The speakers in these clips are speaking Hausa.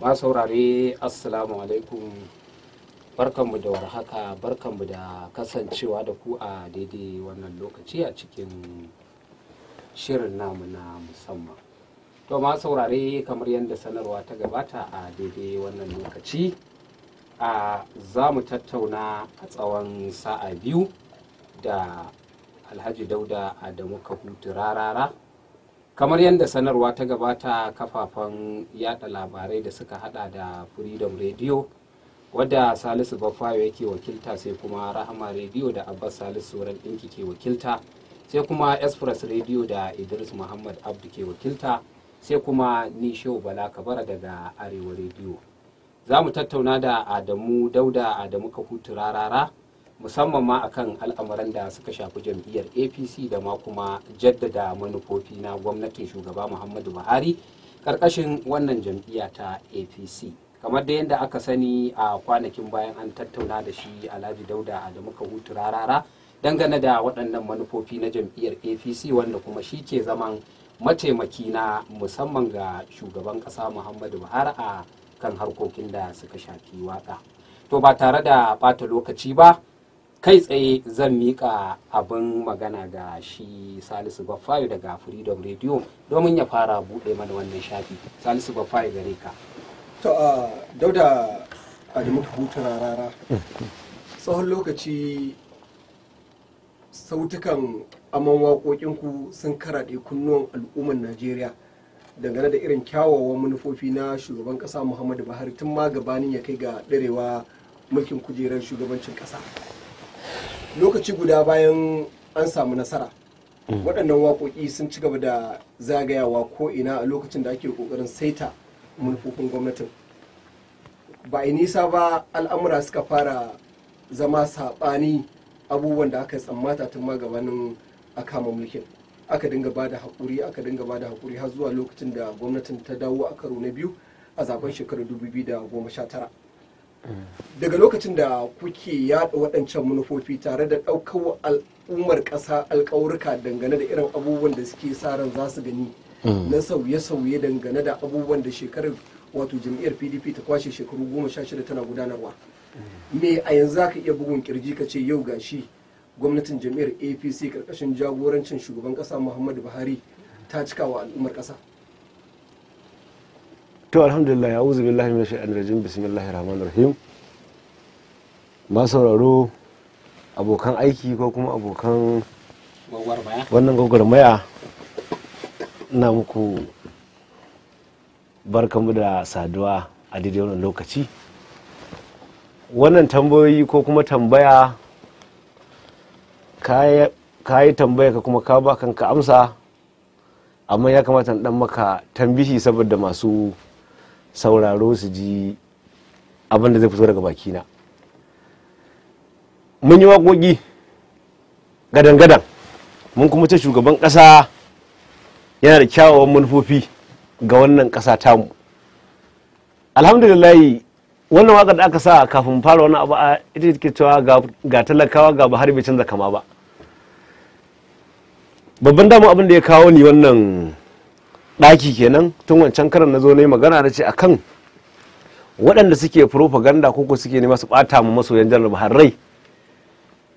ma saurare assalamu alaikum barkanmu da warhaka barkanmu da kasancewa da ku a daidai wannan lokaci a cikin shirin namu na musamman to ma saurare kamar yadda sanarwa ta gabata a daidai wannan lokaci a za mu tattauna a tsawon sa'a biyu da alhaji dauda adamu kahutu rarara kamar yadda sanarwa ta gabata kafafen yada labarai da suka hada da freedom radio wadda salisu bafayo yake wakilta sai kuma rahama radio da abbas salisu wurin ɗinki ke wakilta sai kuma express radio da idris muhammad abdu ke wakilta sai kuma Nisho bala kabara daga arewa radio za mu tattauna da adamu dauda adamu kahutu rarara musamman ma akan al'amuran da suka shafi jam'iyyar apc da ma kuma jaddada manufofi na gwamnatin shugaba muhammadu buhari karkashin wannan jam'iyya ta apc kamar da yadda aka sani a kwanakin bayan an tattauna da shi alhaji dauda da muka hutu rarara dangane da waɗannan manufofi na jam'iyyar apc wanda kuma shi ke zaman mataimaki na musamman ga shugaban ƙasa muhammadu buhari a kan harkokin da suka shafi waka to ba tare da ɓata lokaci ba kai tsaye zan mika abin magana ga shi salisu bafayo daga freedom radio domin ya fara buɗe mana wannan shafi salisu bafayo gare ka to a dauda adamu hutu rarara tsawon lokaci sautukan aman waƙoƙinku sun karaɗe kunnuwan al'umman najeriya dangane da irin kyawawan manufofi na shugaban ƙasa muhammadu buhari tun ma gabanin ya kai ga ɗarewa mulkin kujerar shugabancin ƙasa lokaci guda bayan an samu nasara mm. waɗannan waƙoƙi sun ci gaba da zagayawa ko ina a lokacin da ake ƙoƙarin saita manufofin gwamnatin ba a nisa ba al'amura suka fara zama saɓani abubuwan da aka tsammata tun ma gabanin a kama mulkin aka dinga ba da haƙuri aka dinga ba da haƙuri har zuwa lokacin da gwamnatin ta dawo a karo na biyu a zaben shekarar 2019 daga lokacin da kuke yada waɗancan manufofi tare da ɗaukar al'ummar ƙasa alƙawurka dangane da irin abubuwan da suke sa ran za su gani mm. na sauye-sauye dangane da abubuwan da shekarar wato jam'iyyar pdp ta kwashe shekaru goma sha shida tana gudanarwa mm. me a yanzu za ka iya bugun kirji ka ce yau gashi gwamnatin jam'iyyar apc karkashin jagorancin shugaban ƙasa muhammadu buhari ta cika wa al'ummar ƙasa to alhamdulillah ya uzu billahi min shaitan rajim bismillahir rahmanir rahim ma sauraro abokan aiki ko kuma abokan wannan gwagwarmaya na muku barkamu da saduwa a daidai wannan lokaci wannan tambayoyi ko kuma tambaya ka yi tambaya ka kuma ka ba kanka amsa amma ya kamata dan maka tambihi saboda masu sauraro su ji abin da zai fito daga bakina mun yi waƙoƙi gadan-gadan mun kuma ce shugaban ƙasa yana da kyawawan manufofi ga wannan ƙasa tamu alhamdulillahi wannan waƙar da aka sa kafin fara wani abu a ita take cewa ga talakawa ga har bai canza kama ba babban damu abin da ya kawo ni wannan ɗaki kenan tun wancan karan na zo na yi magana na ce akan waɗanda suke propaganda ko ko suke nema su ɓata mu masoyan janar har rai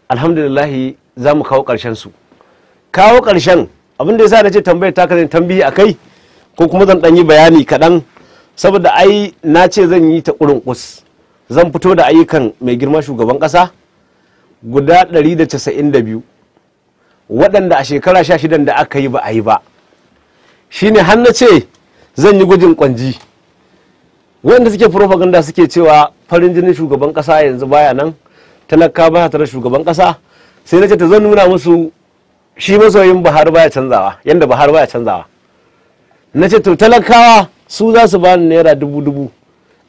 alhamdulillahi za mu kawo ƙarshen su kawo ƙarshen abin da sa na ce tambayar ta zan tambayi a kai ko kuma zan ɗan yi bayani kaɗan saboda ai na ce zan yi ta kurunkus zan fito da ayyukan mai girma shugaban ƙasa guda 192 waɗanda a shekara 16 da aka yi ba a yi ba shine har na ce zan yi gwajin kwanji wanda suke propaganda suke cewa farin jinin shugaban kasa yanzu baya nan talaka baya tare shugaban kasa sai na ce ta zan nuna musu shi masoyin Buhari baya canzawa yanda Buhari baya canzawa na ce to talakawa su za su bani naira dubu dubu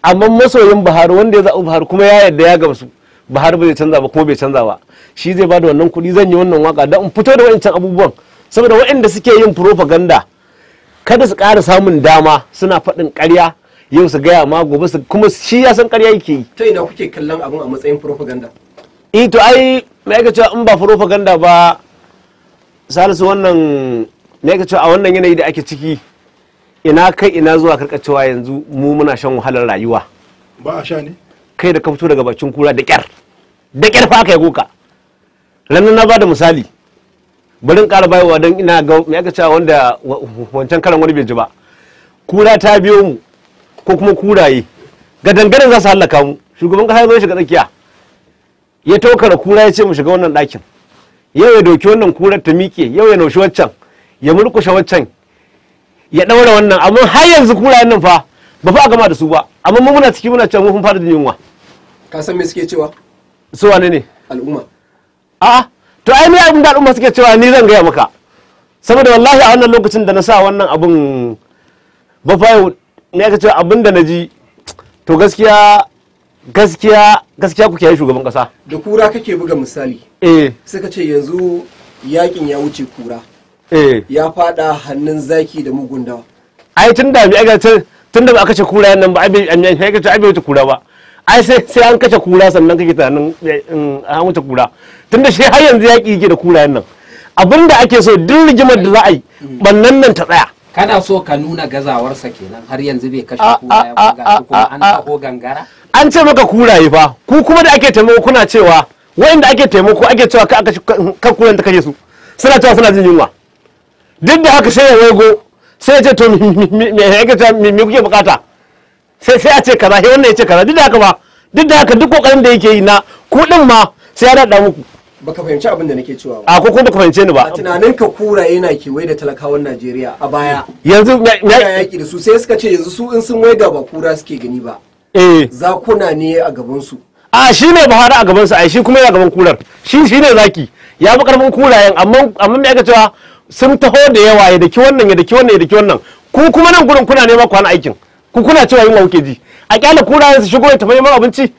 amma masoyin Buhari wanda ya zaɓi Buhari kuma ya yadda ya gamsu Buhari bai canza ba kuma bai canza ba shi zai bada wannan kuɗi zan yi wannan waka don in fito da wancan abubuwan saboda waɗanda suke yin propaganda kada su ƙara samun dama suna faɗin ƙarya yau su gaya ma gobe su kuma shi ya san ƙarya yake yi to ina kuke kallon abin a matsayin propaganda eh to ai me yake cewa in ba propaganda ba salisu wannan me yake cewa a wannan yanayi da ake ciki ina kai ina zuwa karka cewa yanzu mu muna shan wahalar rayuwa ba a sha ne kai da ka fito daga bakin kura da kyar da kyar fa aka yi goka ranar na ba da misali bari in ƙara bayarwa don ina ga mai aka cewa wanda wancan karan wani bai ji ba kura ta biyo mu ko kuma kuraye ga dangaren za su hallaka mu shugaban kasa zo shiga tsakiya ya taukara kura ya ce mu shiga wannan ɗakin yau ya doki wannan kurar ta miƙe yau ya naushi waccan ya murkushe waccan ya ɗaura wannan amma har yanzu kurayen nan fa ba fa a gama da su ba amma mu muna ciki muna cewa mun fara da yunwa ka san me suke cewa su wane ne al'umma a'a to ai ne abin da al'umma suke cewa ni zan gaya maka saboda wallahi a wannan lokacin da na sa wannan abun ba fa ne aka cewa abin da na ji to gaskiya gaskiya gaskiya kuke yi shugaban kasa da kura kake buga misali eh suka ce yanzu yakin ya wuce kura eh ya fada hannun zaki da mugun dawa ai tun da aka ce tun da ba aka ce kura nan ba ai bai aka ce ai bai wuce kura ba ai sai sai an kace kura sannan kake tunanin eh, an wuce kura tunda shi har yanzu yaki yake da kurayen nan abinda ake so duk rigimar da za a yi bannan nan ta tsaya kana so ka nuna gazawarsa kenan har yanzu bai kashe kura kurayen kuma an taho gangara an ce maka kuraye fa ku kuma da ake taimako kuna cewa wa'inda ake taimako ake cewa ka ka kura ta kashe su suna cewa suna jin yunwa duk da aka sai ya wego sai ya ce to me kuke bukata sai sai a ce kaza sai wannan ya ce kaza duk da haka ba duk da haka duk kokarin da yake yi na kuɗin ma sai ya daɗa muku baka fahimci abin da nake cewa ba a ko kuma baka fahimce ni ba a tunanin ka kura yana kewaye da talakawan Najeriya a baya yanzu ya yaki da su sai suka ce yanzu su in sun waida ba kura suke gani ba eh zakuna ne a gaban su a shi ne Buhari a gaban su ai shi kuma yana gaban kurar shi shi ne zaki ya bi karamin kurayen amma amma me aka cewa sun taho da yawa ya daki wannan ya daki wannan ya daki wannan ku kuma nan gurin kuna neman kwana aikin ku kuna cewa yin kuke ji a kyala kura su shigo ya tafi neman abinci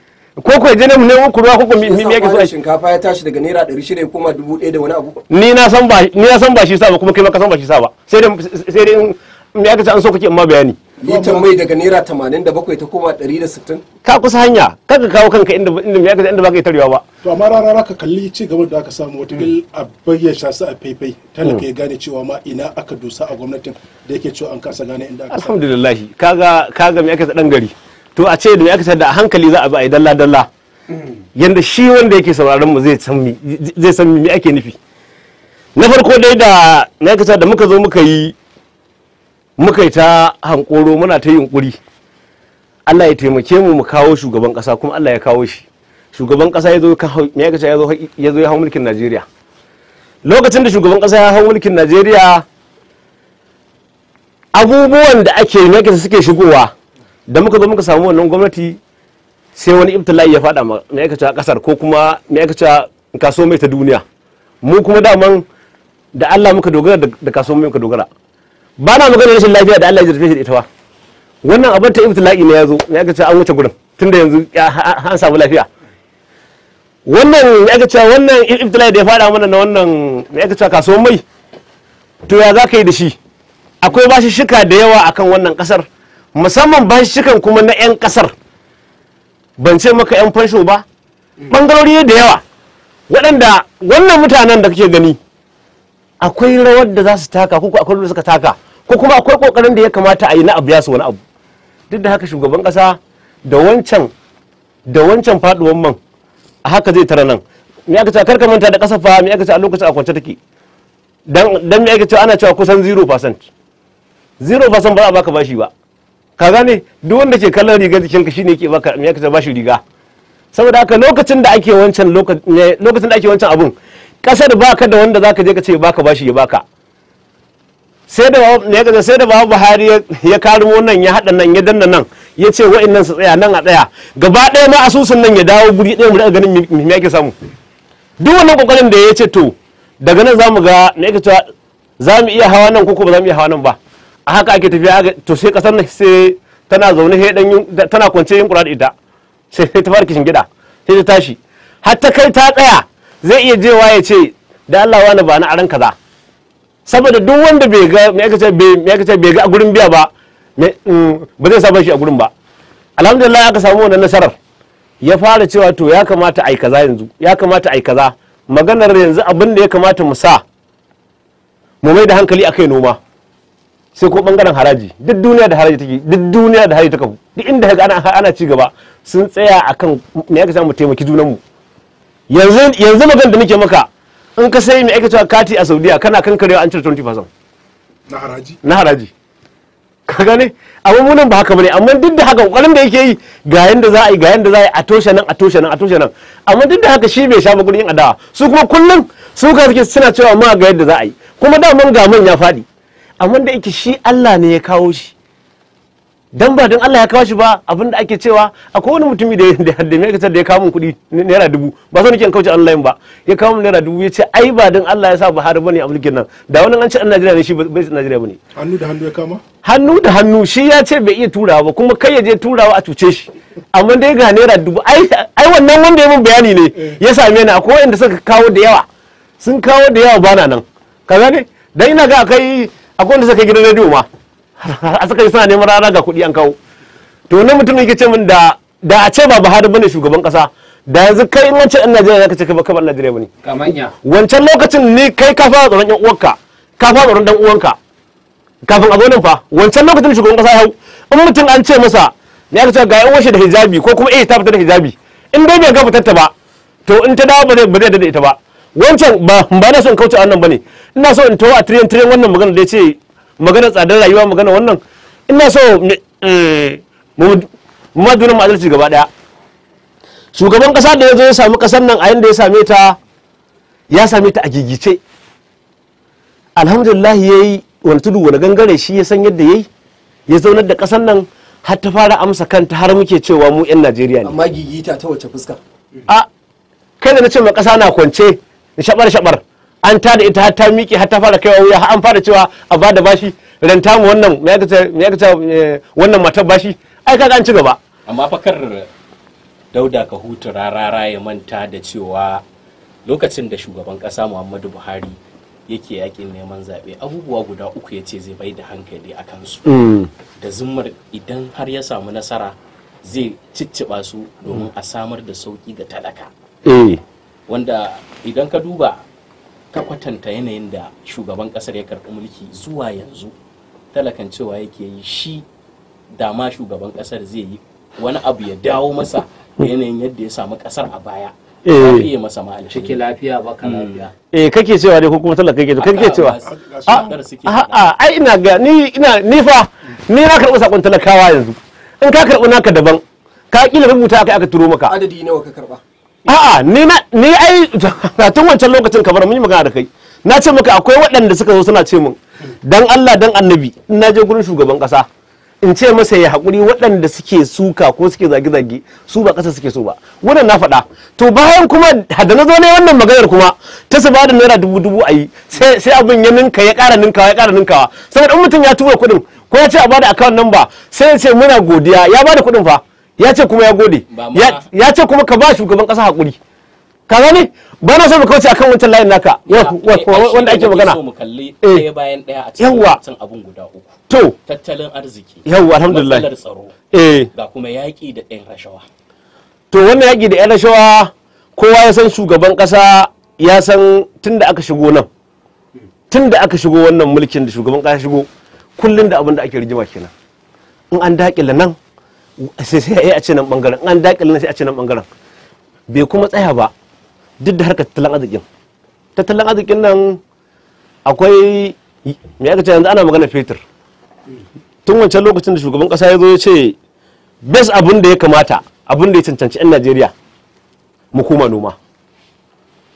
ko ku je ne mu ne ku ruwa ko mi mi yake so ai shinkafa ya tashi daga naira 600 ya koma 1000 da wani abu ni na san ba ni na san ba shi sa ba kuma kai ma ka san ba shi sa ba sai dai sai dai me yake an so kake amma bayani litan mai daga naira 87 ta koma 160 ka kusa hanya kar ka kawo kanka inda inda me aka inda baka tarewa ba to amma rara ka kalli ci gaban da aka samu wata bil hmm. a bayyana su a faifai talaka hmm. ya gane cewa ma ina aka dosa a gwamnatin da yake cewa an kasa gane inda aka alhamdulillah kaga kaga me aka dan gari to a ce da me aka da a hankali za a bi a dalla dalla hmm. yanda shi wanda yake sauraron mu zai san zai san me ake nufi na farko dai da na aka da muka zo muka yi muka yi ta hankoro muna ta yunkuri Allah ya taimake mu mu kawo shugaban kasa kuma Allah ya kawo shi shugaban kasa ya zo ya ya zo ya hau mulkin Najeriya lokacin da shugaban kasa ya hau mulkin Najeriya abubuwan da ake yi suke shigowa da muka zo muka samu wannan gwamnati sai wani ibtila'i ya fada me ya kasar ko kuma me ya kace kaso mai ta duniya mu kuma daman da Allah muka dogara da kaso mai muka dogara ba na magana rashin lafiya da Allah ya jirfe shi da ita ba wannan abin ta ibtila'i ne ya zo ya ga cewa an wuce gurin tunda yanzu an samu lafiya wannan ya ga cewa wannan ibtila'i da ya fada mana na wannan ya ga cewa kasuwan mai to ya za ka yi da shi akwai bashi shika da yawa akan wannan kasar musamman bashi shikan kuma na 'yan kasar ban ce maka 'yan fansho ba bangarori da yawa waɗanda wannan mutanen da kake gani akwai rawar da za su taka ko akwai da suka taka ko kuma akwai kokarin da ya kamata a yi na abu ya su wani abu duk da haka shugaban kasa da wancan da wancan faduwan man a haka zai tara nan me aka ce kar ka manta da kasa fa me aka ce a lokacin a kwance take dan dan me aka ce ana cewa kusan 0% 0% ba za a baka bashi ba ka gane duk wanda ke kallon rigar jikinka shine yake baka me aka ce bashi riga saboda haka lokacin da ake wancan lokacin da ake wancan abun kasar baka da wanda zaka je ka ce baka bashi ya baka sai da ga sai da babu Buhari ya karimo nan ya hada nan ya danna nan ya ce wa'annan su tsaya nan a tsaya gaba ɗaya ma asusun nan ya dawo guri ɗaya mu daga ganin me yake samu duk wannan kokarin da ya ce to daga nan zamu ga ne yake cewa iya hawa nan ko ba za mu iya hawa nan ba a haka ake tafiya to sai kasar nan sai tana zaune sai dan tana kwance yin da ita sai ta fara kishin gida sai ta tashi har ta kai ta tsaya zai iya jewa ya ce da Allah wani ba na aran kaza saboda duk wanda bai ga me yake ce me yake ce bai ga a gurin biya ba mm, ba zai saba shi a gurin ba alhamdulillah aka samu wannan nasarar ya fara cewa to ya kamata ai kaza yanzu ya kamata ai kaza maganar yanzu abin da ya kamata mu sa mu mai da hankali akai noma sai ko bangaren haraji duk duniya da haraji take duk duniya da haraji ta duk inda ana ana ci gaba sun tsaya akan me yake samu taimaki junanmu mu yanzu yanzu magan da nake maka in ka sai mai cewa kati a saudiya kana karewa an cire 20% na haraji na haraji ka gane abin munan ba haka bane amma duk da haka kokarin da yake yi ga yanda za a yi ga yanda za a yi a toshe nan a toshe nan a toshe nan amma duk da haka shi bai sha magurin yin adawa su kuma kullum su ka suke suna cewa ma ga yadda za a yi kuma da mun ga man ya faɗi amma da yake shi Allah ne ya kawo shi dan ba don Allah ya kawo shi ba abin da ake cewa akwai wani mutumi da da mai kasar da ya kawo kuɗi naira dubu ba so nake in kauce online ba ya kawo naira dubu ya ce ai ba don Allah ya sa Buhari bane a mulkin nan da wannan an ce an Najeriya ne shi bai san Najeriya bane hannu da hannu ya kama hannu da hannu shi ya ce bai iya turawa ba kuma kai ya je turawa a cuce shi amma dai ga naira dubu ai ai wannan wanda ya mun bayani ne eh. ya same ni akwai wanda suka kawo da yawa sun kawo da yawa bana nan kaza ne dan ina ga akai akwai wanda suka gidan rediyo ma a suka yi suna neman rana ga kuɗi an kawo to wannan mutumin yake ce min da da a ce ba Buhari bane shugaban kasa da yanzu kai in wancan ɗan Najeriya zaka ce kai ba ba Najeriya bane kamanya wancan lokacin ne kai ka fara tsaron ƴan uwanka ka fara tsaron dan uwanka kafin a nan fa wancan lokacin shugaban kasa ya hau in mutum an ce masa ne aka ce ga yan washe da hijabi ko kuma eh ta fita da hijabi in dai bai ga fitar ta ba to in ta dawo ba zai ba zai ita ba wancan ba ba na so in kauce wannan bane ina so in tawo a tiriyan tiriyan wannan magana da ya ce magana tsadar rayuwa magana wannan ina so mu eh, ma dunan adalci gaba daya shugaban kasa da ya zo ya sami kasar nan a yadda ya same ta ya same ta a gigice alhamdulillah ya yi wani tudu wani gangare shi ya san yadda ya ya zaunar da kasar nan har ta fara amsa kanta har muke cewa mu 'yan najeriya ne amma gigita ta wace fuska a kai da na ce ma kasa na kwance ni shabar shabar an tada ita har ta miƙe har ta fara kaiwa wuya har an fara cewa a bada bashi ranta mu wannan me ya eh, wannan matar bashi ai kaga an ci gaba amma fakar dauda ka hutu rarara ya manta da cewa lokacin da shugaban kasa muhammadu buhari yake yakin neman zaɓe abubuwa guda uku yace zai bai da hankali a kansu mm. da zummar idan har ya samu nasara zai cicciba su domin a samar da sauki ga talaka eh. wanda idan ka duba ka kwatanta yanayin da shugaban kasar ya karɓi mulki zuwa yanzu talakan cewa yake yi shi da ma shugaban kasar zai yi wani abu ya dawo masa da yanayin yadda ya samu kasar a baya eh. iya masa ma ciki lafiya ba baka hmm. lafiya eh kake cewa dai ko kuma talaka kake kake cewa ah, a ah, ah, ai ina ga ni ina ni fa ni na karɓi sakon talakawa yanzu in ka karɓi naka daban ka kila rubuta aka aka turo maka adadi nawa ka karɓa a'a ni na ni ai tun wancan lokacin kamar, mun yi magana da kai na ce maka akwai waɗanda suka zo suna ce mun dan Allah dan annabi in na je gurin shugaban kasa in ce masa ya hakuri waɗanda suke suka ko suke zage-zage su ba ƙasa suke so ba wannan na faɗa to bayan kuma da na zo ne wannan maganar kuma ta su bada naira dubu dubu a yi sai abin ya ninka ya ƙara ninkawa ya ƙara ninkawa saboda in mutum ya tura kuɗin ko ya ce a bada akawun namba sai ya ce muna godiya ya bada kuɗin fa ya ce kuma ya gode ya ce kuma ka ba shugaban kasa hakuri ka ne ba na so mu kauce akan wancan layin naka wanda ake magana so mu kalli eh. ɗaya bayan ɗaya a cikin abun guda uku to tattalin arziki yawa alhamdulillah tsaro eh ga kuma yaki da ɗan rashawa to wannan yaƙi da ɗan rashawa kowa ya san shugaban kasa ya san tunda aka shigo nan tunda aka shigo wannan mulkin da shugaban kasa shigo kullun da abin da ake rijima kenan in an daƙila nan sai sai a ce nan bangaren an dakile na sai a ce bangaren bai kuma tsaya ba duk da harkar tattalin arzikin tattalin arzikin nan akwai me aka ce yanzu ana magana fetur tun wancan lokacin da shugaban kasa ya zo ya ce bes abin da ya kamata abin da ya cancanci 'yan najeriya mu kuma noma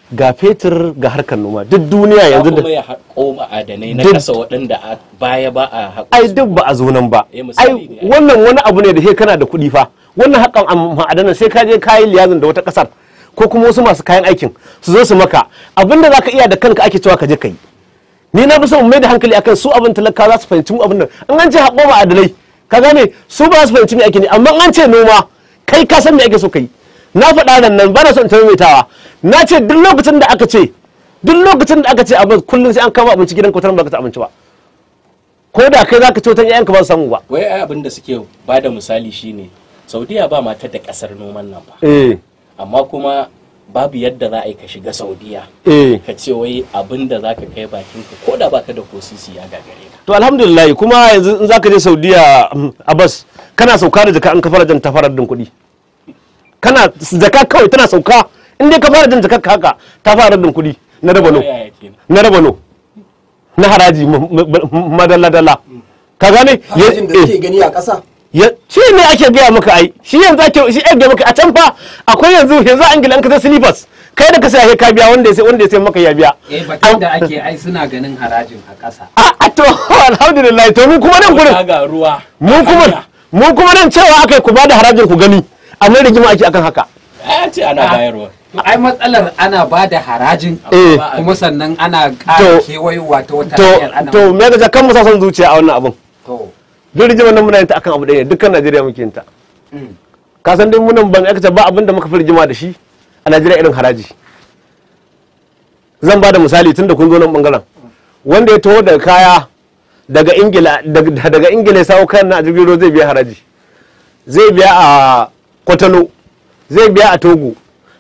ga fetur ga harkar noma duk duniya yanzu da ya haƙo ma'adanai na kasa waɗanda a baya ba a haƙo ai duk ba a zo nan ba eh, ai wannan wani abu ne da ke kana da kuɗi fa wannan haƙan ma'adanan sai ka je kayan liyazin da wata ƙasar ko kuma wasu masu kayan aikin su zo su maka abinda zaka iya da kanka ake cewa ka je kai ni na fi son mai da hankali akan su abin talaka za su fahimci mu abin nan in an ce haƙo ma'adanai ka gane su ba su fahimci me ake ne amma an ce noma kai ka san me ake so kai na faɗa nan nan bana son taimakawa na ce duk lokacin da aka ce duk lokacin da aka ce abin kullum sai an kama abinci gidan kwatar ba ka ci abinci ba ko da kai zaka ci wutan ka ba su samu ba wai ai abin da suke ba da misali shine Saudiya ba mata da kasar noman nan ba eh amma kuma babu yadda za a yi ka shiga Saudiya eh ka ce wai abin da zaka kai bakin ka ko da baka da kosisi ya gagare ka to alhamdulillah kuma yanzu in zaka je Saudiya mm, Abbas kana sauka da jaka an kafara jan tafarar din kuɗi kana zaka kawai tana sauka in dai ka fara jin zakar haka ta fara rabin kuɗi na rabano na rabano na haraji madalla-dalla ka gane harajin da eh. ke gani a ƙasa shi ne ake gaya maka ai shi yanzu ake shi ake maka a can fa akwai yanzu yanzu an gila an kasa silifas kai da ka sai ka biya wanda ya sai wanda ya sai maka ya biya eh batun da ake ai suna ganin harajin a ƙasa a to alhamdulillah to mu kuma nan gurin mu kuma mu kuma nan cewa akai ku bada harajin ku gani a nan rigima ake akan haka a ce ana ah. bayarwa ai matsalar ana eh. ba da harajin kuma sannan ana ƙara kewayowa ta wata hanyar ana to me ga kan mu sasan zuciya a wannan abun to duk rigimar nan muna yin ta akan abu ɗaya dukkan Najeriya muke yin ta mm. ka san duk munan ban aikata ba abin da muka fi rigima da shi a Najeriya irin haraji zan ba da misali tun da kun zo nan bangaren wanda ya taho daga kaya daga ingila daga ingila ya sawo kayan na a jirgin ruwa zai biya haraji zai biya a kwatalo zai biya a togo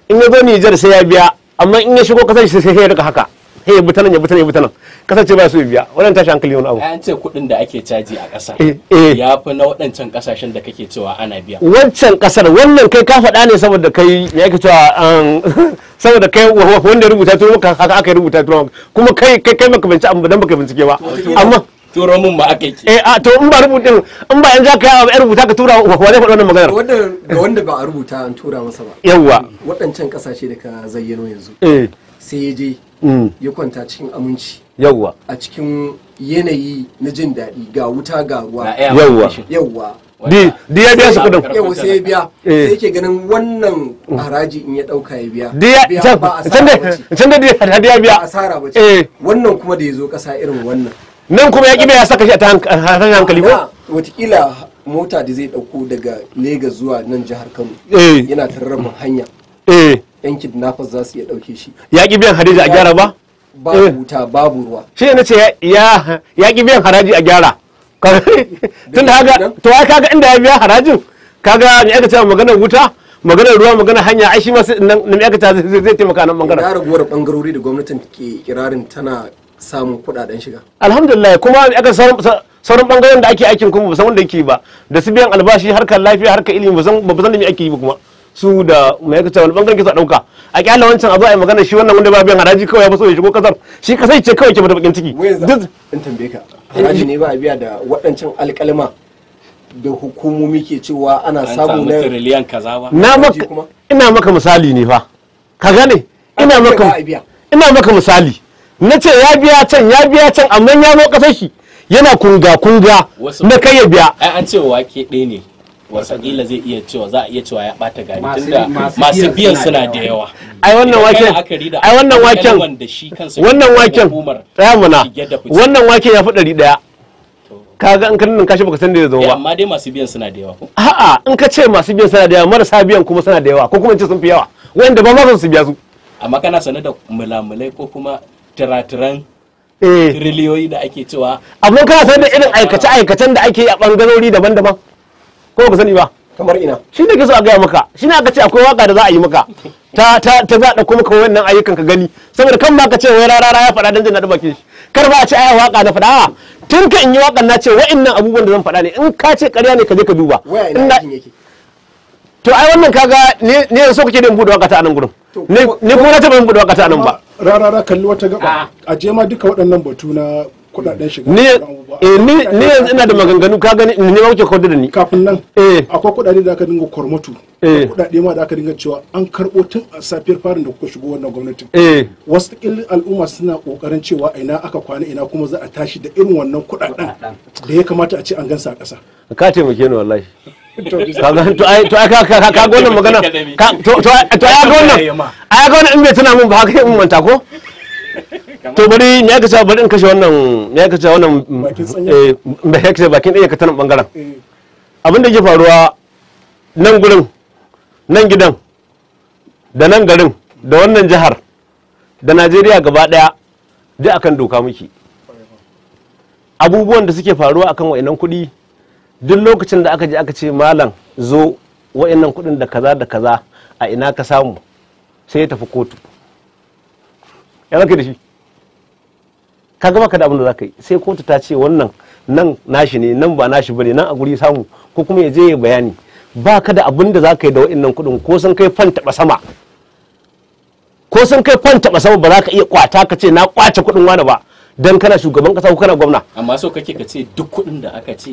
in ya zo nijar sai ya biya amma in ya shigo kasar shi sai ya rika haka sai ya butanan ya butanan ya butanan kasar ce ba su biya wannan tashi hankali wani abu an ce kuɗin da ake caji a ƙasa eh, eh. ya fi na waɗancan ƙasashen da kake cewa ana biya wancan ƙasar wannan kai ka faɗa ne saboda kai me yake cewa um, saboda kai wanda ya rubuta turo haka aka rubuta turo kuma kai kai maka bincike dan baka bincike ba amma turo mun ba aka ke eh a to in ba rubutun in ba in ka yawa rubuta ka tura wa zai faɗi wannan maganar wanda ga wanda ba a rubuta an tura masa ba yawa waɗancan da ka zayyano yanzu eh. sai ya je mm. ya kwanta cikin aminci yawa a cikin yanayi na jin daɗi ga wuta ga ruwa yawa yawa di di ya biya su kudin sai ya biya eh. sai ke ganin wannan haraji in ya dauka ya biya di ya can da di ya biya asara bace eh. wannan kuma da ya zo kasa irin wannan nan kuma ya ƙi ya saka shi a tashin hankali ko watakila mota da zai dauko daga lagos zuwa nan jihar kano eh. yana tararrabin hanya eh. yan kidnappers za su iya dauke shi ya ƙi biyan haraji a gyara ba babu eh. wuta babu ruwa shi ne nace ya ya ƙi biyan haraji a gyara tun da haka to ai kaga inda ya biya harajin kaga ni aka cewa maganar wuta maganar ruwa maganar hanya ai shi ma nan ni aka ta zai taimaka nan bangaren ya raguwar bangarori da gwamnatin ke kirarin tana samun kudaden shiga alhamdulillah kuma aka sauran bangaren da ake aikin kuma ba san wanda yake ba da su biyan albashi harkar lafiya harkar ilimi ba san da me ake yi ba kuma su da mai kace wani bangaren kisa dauka a kyalla wancan a zo a yi magana shi wannan wanda ba biyan haraji kawai ya so ya shigo kasar shi kasai ce kawai ke mata bakin ciki duk in tambaye ka haraji ne ba a biya da waɗancan alƙalma da hukumomi ke cewa ana samu na tiriliyan kaza ba na maka ina maka misali ne fa ka gane ina maka ina maka misali na ce ya biya can ya biya can amma ya zo kasar shi yana kunga kunga na kai ya biya ai an ce wake ɗaya ne wasakila zai iya cewa za a iya cewa ya bata gari tunda masu biyan suna da yawa ai wannan waken ai wannan waken wannan waken tsaya muna wannan waken ya fi ɗari ɗaya kaga in ka nan kashi baka san da zama ba eh, amma dai masu biyan suna da yawa a'a in ka ce masu biyan suna da yawa marasa biyan kuma suna da yawa ko kuma in ce sun fi yawa wanda ba ma su biya su amma kana sanar da mulamulai ko kuma tiratiran eh. triliyoyi da ake cewa abin kana san da irin aikace-aikacen da ake yi a bangarori daban-daban ko ba sani ba kamar ina shi ne ke so a gaya maka shi ne aka ce akwai waka da za a yi maka ta ta ta za ɗauko maka wannan ayyukan ka gani saboda kan ba ka ce wai rarara ya faɗa dan jin daɗin bakin shi kar ba a ce aya waka na faɗa tun ka in yi wakan na ce wa'annan abubuwan da zan faɗa ne in ka ce ƙarya ne ka je ka duba to ai wannan kaga ne so kake da da waka ta anan gurin ne kuma na taɓa yin buɗe wakata nan ba rarara kalli wata gaba ah. a jema ma duka waɗannan batu na kudaden shiga ni eh, ni yanzu ina da maganganu ka gani ni ne ma kuke da ni kafin nan eh akwai kudade da aka dinga kormatu eh. kudade ma da aka dinga cewa an karbo tun a safiyar farin da kuka shigo wannan gwamnatin eh wasu killin al'umma suna kokarin cewa ina aka kwana ina kuma za a tashi da irin wannan kudaden da ya kamata a ce an gansa a kasa ka taimake ni wallahi to ai to ai ka ka magana to to ai ga wannan ai ga wannan in bai tana mun ba yi mun manta ko to bari me aka sa bari in kashe wannan aka sa wannan bakin ɗaya eh, ka tanan bangaren eh. abin da ke faruwa nan gurin nan gidan da nan garin da wannan jihar da najeriya gaba ɗaya duk akan doka muke abubuwan da suke faruwa akan wa'inan kuɗi duk lokacin da aka je aka ce malam zo wa'inan kuɗin da kaza da kaza a ina ka samu sai ya tafi kotu ya zaka da shi ka ka da abin da ka yi sai kotu ta ce wannan nan nashi ne nan ba nashi bane nan a guri samu ko kuma ya je ya bayani baka da abin da ka yi da wa'annan kuɗin ko sun kai fan taɓa sama ko sun kai fan sama ba za ka iya kwata ka ce na kwace kuɗin wani ba dan kana shugaban kasa ko kana gwamna amma so kake ka ce duk kuɗin da aka ce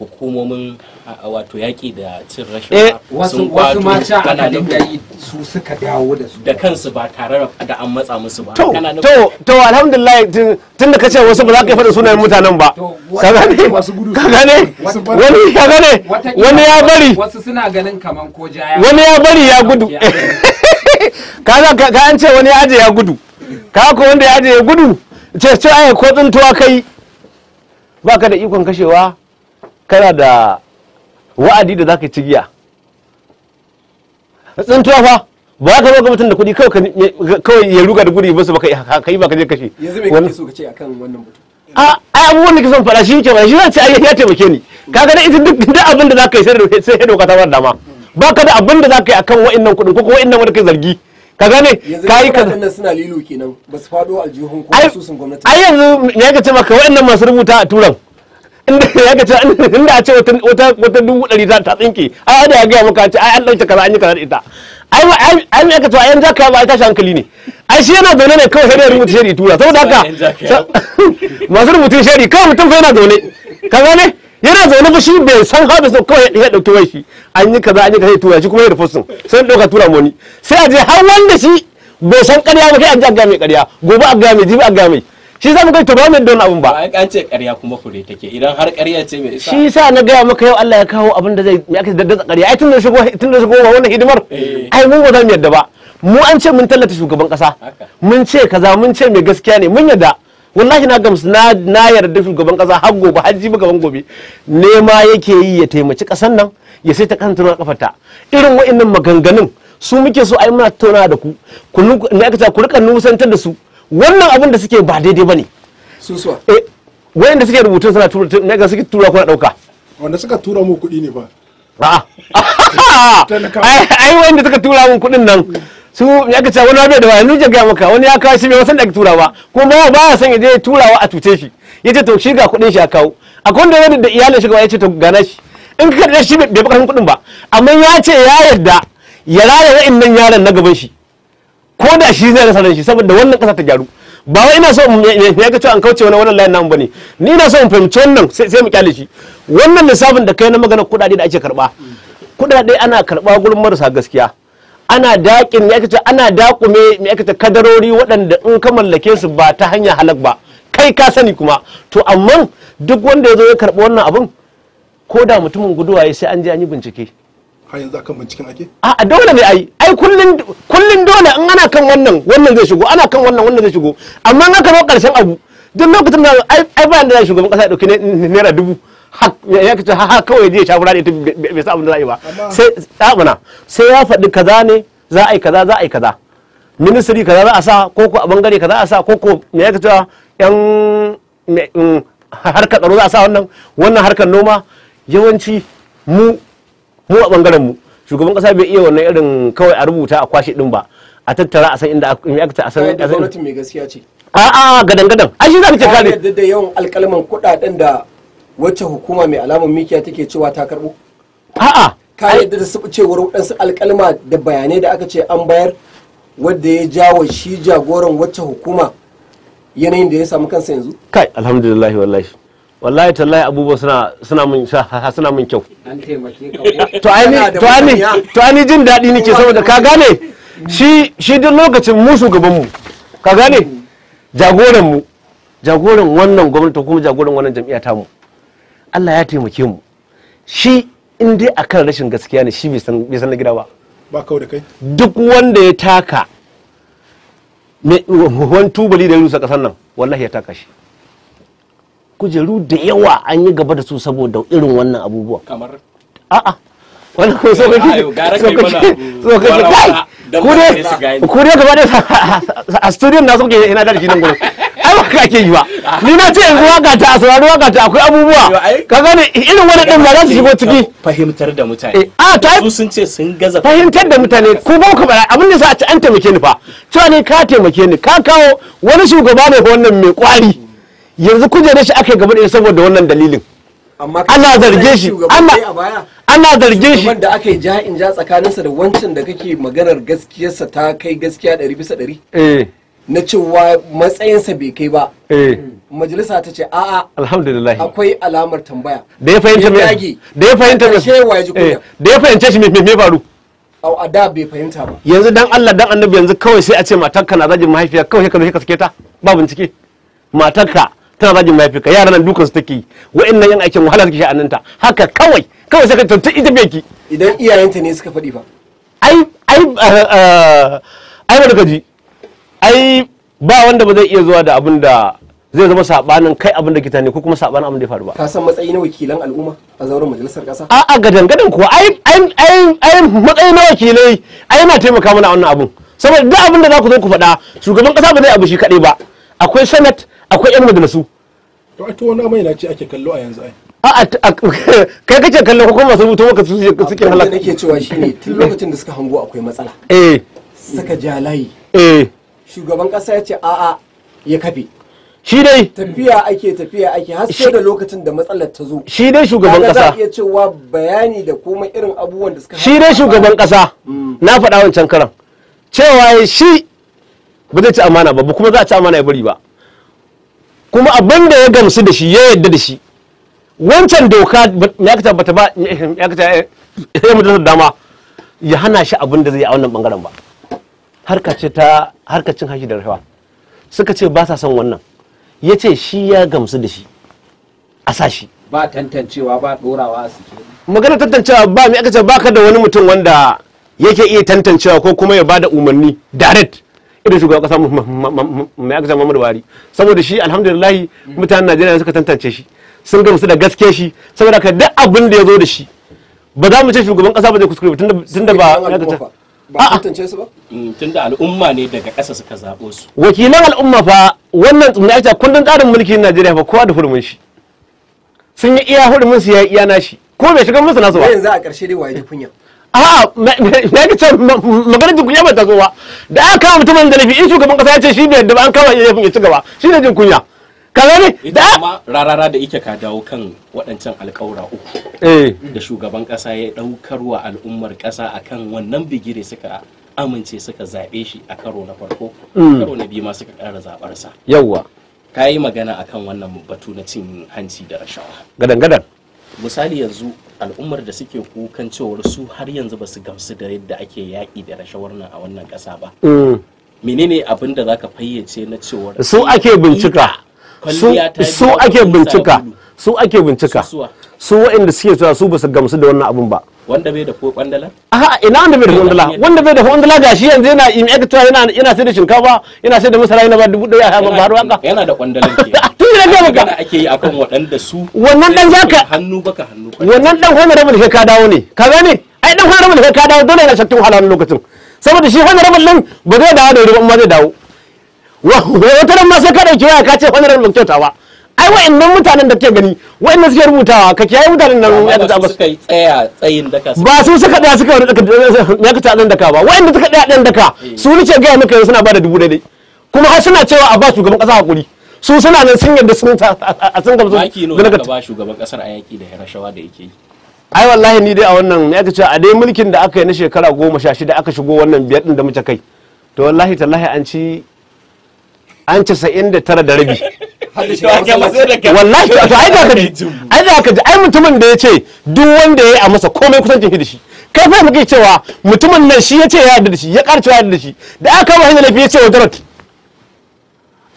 hukumomin wato yaƙi da cin rashin eh, sun kwato da nufin su suka dawo da su da kansu ba tare da an matsa musu ba to to to alhamdulillah tun da ka ce wasu ba za ka faɗa sunayen mutanen ba ka gane ka gane wani ka gane wani ya bari wasu suna ganin kaman ko jaya wani ya bari ya gudu ka ka an ce wani ya aje ya gudu ka ko wanda ya aje ya gudu ce ce ai ko tsintuwa kai baka da ikon kashewa kana da wa'adi da zaka ci giya tsintuwa fa ba ka zo ga mutum da kuɗi kawai ya ruga da gudu ba su yi kai ba ka je kashe yanzu me kake so ka ce akan wannan mutum a ai abubuwan da kisan faɗa shi ke ba shi zan ce ya taimake ni kaga da ita duk duk abin da zaka yi sai sai ya doka ta dama ba ka da abin da zaka yi akan wa'annan kuɗin ko wa'annan wanda kai zargi ka gane ka yi ka nan suna lilo kenan ba su fado aljihun ko su sun gwamnati ai yanzu ne ka ce maka wa'annan masu rubuta a turan inda ya ga inda a ce wata dubu ɗari ta ta tsinke ai da ya gaya maka ce ai an ɗauke kaza an yi kaza da ita ai ai ne ka to ai za ba tashi hankali ne ai shi yana zaune ne kawai sai da rubuta shari tura saboda haka masu rubutun shari kawai mutum fa yana zaune ka gane yana zaune ba shi bai san hadu so kawai ya dauki wai shi an yi kaza an yi kaza tura shi kuma ya rufusun sai dauka tura moni sai a je har wanda shi bai san ƙarya ba kai an ji a gaya mai ƙarya gobe a gaya mai jibi a gaya mai shi za mu kai to ba mu don abun ba an ce ƙarya kuma fure take idan har ƙarya ce mai isa shi sa na gaya maka yau Allah ya kawo abin da zai mai aka daddatsa ƙarya ai tun da shigo tun da shigo wannan hidimar eh. ai mu ba za mu yadda ba mu an ce mun tallata shugaban kasa mun ce kaza mun ce mai gaskiya ne mun yadda wallahi na gamsu na na yarda shugaban kasa har gobe har jibi gaban gobe nema yake yi ya taimaci kasan nan ya sai ta kasantar kafarta irin wa'annan maganganun su muke so ai muna tattauna da ku ku ne aka ku rika nusantar da su wannan abin da suke ba daidai ba ne susuwa eh, da suke rubutun suna tura ne ga suke tura kuna dauka wanda suka tura mu kudi ne ba a'a ai da suka tura mu kuɗin nan su ya ka ce wani da waya nuje ga maka wani ya kawo shi bai wasan da ka tura ba kuma ba ba san ya turawa a tuce shi yace to shi ga kuɗin shi a kawo akwai kwanda wani da iyalin shi ga yace to gana shi in ka kada shi bai bukatun kudin ba amma ya ce ya yarda ya rara ra'in nan yaron na gaban shi ko da shi zai rasa shi saboda wannan kasa ta gyaru ba wai ina so ya ga cewa an kauce wani wannan layin namu bane ni ina so in fahimci wannan sai mu kyale shi wannan lissafin da kai na maganar kuɗaɗe da ake karba kuɗaɗe ana karɓa gurin marasa gaskiya ana daƙin ana daƙume me ake kadarori waɗanda in ka mallake su ba ta hanya halak ba kai ka sani kuma to amma duk wanda ya zo ya karbi wannan abin ko da mutumin guduwa ya sai an je an yi bincike har yanzu akan binciken ake a dole ne ai ai kullum kullun dole in ana kan wannan wannan zai shigo ana kan wannan wannan zai shigo amma in aka zo karshen abu duk lokacin da ai ba da shugaban kasa ya dauki naira dubu ya kace ha kawai zai shafi rani bai sa abin da za a yi ba sai tsamana sai ya faɗi kaza ne za a yi kaza za a yi kaza ministry kaza za a sa ko ko a bangare kaza a sa ko ko me ya kace yan harkar tsaro za a sa wannan wannan harkar noma yawanci mu mu a bangaren mu shugaban kasa bai iya wannan irin kawai a rubuta a kwashe din ba a tattara a san inda ya ta a san inda gwamnatin mai gaskiya ce a a gadan gadan a shi zaka ce kare da da yawan alkalman kudaden da wacce hukuma mai alamun mikiya take cewa ta karbo a a ka yadda da su cewar wadansu alkalma da bayanai da aka ce an bayar wanda ya jawo shi jagoran wacce hukuma yanayin da ya samu kansa yanzu kai alhamdulillah wallahi wallahi tallahi abubuwa suna suna mun suna mun kyau to ai to ai to ai jin daɗi nake saboda ka gane shi shi duk lokacin mu gabanmu mu ka gane mm. jagoran mu jagoran wannan gwamnati kuma jagoran wannan jam'iyya ta mu Allah ya taimake mu shi in dai akan rashin gaskiya ne shi bai san bai san gida ba ba kawai da kai duk wanda ya taka wani tubali da ya rusa kasar nan wallahi ya taka shi kujeru da yawa an yi gaba da su saboda irin wannan abubuwa kamar a'a wani ko so kake so kake kai kure, kure gaba da a studio na so kake ina da shi nan gurin ai ba kake yi ba ni na ce yanzu waka ta saurari waka ta akwai abubuwa ka gane irin wannan din ba za su shigo ciki fahimtar da mutane eh, a ta su sun ce sun gaza fahimtar da mutane Ko ba ku bara abin da sa a ci an taimake ni fa cewa ne ka taimake ni ka kawo wani shugaba ne wannan mai kwari yanzu kujerar shi aka gaban da saboda wannan dalilin ana zarge shi ana zarge shi wanda aka yi ja in ja tsakaninsa da wancan da kake maganar gaskiyarsa ta kai gaskiya 100 bisa 100 eh. na cewa matsayinsa bai kai ba eh. majalisa ta ce a'a alhamdulillah akwai alamar tambaya da ya fahimta me da ya fahimta me eh. da ya fahimta shi me faru au a da bai fahimta ba yanzu dan Allah dan annabi yanzu kawai sai a ce matarka na zagin mahaifiya kawai ka zo ka sake ta ba bincike matarka tana zagin ka yaran nan dukansu take yi wa'annan yan aikin wahala suke ta haka kawai kawai sai ka tantu ita beki ki idan iyayenta ne suka faɗi fa. ai ai eh, eh, ai ba daga ji ai ba wanda ba zai iya zuwa da abin da zai zama sabanin kai abin da kitane ko kuma sabanin abin da ya faru ba ka san matsayi na wakilan al'umma a zauren majalisar kasa a a gadan gadan kuwa ai ai ai matsayi na wakilai ai na taimaka mana wannan abun saboda duk abin da za ku zo ku faɗa shugaban kasa ba zai abu shi kaɗai ba akwai senate akwai yan majalisu to ai to wani mai na ce ake kallo a yanzu ai a a kai kace kallo ko kuma masu rubutu maka su suke halaka nake cewa shine tun eh. lokacin da suka hango akwai matsala eh suka ja layi eh shugaban kasa ya ce a a ya kafe shi dai tafiya ake tafiya ake har sai da lokacin da matsalar ta zo shi dai shugaban kasa ya ce wa bayani da kuma irin abubuwan da suka shi dai shugaban kasa mm. na faɗa wancan karan cewa shi ba zai ci amana ba kuma za a ci amana ya bari ba kuma abin da ya gamsu da shi ya yadda da shi wancan doka ya ba ta ba ya kata ya mutu dama ya hana shi abin da zai a wannan bangaren ba harka ce ta harkacin hashi da rahawa suka ce ba sa son wannan ya ce shi ya gamsu da shi a sa shi ba tantancewa ba dorawa a suke magana tantancewa ba mai aka ce baka da wani mutum wanda yake iya tantancewa ko kuma ya bada umarni direct irin shugaban kasa mai aka Muhammadu wari saboda shi alhamdulillah mutanen Najeriya suka tantance shi sun gamsu da gaske shi saboda ka duk abin da ya zo da shi ba za mu ce shugaban kasa ba zai kuskure tunda ba ya ta ba tantance su ba mm, tunda al'umma ne daga ƙasa suka zaɓo su wakilan al'umma fa wannan tsumna ita kundin tsarin mulkin Najeriya fa kowa da hurumin shi sun yi iya hurumin su ya iya nashi ko bai shiga musu nasu ba yanzu a ƙarshe dai waye kunya a'a ya ki can maganar jinkunya ba ta zo ba da aka kama mutumin da in shugaban kasa ya ce shi ne yadda ba an kama ya ya ci gaba shi ne jinkunya kaza ne da amma rarara da ike ka dawo kan waɗancan alƙawura uku eh. da shugaban kasa ya ɗaukar wa al'ummar kasa akan wannan bigire suka amince suka zaɓe shi a karo na farko mm. karo na biyu ma suka ƙara zaɓarsa yawwa ka yi magana akan wannan batu na cin hanci da rashawa gadan gadan misali yanzu al'ummar da suke kukan cewar su har yanzu ba su gamsu da yadda ake yaƙi da rashawar nan a wannan ƙasa ba mm. menene abin da zaka fayyace na cewar su ake bincika su ake bincika su ake bincika su waɗanda suke cewa su basu gamsu da wannan abun ba wanda bai da ko kwandala a ina wanda bai da kwandala wanda bai da kwandala gashi yanzu yana in aka yana yana sai da shinkafa yana sai da masara yana ba dubu ɗaya a ba baro haka yana da kwandala ke yana ga ake yi akan waɗanda su wannan dan zaka hannu baka hannu wannan dan rabin ke ka dawo ne ka gane ai dan rabin ke ka dawo dole yana shakkin wahala lokacin saboda shi rabin din ba zai dawo da wuri ba zai dawo wata ran ma sai ka dauke ya ka ce rabin kyautawa ai wa'annan mutanen da ke gani wa'annan suke rubutawa ka kiyaye mutanen nan ya ta tsaba suka yi tsaya tsayin daka ba su suka da suka ya ka tsadan daka ba wa'anda suka da dan daka eh. su ne ce ga maka yanzu suna bada dubu daidai kuma har suna cewa a ba shugaban kasa hakuri su suna nan sun yarda sun a sun gamsu maki da ka ba shugaban kasar a yaki da rashawa da yake yi ai wallahi ni dai a wannan ya ka ce a dai mulkin da aka yi na shekara goma sha shida aka shigo wannan biyar din da muke kai to wallahi tallahi an ci an ci 99 da rabi wallahi to ai da ka ai da ka ai mutumin da yace duk wanda yayi a masa komai kusancin shi da shi kai fa muke cewa mutumin nan shi yace ya yarda da shi ya karce ya yarda da shi da aka ba hanyar lafiya yace wa darat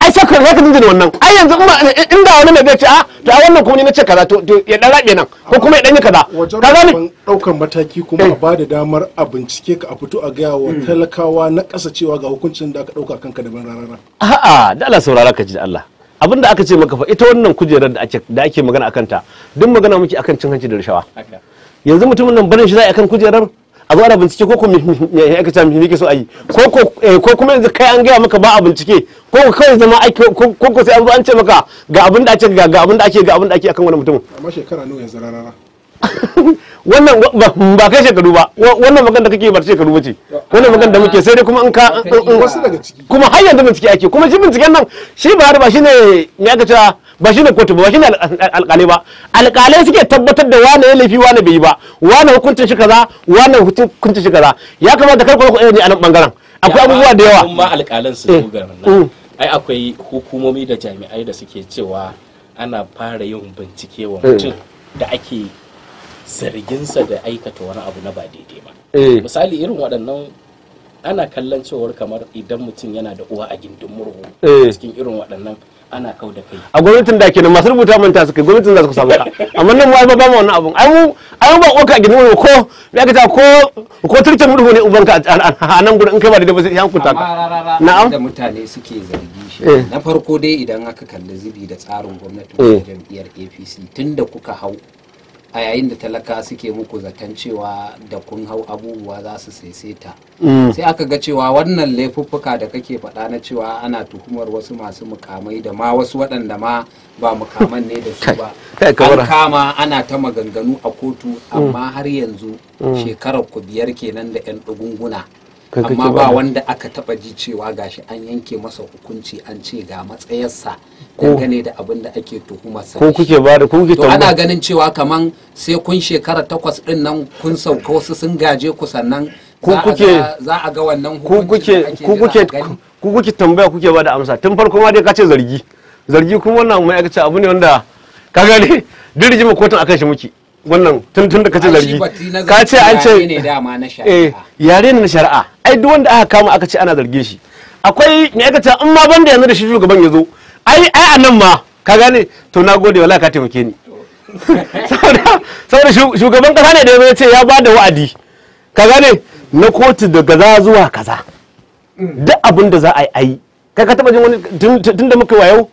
ai sai ka zaka dinga wannan ai yanzu eh, eh, in da wani mai zai a ah, to a wannan kuma ni nace kaza to ya dan rabe nan ko kuma ya dan yi kaza ka gani daukan mataki kuma eh. a bada damar a bincike ka a fito a ga wa hmm. talakawa na kasa cewa ga hukuncin da aka dauka kanka da ban rarara a'a da Allah saurara ka ji da Allah abin da aka ce maka fa ita wannan kujerar da ake magana akan ta duk magana muke akan cin hanci da rashawa yanzu mutumin nan barin shi za a kan kujerar a zo ana bincike ko kuma me aka ce me so a yi eh, ko kuma yanzu kai an gaya maka ba a bincike ko kawai zama ake ko ko sai an zo an ce maka ga abin da ake ga abin da ake ga abin da ake akan wani mutum amma shekara nawa yanzu rarara wannan ba kai shekaru ba wannan magana da kake ba shekaru ba ce wannan magana da muke sai dai kuma in ka kuma har yanzu bincike ake kuma shi binciken nan shi ba ba shine me aka cewa ba shine kotu ba shine alƙalai ba alƙalai suke tabbatar da wane ya laifi wane bai yi ba wane hukuncin shi kaza wane hukuncin shi kaza ya kamata kar ku ne a nan bangaren akwai abubuwa da yawa kuma alƙalan su eh, nan mm. ai akwai hukumomi da jami'ai da suke cewa ana fara yin bincike wa eh. mutum da ake zarginsa da aikata wani abu na ba daidai ba eh. misali irin waɗannan ana kallon cewar kamar idan mutum yana da uwa a gindin murhu eh. cikin irin waɗannan ana kau da kai a gwamnatin da kenan masu rubuta manta suka gwamnatin za su samu ka amma nan mu ai ba mu wannan abun ai mu ai ba oka gidin wani ko ya ka ta ko ko turkin murhu ne uban ka a nan gurin in kai ba da ba sai kuta ka na'am da mutane suke zargi shi eh. na farko dai idan aka kalli zubi da tsarin gwamnatin jam'iyyar APC tunda kuka hau a yayin da talaka suke muku zaton cewa da kun hau abubuwa za su saisaita mm. sai aka ga cewa wannan laifuffuka da kake faɗa na cewa ana tuhumar wasu masu mukamai da ma wasu waɗanda ma ba mukaman ne da su ba an kama ana ta maganganu a kotu mm. amma har yanzu mm. shekarar ku biyar kenan da 'yan dugunguna. amma ba wanda aka taba ji cewa gashi an yanke masa hukunci an ce ga matsayarsa dangane da abin da ake tuhuma sa ko kuke ba da kuke to ana ganin cewa kaman sai kun shekara takwas din nan kun sauka wasu sun gaje ku sannan ku kuke za a ga wannan hukunci ku kuke ku kuke tambaya kuke ba da amsa tun farko ma dai ka ce zargi zargi kuma wannan mai ce abu ne wanda ka gane duk rijima kotun akan shi muke wannan tun tun da kace zargi ka ce an ce eh, yare ne na shari'a ai duk wanda aka kama aka ce ana zarge shi akwai me aka ce in ma banda yanzu da shi shugaban ya zo ai ai a nan ma ka gane to na gode wala ka taimake ni saboda shugaban kasa ne da ya ce ya ba da wa'adi ka gane na kotu daga za zuwa kaza duk abin za a yi kai ka taba jin wani tunda muka wayo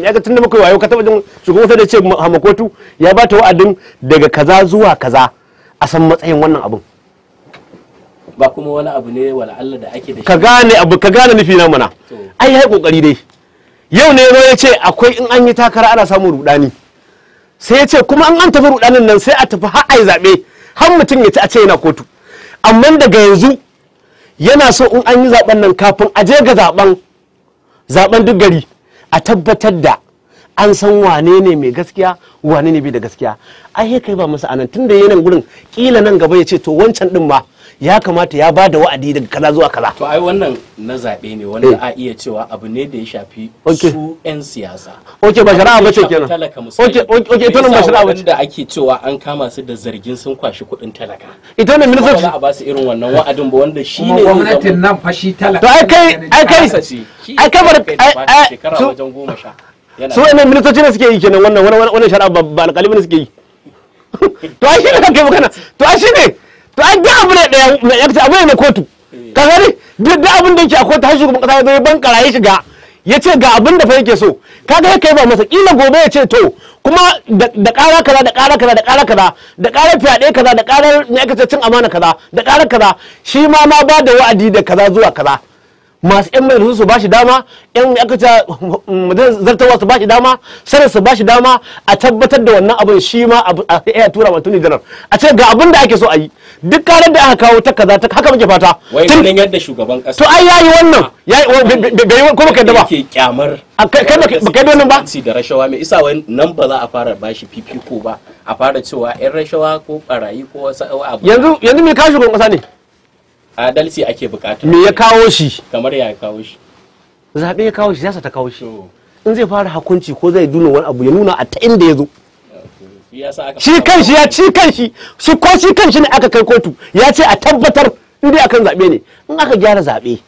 ya ga tunda muka wayo ka taba jin shugaban sai da ce hamakotu ya ba ta wa'adin daga kaza zuwa kaza a san matsayin wannan abun. ba kuma wani abu ne wala Allah da ake da shi ka gane abu ka gane nufi na mana ai yayi kokari dai yau ne ya ce akwai in an yi takara ana samun rudani sai ya ce kuma an an tafi rudanin nan sai a tafi har ai zabe har mutum ya ci a ce yana kotu amma daga yanzu yana so in an yi zaben nan kafin a je ga zaben zaben duk gari a tabbatar da an san wane ne mai gaskiya wane ne bai da gaskiya ai kai ba masa anan tunda yayin gurin kila nan gaba ya ce to wancan din ma ya kamata ya ba da wa'adi daga kaza zuwa kaza to ai wannan na zaɓe ne wanda eh. a iya cewa abu ne da ya shafi su 'yan siyasa ok ba shari'a ba ce kenan ok ok ita nan ba shari'a ba ce da ake cewa an kama su da zargin sun kwashi kuɗin talaka ita ne ministan ba a ba su irin wannan wa'adin ba wanda shi ne Kuma gwamnatin nan fa shi talaka to ai kai ai kai ai kai bar ai shekara wajen goma sha su wannan ministoci ne suke yi kenan wannan wannan shari'a ba alƙalibi ne suke yi to ai shi ne kan kai magana to ai shi ne to an ga abu ne ɗaya mai yakta abu ne na kotu eh. ka gani duk da abin da yake a kotu har shugaban kasa ya zo ban karaye shi ga ya ce ga abin da fa yake so kaga ya kai ba masa kila gobe ya ce to kuma da kara kaza da kara kaza da kara kaza da kara fyaɗe kaza da kara ne aka ce cin amana kaza da kara kaza shi ma ma ba da wa'adi da kaza zuwa kaza masu yan majalisun su bashi dama yan aka ce zartarwa su bashi dama sanar su bashi dama a tabbatar da wannan abin shi ma a tura wa tuni janar a ce ga abin da ake so a yi duk karar da aka kawo ta kaza ta haka muke fata wai ganin yadda shugaban kasa to ai yayi wannan yayi oh, bai ko baka da ba yake kyamar kai baka da wannan ba si da rashawa mai isa wai nan ba za a fara bashi fifiko ba a fara cewa yan rashawa ko barayi ko wasu abu yanzu yanzu me ka shugaban kasa ne adalci ake bukata me ya kawo shi kamar ya kawo shi zabe ya kawo shi siyasa ta kawo shi in zai fara hakunci ko zai duna wani abu ya nuna a ta inda ya zo shi kanshi ya ci kanshi shi ko shi kanshi ne aka kai kotu ya ce a tabbatar in dai akan zaɓe ne in aka gyara zaɓe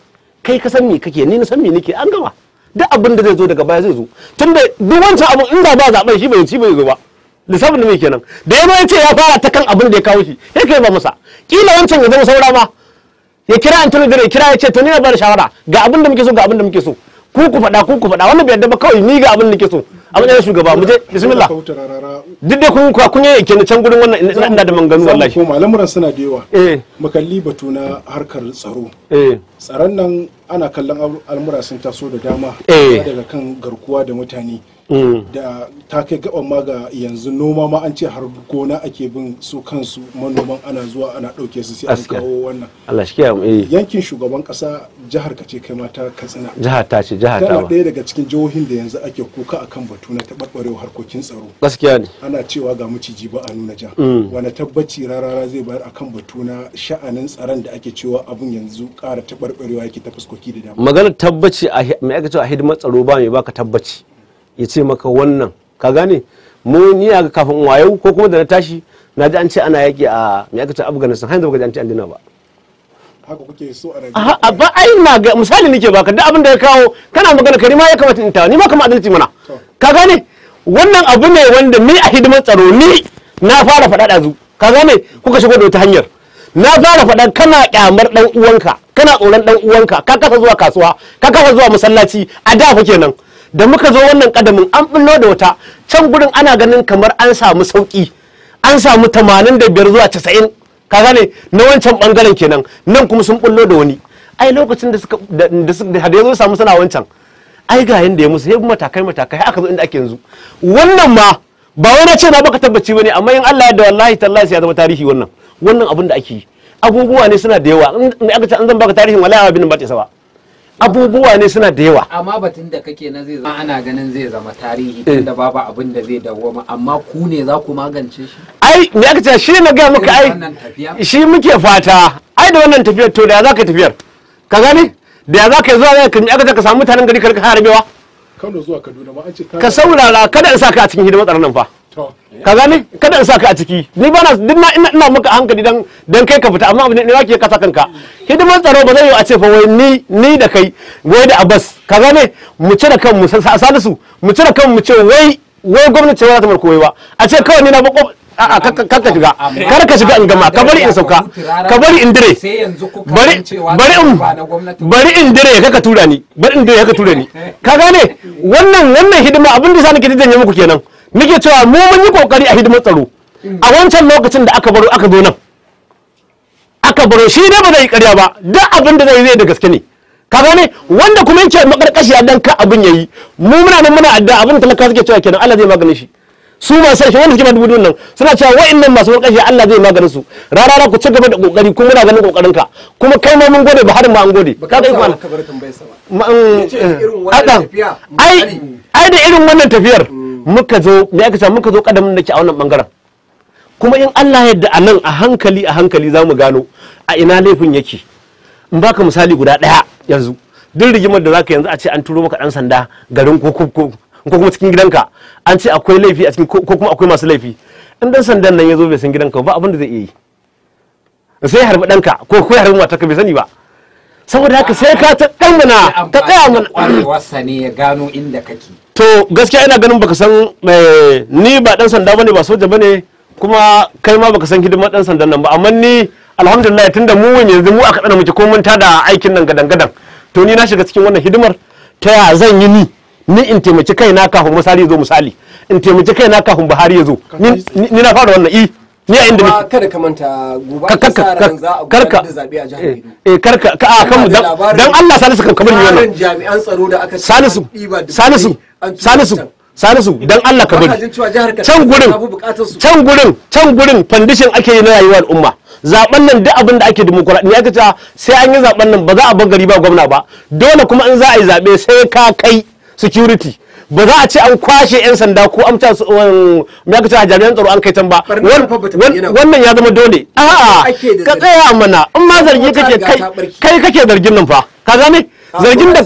kai ka san me kake ni na san me nake an gama duk abin da zai zo daga baya zai zo tun tunda duk wancan abin in ba zaɓen shi bai ci bai zo ba lissafin da mai kenan da ya ya ce ya fara ta kan abin da ya kawo shi ya kai ba masa kila wancan ya zama saura ma ya kira tuni dare kira ya ce to ni na bada shawara ga abin da muke so ga abin da muke so ku ku faɗa ku ku faɗa wannan bai yadda ba kawai ni ga abin da nake so abin da shugaba mu je bismillah duk da kun kwa kun yake na can gurin wannan ina da manganu wallahi ko malamuran suna da yawa eh makalli batu na harkar tsaro eh tsaron nan ana kallon al'amura sun taso da dama eh. daga kan garkuwa da mutane Mm. da ta kai gaban ma ga yanzu noma ma an ce har gona ake bin su kansu manoman ana zuwa ana ɗauke su sai an kawo wannan eh. yankin shugaban kasa jihar ka ce kai ma ta katsina jihar ta ce jihar ta ba ɗaya daga cikin jihohin da yanzu ake kuka akan batu na taɓarɓarewa harkokin tsaro gaskiya ne ana cewa ga miciji ba a nuna ja mm. wani tabbaci rarara zai bayar akan batu na sha'anin tsaron da ake cewa abin yanzu ƙara taɓarɓarewa yake ta fuskoki da dama maganar tabbaci a me aka cewa a hidimar tsaro ba mai baka tabbaci ya ce maka wannan ka gane mu ni a kafin wayo ko kuma da na tashi na ji an ce ana yaƙi a mai aka ce afghanistan har yanzu baka ji an ce an dina ba haka kuke so a ba ai na ga misali nake baka duk abin da ya kawo kana magana kari ma ya kamata in tawa ni ma kamar adalci mana ka gane wannan abu ne wanda ni a hidimar tsaro ni na fara faɗa ɗazu ka gane kuka shigo da wata hanyar na fara faɗa kana kyamar ɗan uwanka kana tsoron ɗan uwanka ka kasa zuwa kasuwa ka kasa zuwa masallaci a da kuke nan. da muka zo wannan kadamin an bullo da wata can gurin ana ganin kamar an samu sauki an samu 85 zuwa 90 ka gane na wancan bangaren kenan nan kuma sun bullo da wani ai lokacin da suka da ya zo samu suna wancan ai ga yanda ya musu sai matakai matakai aka zo inda ake yanzu wannan ma ba wai na ce na baka tabbaci bane amma in Allah ya da wallahi tallahi sai ya zama tarihi wannan wannan abin da ake yi abubuwa ne suna da yawa in aka ce an zan baka tarihin wallahi abin ba ta isa ba abubuwa ne suna da yawa amma batun da kake na zai zama ana ganin zai zama tarihi eh. tunda babu abin da zai dawoma amma ku ne za ku magance shi ai me aka ce shi na ga muka ai shi muke fata ai da wannan tafiyar to da za ka tafiyar ka gani da ya za ka zuwa ka kan aka ka samu mutanen gari ka harbewa Kano zuwa Kaduna ma an ce ka saurara kada in saka a cikin hidimar tsaron nan fa ka gani kada in sa ka a ciki ni bana duk na ina ina maka hankali dan dan kai ka fita amma abin ne wake ka sa kanka hidimar tsaro ba zai yi a ce fa wai ni ni da kai wai da Abbas ka gani mu cire kan mu salisu mu cire kan mu ce wai wai gwamnati ce za ta marko wai ba a ce kawai ni na bako a'a kar ka shiga kar ka shiga in gama ka bari in sauka ka bari in dire bari bari in bari in dire ka tura ni bari in dire kaka tura ni ka gane wannan wannan hidima abin da sa nake tijjanya muku kenan nake cewa mu mun yi kokari a hidimar tsaro a wancan lokacin da aka baro aka zo nan aka baro shi ne ba zai ƙarya ba duk abin da zai zai da gaske ne ka gane wanda kuma yake makarkashi a dan ka abin yayi mu muna nan muna adda abin talaka suke cewa kenan Allah zai maganin shi su ma sai wanda suke dubu nan suna cewa wa'annan masu makarkashi Allah zai maganin su ra ku ci gaba da kokari kuma muna ganin kokarin ka kuma kai ma mun gode ba har ma an gode ka ga ikon mm, ai ai da irin wannan tafiyar muka zo me aka muka zo kadamin da ke a wannan bangaren kuma in Allah yadda a nan a hankali a hankali za mu gano a ina laifin yake in baka misali guda daya yanzu duk rigimar da zaka yanzu a ce an turo maka dan sanda garin ko kuma cikin gidanka an ce akwai laifi a cikin ko kuma akwai masu laifi in dan sandan nan ya zo bai san gidanka ba abin da zai yi sai ya harbi danka ko ko ya harbi matarka bai sani ba saboda haka sai ka ta dangana ta tsaya mana ƙwarewarsa ya gano inda kake to gaskiya ina ganin baka san eh, ni ba dan sanda bane ba soja bane kuma kai ma baka san hidimar dan sandan nan ba amma ni alhamdulillah tunda mu yanzu mu aka dana muke ko mun da aikin nan gadan gadan to ni na shiga cikin wannan hidimar ta ya zan yi ni ni in taimaki kaina kafin misali zo misali in taimaki kaina kafin Buhari ya zo ni na fara wannan i eh. ni a inda muke kada ka manta gobe ka sa ran za a gudanar da zabe a jihar eh, Edo eh karka ka a kanmu dan Allah Salisu kan kamar yana jami'an tsaro da aka Salisu Salisu Salisu Salisu dan Allah ka bari can gurin can gurin can gurin fandishin ake yi na rayuwar al'umma zaben nan duk abin da ake demokuraɗiyya ya kace ah, sai an yi zaben nan ba za a bar gari ba gwamna ba dole kuma in za a yi zabe sai ka kai security ba za a ce an kwashe 'yan sanda ko amca su um, a jami'an tsaro an kai can ba wannan ya zama dole a'a ka tsaya mana in ma zargi kake kai kake zargin nan fa ka gane zargin da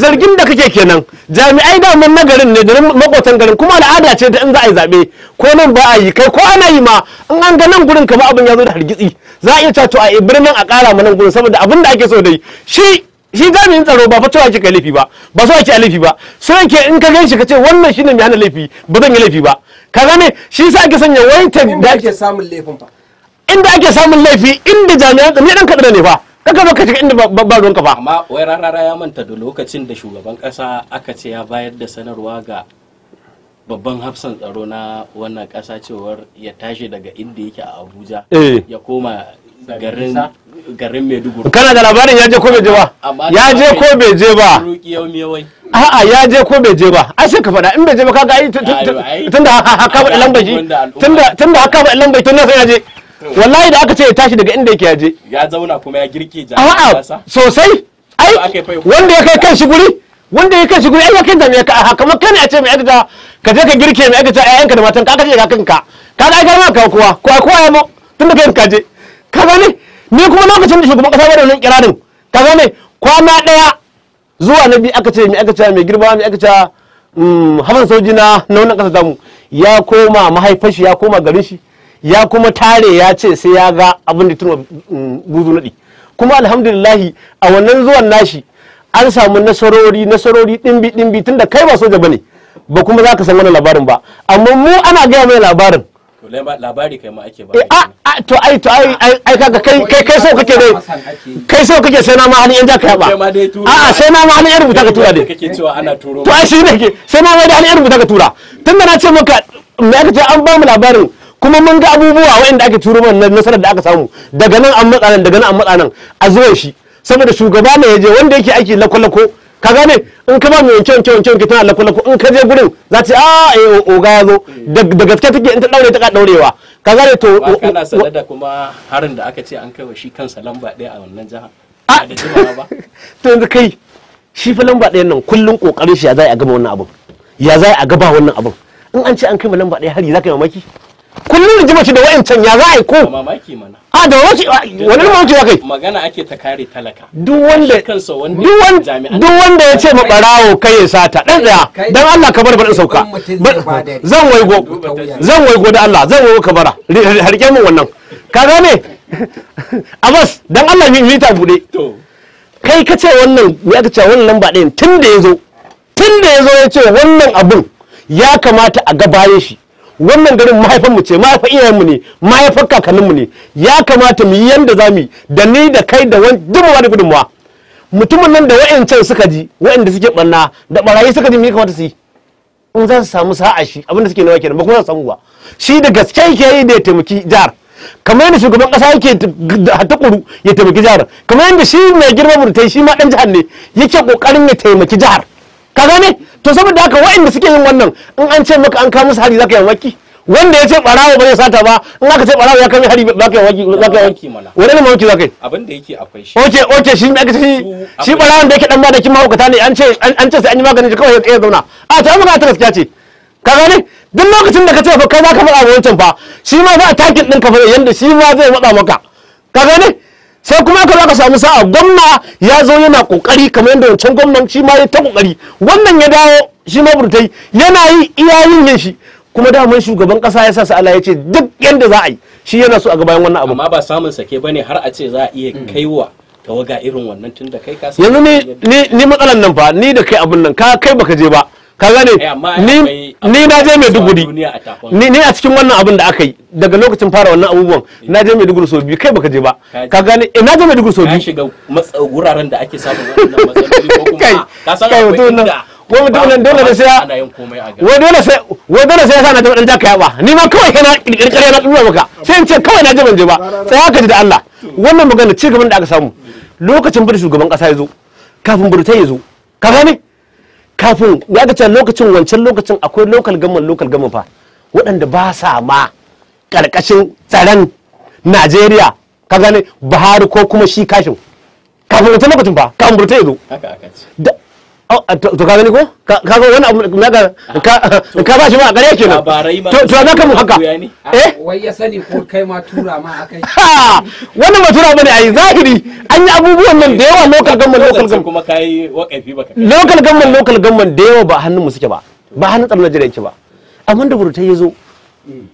zargin da kake kenan jami'ai da mun nagarin ne da makotan garin kuma al'ada ce da in za a yi zabe ko nan ba a yi kai ko ana yi ma in an ga nan gurin kamar abin ya zo da hargitsi za a iya cato a birnin a kara ma nan gurin saboda abin da ake so dai shi shi jami'in tsaro ba fa cewa kai laifi ba ba so yake laifi ba so yake in ka ganshi ka ce wannan shine mai hana laifi ba zan yi laifi ba ka gane shi sa ake sanya wanted da ake samun laifin fa inda ake samun laifi inda jami'an tsaro ne dan kadara ne fa kaka zo ka shiga inda ba ruwan ka fa amma wai rarara ya manta da lokacin da shugaban kasa aka ce ya bayar da sanarwa ga babban hafsan tsaro na wannan kasa cewar ya tashi daga inda yake a Abuja eh. ya koma garin Maiduguri kana da labarin ya je ko bai je ba ya je ko bai je ba a'a ya je ko bai je ba ai sai ka faɗa in bai je ba kaga ai tunda haka ba lambai shi tunda tunda haka ba lambai tunda sai ya je wallahi da aka ce ya tashi daga inda yake ya je ya zauna kuma ya girke jami'a sosai ai wanda ya kai kan shi guri wanda ya kai shi guri ai ya kai jami'a ka kamar kana a ce mai aikata ka je ka girke mai aikata ƴaƴanka da matan ka aka ce ka kanka ka ga ai garma ka kuwa ko kowa ya mu tunda kai ka je ka gane ni kuma lokacin da shugaban kasa bada wannan kirarin ka gane kwana daya zuwa na biyu aka ce mai aka ce mai girba mai aka ce mm, haban soji na na wannan kasa tamu ya koma mahaifar shi ya koma garin shi ya kuma tare ya ce sai ya ga abin da tun mm, buzu nadi kuma alhamdulillahi a wannan zuwan nashi an samu nasarori nasarori dimbi dimbi da kai ba soja ne ba kuma za ka san wannan labarin ba amma mu ana gaya mai labarin labari kai ma ake ba eh, to ai to ai ai kaga kai kai kai so kake dai kai sai na ma yan jaka ba sai na ma hannun yan rubuta ka tura dai kake da na ce maka me aka ce an ba labarin kuma mun ga abubuwa waɗanda ake turo mana nasarar da aka samu daga nan an matsa nan a zuwan shi saboda shugaba ne ya je wanda yake aiki lako-lako ka gane in ka ba mai wanke wanke wanke wanke tana lafu lafu in ka je gurin za ta a ah, eh oga ya zo mm. da gaske take in ta daure ta ka daurewa ka gane to ba kana sanar da kuma harin da aka ce an kai wa shi kansa lamba ɗaya a wannan jihar a ah! da jimawa ba to yanzu kai shi fa lamba ɗayan nan kullum kokarin shi ya zai a gaba wannan abun ya zai a gaba wannan abun in an ce an kai ma lamba ɗaya hari za ka yi mamaki kullum da ce da wa'ancan ya za a yi ko a ah, da wani ah, wani mamaki ya kai magana ake ta kare talaka duk wanda ya ce mabarawo kai ya sata dan daya dan Allah ka bar bar sauka zan waigo zan waigo da Allah zan waigo ka bara harke min wannan ka gane abbas dan Allah yi mita bude kai ka ce wannan me aka ce wannan ba ɗayan tun da ya zo tun da ya zo ya ce wannan abun ya kamata a gabaye shi wannan garin mahaifanmu ce mahaifan mu ne mahaifan kakanninmu ne ya kamata mu yi yanda za mu da ni da kai da wani duk da gudunmuwa mutumin nan da wa'ancan suka ji wa'anda suke barna da barayi suka ji yi kamata su yi in za su samu sa'a shi abinda suke nawa kenan ba kuma za su samu ba shi da gaske yake yi da ya taimaki jihar kamar yadda shugaban kasa yake hatakuru ya taimaki jihar kamar yadda shi mai girma burtai shi ma dan jihar ne yake kokarin ya taimaki jihar ka gane to saboda haka waɗanda suke yin wannan in an ce maka an kawo musu hari zaka yi maki wanda ya ce barawo ba zai sata ba in aka ce barawo ya kame hari za ka yi waki wani ne mawaki zaka yi abin da yake akwai shi oke oke shi aka ce shi barawon da yake dan ba da kin mahaukata ne an ce an ce sai an yi maganin kawai ya tsaya zauna a ta maka ta gaskiya ce ka gane duk lokacin da ka ce fa kai za ka faɗa wancan fa shi ma za a takin ɗin ka fa yanda shi ma zai matsa maka ka gane sai kuma ka zaka samu sa'a gwamna ya zo yana kokari kamar yadda wancan gwamnan shi ma ya ta kokari wannan ya dawo shi ma burtai yana yi iya yin shi kuma daman shugaban kasa ya sa su ala ya ce duk yadda za a yi shi yana so a ga bayan wannan abu amma ba samun sake bane har a ce za a iya kaiwa tawaga irin wannan tun da kai ka yanzu ni ni matsalan nan fa ni da kai abun nan ka kai baka je ba ka gane eh, ni ni na je Maiduguri ni a cikin wannan abin da aka yi daga lokacin fara wannan abubuwan hmm. na je Maiduguri sau biyu kai baka je ba ka gane eh, na je Maiduguri sau biyu ka shiga wuraren da ake samun wannan matsaloli ko kuma ka san akwai inda wai mutum nan dole da sai wai dole sai wai dole sai yasa na taɓa ɗan jaka yaba ni ma kawai kana kirkire na ɗura maka sai in ce kawai na je ban je ba tsaya ka ji da Allah wannan magana ci gaban da aka samu lokacin bada shugaban ƙasa ya zo kafin burtai ya zo ka gane kafin ya ga lokacin wancan lokacin akwai lokal gaman lokal gaman fa waɗanda ba sa ma ƙarƙashin tsaron najeriya ka gane buhari ko kuma shi kashin kafin wancan lokacin fa kafin burta ya zo da Oh, to ka gani ko ka ga wani abu naga ka ba shi ma a gare kenan to to naka mu haka eh wai ya sani ko kai ma tura ma akai wannan ba tura bane ai zahiri an yi abubuwan nan da yawa local government local government kuma kai wakafi baka local government local government da yawa ba hannun mu suke ba ba hannun tsaron Najeriya yake ba amma da burtai ya zo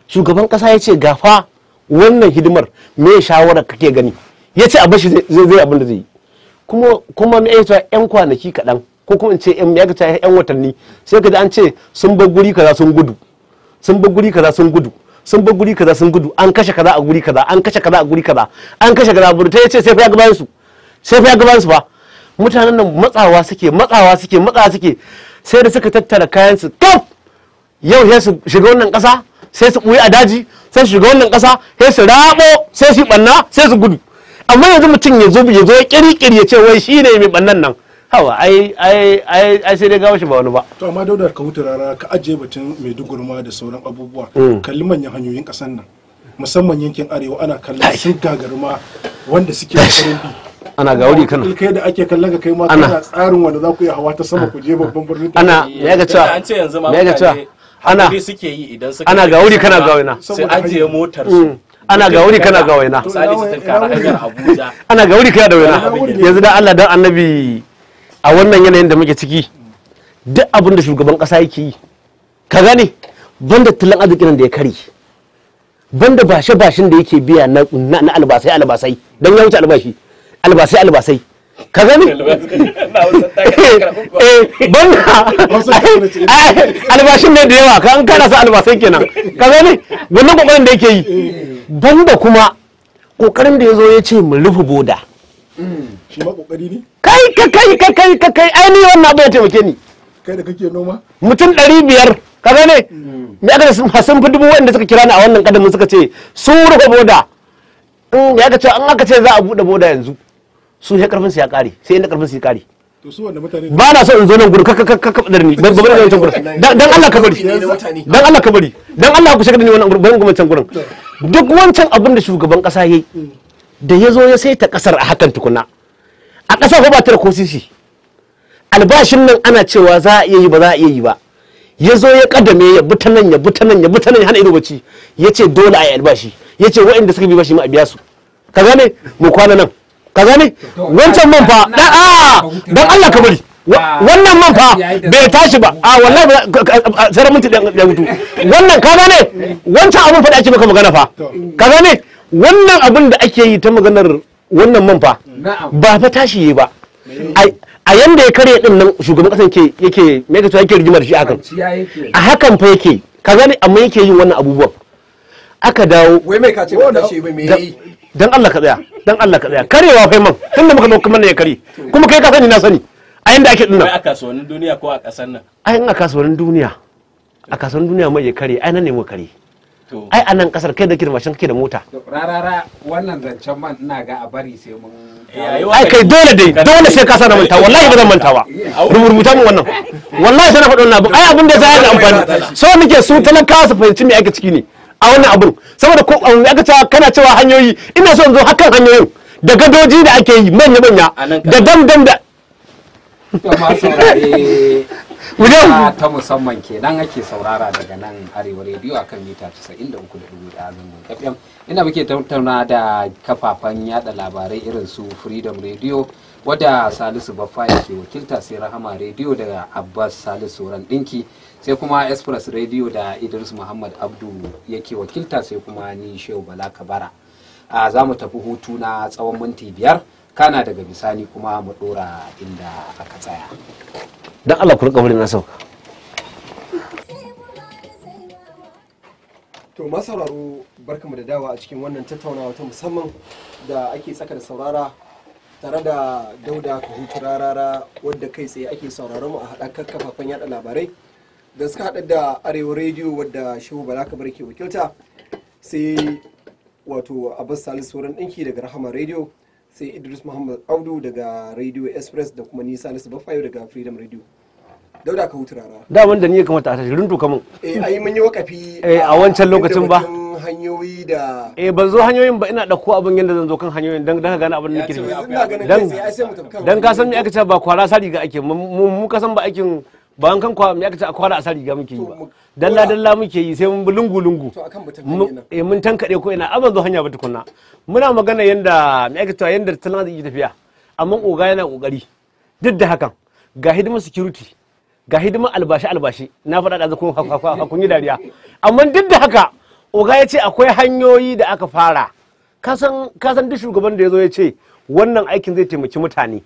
shugaban kasa ya ce gafa wannan hidimar me shawara kake gani ya ce a bashi zai abin da zai yi kuma kuma me ya yan kwanaki kaɗan ko kuma in ce in ya ta yan watanni sai ka ji an ce sun bar guri kaza sun gudu sun bar guri kaza sun gudu sun bar guri kaza sun gudu an kashe kaza a guri kaza an kashe kaza a guri kaza an kashe kaza burta ta ce sai fa ya gaban su sai fa ya gaban su ba mutanen nan matsawa suke matsawa suke matsawa suke sai da suka tattara kayan su tof. yau sai su shiga wannan kasa sai su buyi a daji sai su shiga wannan kasa sai su rabo sai su banna sai su gudu amma yanzu mutum ya zo ya kiri ya ya ce wai shine mai bannan nan hawa ai ai ai ai sai dai gawo shi ba wani ba to amma daudar ka huta rana ka ajiye batun mai dugurma da sauran abubuwa mm. kalli manyan hanyoyin kasar nan musamman yankin arewa ana kallon sun gagaruma wanda suke da ana ga wuri kana kai da ake kallon ka kai ma kana tsarin wanda za ku yi hawa ta sama ku je babban birnin ana ya ga cewa an ce yanzu ma ya ga cewa ana suke yi idan suka ana ga wuri kana ga waina sai ajiye motar su mm. ana ga wuri kana ga waina ana ga wuri kana da waina yanzu dan Allah dan annabi a wannan yanayin da muke ciki duk abin da shugaban kasa yake yi ka gane banda tallan arzikin da ya kare banda bashe bashin da yake biya na albasai albasai don ya wuce albashi albasai albasai ka gani eh, eh, albashin ne da yawa kan kana sa albasai kenan ka gani wannan kokarin da yake yi banda kuma kokarin da ya zo ya ce mu rufe boda hmm. kai ka kai ka kai ka kai ainihin wannan abu ya taimake ni kai da kake noma mutum 500 ka gane hmm. me aka sun fi dubu wanda suka kira ni a wannan kadamin suka ce sun rufe boda in ya ka ce an aka ce za a buɗe boda yanzu su ya karfin su ya kare sai inda karfin su ya kare ba na so in zo nan gudu ka da ni dan da wancan gurin dan Allah ka bari dan Allah ka bari dan Allah ku shiga da ni wannan gurin gwamnatin gurin duk wancan abin da shugaban kasa yayi hmm. da ya zo ya saita kasar a hakan tukuna a ƙasa ko ba ta da ko albashin nan ana cewa za a iya yi ba za a iya yi ba ya zo ya kadame ya buta nan ya buta nan ya buta nan ya hana ido bacci ya ce dole a yi albashi ya ce waɗanda suka bi bashi ma a biya su ka gane mu kwana nan ka gane wancan man fa da a dan Allah ka bari wannan man fa bai tashi ba a wallahi sai minti da mutu wannan ka gane wancan abun fa da ake maka magana fa ka gane wannan abun da ake yi ta maganar wannan man fa ba fa tashi yi ba a yanda ya karya din nan shugaban kasan ke yake me ka yake rigimar shi hakan a hakan fa yake ka gani amma yake yin wannan abubuwan aka dawo wai mai ka ce ba tashi ba me yi dan Allah ka tsaya dan Allah ka tsaya karewa fa man tunda muka kuma mana ya kare kuma kai ka sani na sani a yanda ake dinnan a kasuwannin duniya ko a kasan nan a yanda kasuwannin duniya a kasuwannin duniya mai ya kare ai nan ne mu kare ai a nan kasar kai da kirma shin kake da mota rarara wannan zancen man ina ga a bari sai mun eh, ai kai dole dai dole sai ka sanar manta wallahi ba zan manta ba rubuta min wannan wallahi sai na faɗi wannan abu ai abin da zai yi amfani so muke su talakawa su fahimci me ake ciki ne a wannan abun saboda ko aka cewa kana cewa hanyoyi ina so in zo hakan hanyoyin da gadoji da ake yi manya manya da dam da Wajen ta musamman kenan ake saurara daga nan Arewa rediyo akan mita 93.1 FM. Ina muke tattauna da kafafen yada labarai irin su Freedom Radio wadda Salisu Baffa yake wakilta sai Rahama Radio daga Abbas Salisu Ran Dinki sai kuma Express Radio da Idris Muhammad Abdu yake wakilta sai kuma ni Shehu Bala Kabara. Za mu tafi hutu na tsawon minti biyar. kana daga bisani kuma mu dora inda aka tsaya don allah ku rika wurin na sauka to masauraro barkamu da dawa a cikin wannan tattaunawa ta musamman da ake tsaka da saurara tare da dauda hutu rarara wadda kai tsaye ake sauraron mu a haɗakar kafafen yada labarai da suka haɗa da arewa rediyo wadda shehu bala kabar wakilta sai wato abbas salisu wurin ɗinki daga rahama rediyo sai idris muhammad audu daga radio express da kuma nisa na fayo daga freedom radio dauda ka huturara daman da ni ya kamata a tashi rundu kamun eh ayi mun yi wakafi eh, a wancan lokacin ba hanyoyi da eh ban zo hanyoyin ba ina dauko abin yanda zan zo kan hanyoyin dan dan gane abin da nake dan dan ka san me aka ce ba kwara sari ga ake mu ka san ba aikin ba an kan kwa me aka ce a kwara a ga muke yi ba dalla dalla muke yi sai mun bi lungu lungu eh, mun tankade ko ina abin zo hanya ba tukunna muna magana yanda me aka ce yanda tana zai tafiya amma oga yana kokari duk da hakan ga hidimar security ga hidimar albashi albashi na faɗa da zakon hakun yi dariya amma duk da haka oga ya ce akwai hanyoyi da aka fara kasan kasan duk shugaban da ya zo ya ce wannan aikin zai taimaki mutane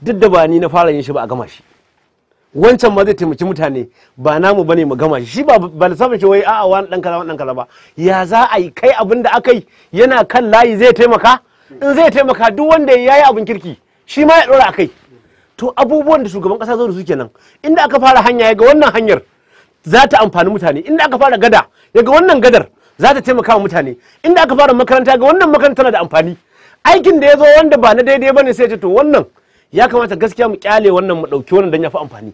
duk da ba ni na fara yin shi ba a gama shi wancan ma zai taimaki mutane ba namu bane mu gama shi ba ba lissafin shi wai a'a wani dan kaza dan kaza ba ya za a yi kai abin da aka yi yana kan layi zai taimaka in zai taimaka duk wanda ya yi abin kirki shi ma ya dora akai to abubuwan da shugaban kasa zo da su kenan inda aka fara hanya ya ga wannan hanyar za ta amfani mutane inda aka fara gada ya ga wannan gadar za ta taimaka mutane inda aka fara makaranta ga wannan makaranta tana da amfani aikin da ya zo wanda ba na daidai bane sai ya to wannan ya kamata gaskiya mu kyale wannan mu dauki wannan dan ya fi amfani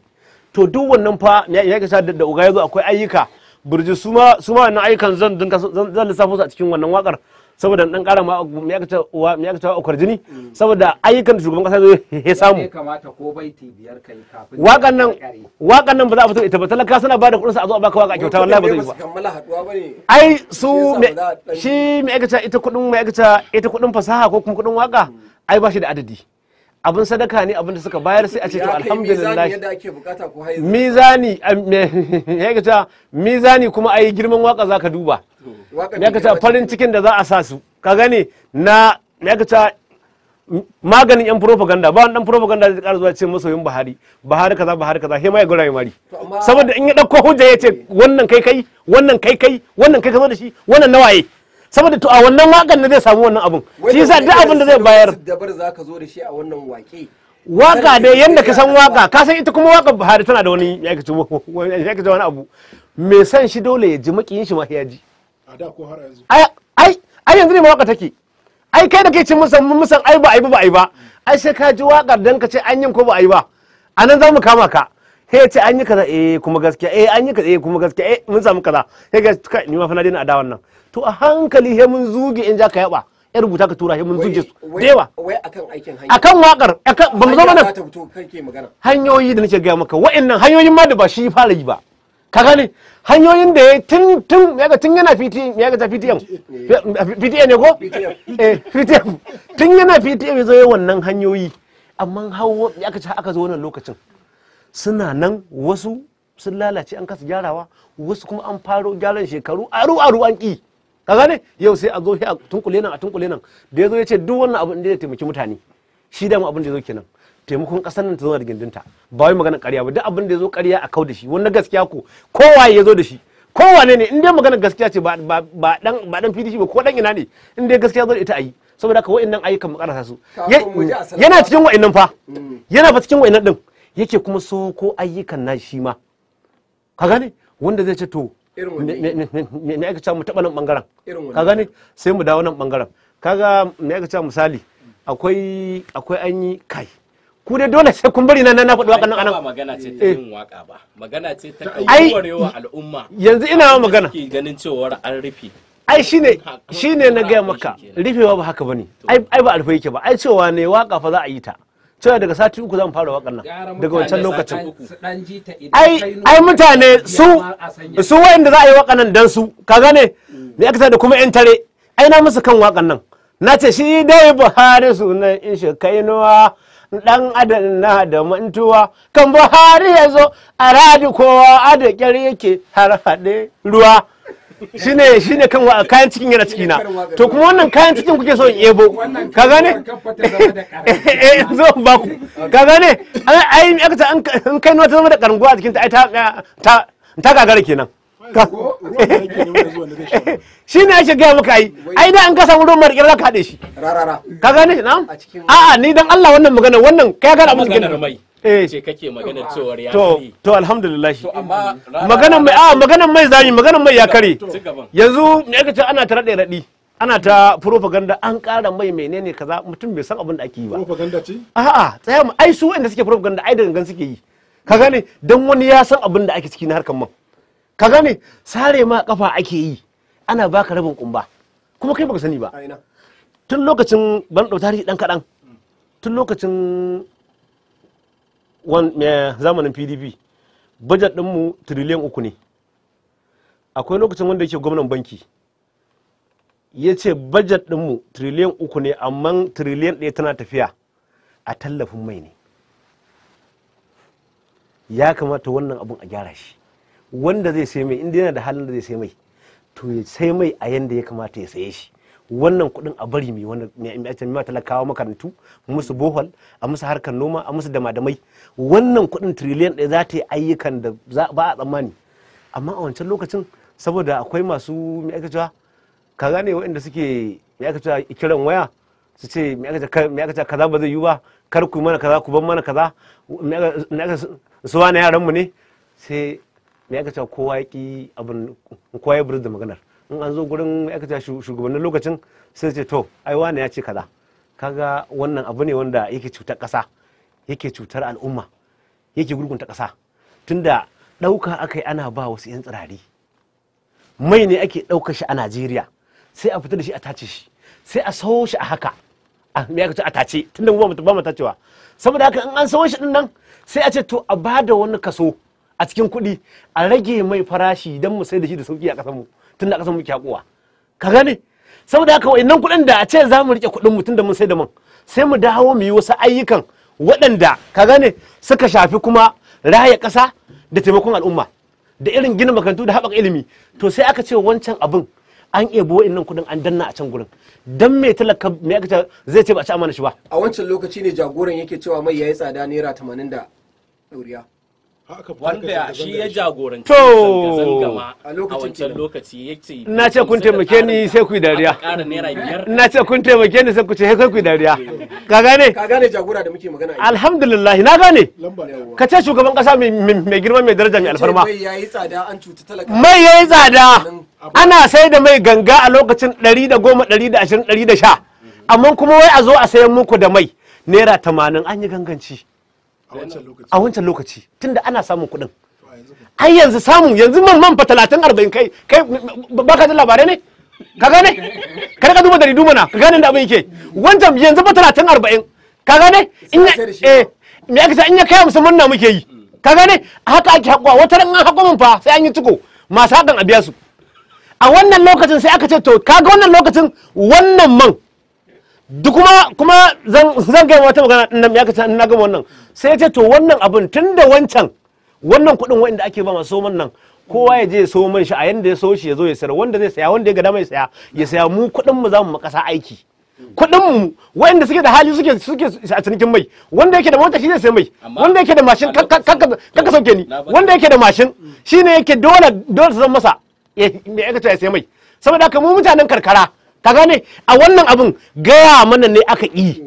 to duk wannan fa ya sa da uga yazo akwai ayyuka burji su ma su ma wannan ayyukan zan dinka zan lissafo su a cikin wannan wakar saboda dan kara ma me ya ta uwa me ya ta akwar jini saboda ayyukan da shugaban kasa zai samu ya kamata ko baiti biyar kai kafin wakan nan wakan nan ba za a fito ita ba talaka suna ba da kudin su a zo a baka waka kyauta wallahi ba zai yi ba ai su shi me ya ta ita kudin me ya ta ita kudin fasaha ko kuma kudin waka ai ba shi da adadi abin sadaka ne abin da suka bayar sai a ce to alhamdulillah mizani eh, ya ta mizani kuma ayi girman waka zaka duba ya ta farin cikin da za a sa su ka gane na ya ta maganin yan propaganda ba dan propaganda zai ƙara zuwa ce masoyin Buhari Buhari kaza Buhari kaza he ma ya gura mai mari saboda in ya dauko hujja ya ce wannan kai kai wannan kai kai wannan kai kaza da shi wannan nawaye saboda to a wannan wakan da zai samu wannan abun shi yasa duk abin da zai bayar dabar ka zo da shi a wannan wake waka dai yadda ka san waka ka san ita kuma waka Buhari tana da wani ya kace wani abu mai san shi dole ya ji makiyin shi ma ya ji a da ko har yanzu ai ai yanzu ne waka take ai kai da kai cin musan musan ai ba ai ba ai ba ai sai ka ji waka dan ka ce an yin ko ba ai ba anan za mu kama ka sai ce an yi kaza eh kuma gaskiya eh an yi kaza eh kuma gaskiya eh mun samu kaza sai ga ni ma fa na daina adawan nan to a hankali he mun zuge in za ka yaba ya rubuta ka tura he mun zuge su dewa wai akan aikin hanya akan wakar akan ba mu zo mana hanyoyi da nake ga maka wa'annan hanyoyin ma da ba shi fara yi ba ka gane hanyoyin da ya tun tun ya ga tun yana fiti ya ga ta fiti PTM fiti ne ko eh fiti tun yana fiti ya zo wannan hanyoyi amma hawo ya ka ci aka zo wannan lokacin suna nan wasu sun lalace an kasa gyarawa wasu kuma an faro gyaran shekaru aru aru an ki ka gane yau sai a zo a tunkule nan a tunkule nan da ya zo ya ce duk wannan abu da ya taimaki mutane shi dama abin da ya zo kenan taimakon kasar nan ta zo da gindinta ba wai magana ƙarya ba duk abin da ya zo ƙarya a kau da shi wannan gaskiya ko kowa ya zo da shi kowane ne in dai magana gaskiya ce ba dan ba dan shi ba ko dan ina ne in dai gaskiya zo da ita ayi saboda wa'in wa'annan ayyukan mu karasa su yana cikin wa'annan fa mm. yana fa cikin wa'annan din yake kuma so ko ayyukan na shi ma ka gane wanda zai ce to me aka cewa mu taɓa nan ɓangaren ka gani sai mu dawo nan ɓangaren kaga me aka cewa misali akwai akwai an yi kai ku dai dole sai kun bari na na faɗi waƙan nan anan ba magana ce ta eh. yin waƙa ba magana ce ta kawarewa al'umma yanzu ina wa magana ganin cewa an rufe ai shine shine na gaya maka rufewa ba haka bane ai ba alfa yake ba ai cewa ne waƙa fa za a yi ta cewa daga sati uku zan fara wakar nan daga wancan lokacin ai ai mutane su su wayanda za a yi wakan nan dan su ka gane ne aka da kuma yan tare ai na musu kan wakar nan na ce shi dai buhari sunan in shi kainuwa dan adam na da mantuwa kan buhari ya zo a radi kowa a da kyar yake har haɗe ruwa shine shine kan kayan cikin yana ciki na to kuma wannan kayan cikin kuke so in ebo ka gane eh, zo ba ku ka gane ai aka ta an kai ta zama da karnguwa a cikin ta ai ta ta gagara kenan shi ne ake gaya maka yi ai da an ka samu ruwan marikir ka haɗe shi ka gane na a'a ni dan Allah wannan magana wannan kai ka da abin cikin Eh. ce kake maganar cewar ya to to alhamdulillah maganar mai a ah, maganar mai zami maganar mai ya kare yanzu me aka ce ana ta rade radi ana ta propaganda an ƙara mai menene kaza mutum bai san abin da ake yi ba propaganda ce a'a tsaya mu ai su wanda suke propaganda ai da gangan suke yi ka gane dan wani ya san abin da ake ciki na harkan man ka gane sare ma kafa ake yi ana baka rabin kumba kuma kai baka sani ba tun lokacin ban tarihi dan kadan tun lokacin zamanin pdp budget dinmu tiriliyan uku ne akwai lokacin wanda yake gwamnan banki ya ce budget dinmu tiriliyan uku ne amma tiriliyan ɗaya tana tafiya a tallafin mai ne ya kamata wannan abun a gyara shi wanda zai sai mai inda yana da halin da zai sai mai to ya sai mai a yanda ya kamata ya saye shi wannan kuɗin a bari mai wanda mai talakawa makarantu musu bohol a musu harkar noma a musu damadamai wannan kuɗin triliyan ɗaya za ta yi ayyukan da ba a tsammani amma a wancan lokacin saboda akwai masu mai aka cewa ka gane waɗanda suke mai aka cewa kiran waya su ce mai aka cewa kaza ba zai yi ba kar ku mana kaza ku ban mana kaza mai aka su wani yaranmu ne sai mai aka cewa kowa ya ƙi abin kowa ya da maganar in an zo gurin ma'aikata shugabannin lokacin sai ce to ai wane ya ce kaza kaga wannan abu ne wanda yake cutar ƙasa yake cutar al'umma yake gurgunta kasa tunda ɗauka akai ana ba wasu 'yan tsirari mai ne ake ɗaukar shi a najeriya sai a fita da shi a tace shi sai a sawo shi a haka a me aka a tace tunda mutum ba mu tacewa saboda haka in an sawo shi din nan sai a ce to a bada wani kaso a cikin kuɗi a rage mai farashi don mu sai da shi da sauki a ƙasarmu. mu tunda aka san muke hakuwa ka gane saboda haka wayannan kuɗin da a ce za mu rike kuɗin mu da mun sai da mun sai mu dawo mu yi wasu ayyukan waɗanda ka gane suka shafi kuma raya ƙasa da taimakon al'umma da irin gina makarantu da haɓaka ilimi to sai aka ce wancan abin an ebo wayannan kuɗin an danna a can gurin dan me talaka me aka zai ce ba a ci amana shi ba a wancan lokaci ne jagoran yake cewa mai yayi tsada naira 80 da dauriya. wanda shi ya jagoranci zanga-zanga a wancan lokaci ya ce na ce kun taimake ni sai ku dariya na ce kun taimake ni sai ku ce sai ku dariya ka gane ka gane jagora da muke magana alhamdulillah na gane ka ce shugaban kasa mai girma mai daraja mai alfarma mai yayi tsada an cuta talaka mai yayi tsada ana sai da mai ganga a lokacin 110 120 110 amma kuma wai a zo a sayan muku da mai naira 80 an yi ganganci a wancan lokaci tunda ana samun kuɗin ai yanzu samu yanzu man man fa talatin arba'in kai kai baka da labarai ne ka gane kar ka duba da ridu mana ka gane da abin yake wancan yanzu fa talatin arba'in ka gane in eh me aka in ya kai musu murna muke yi ka gane haka ake hakuwa wata ran an hako mun fa sai an yi tuko masu hakan a biya su a wannan lokacin sai aka ce to kaga wannan lokacin wannan man duk kuma kuma zan gaya wata magana nan ya kace na gama wannan sai ce to wannan abin tunda wancan wannan kuɗin wanda ake ba masu soman nan kowa ya je ya so man shi a yanda ya so shi ya zo ya sayar wanda zai saya wanda ya ga dama ya saya ya saya mu kuɗin mu za mu makasa aiki kuɗin mu wanda suke da hali suke suke a cinikin mai wanda yake da mota shi zai sai mai wanda yake da mashin kanka sauke ni wanda yake da mashin shine yake dole dole su zan masa ya aikata ya sai mai saboda haka mu mutanen karkara ka gane a wannan abin gaya mana ne aka yi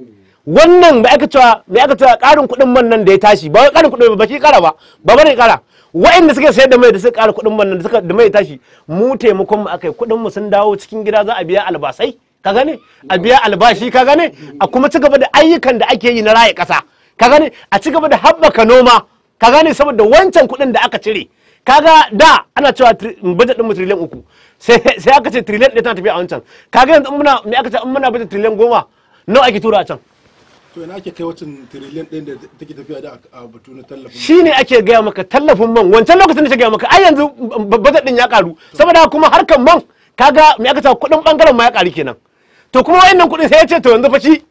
wannan mai aka cewa mai aka cewa karin kuɗin man nan da ya tashi ba wai karin kuɗin ba shi kara ba ba bane kara wa'anda suke sayar da mai da suka kara kuɗin man nan da suka da mai tashi mu taimakon mu akai kuɗin mu sun dawo cikin gida za a biya albasai ka gane a biya albashi ka gane a kuma ci gaba da ayyukan da ake yi na raye ƙasa ka gane a ci gaba da haɓaka noma ka gane saboda wancan kuɗin da aka cire kaga da ana cewa budget din mu trillion uku sai aka ce trillion ɗaya tana tafiya a wancan kaga yanzu muna me aka ce in muna budget trillion goma nawa ake tura a can to ina ake kai wacin trillion ɗin da take tafiya da a batu na tallafin shi ne ake gaya maka tallafin man wancan lokacin da ta gaya maka ai yanzu budget din ya karu saboda kuma harkan man kaga me aka ce kuɗin bangaren ma ya karu kenan to kuma wayannan kuɗin sai ya ce to yanzu fa shi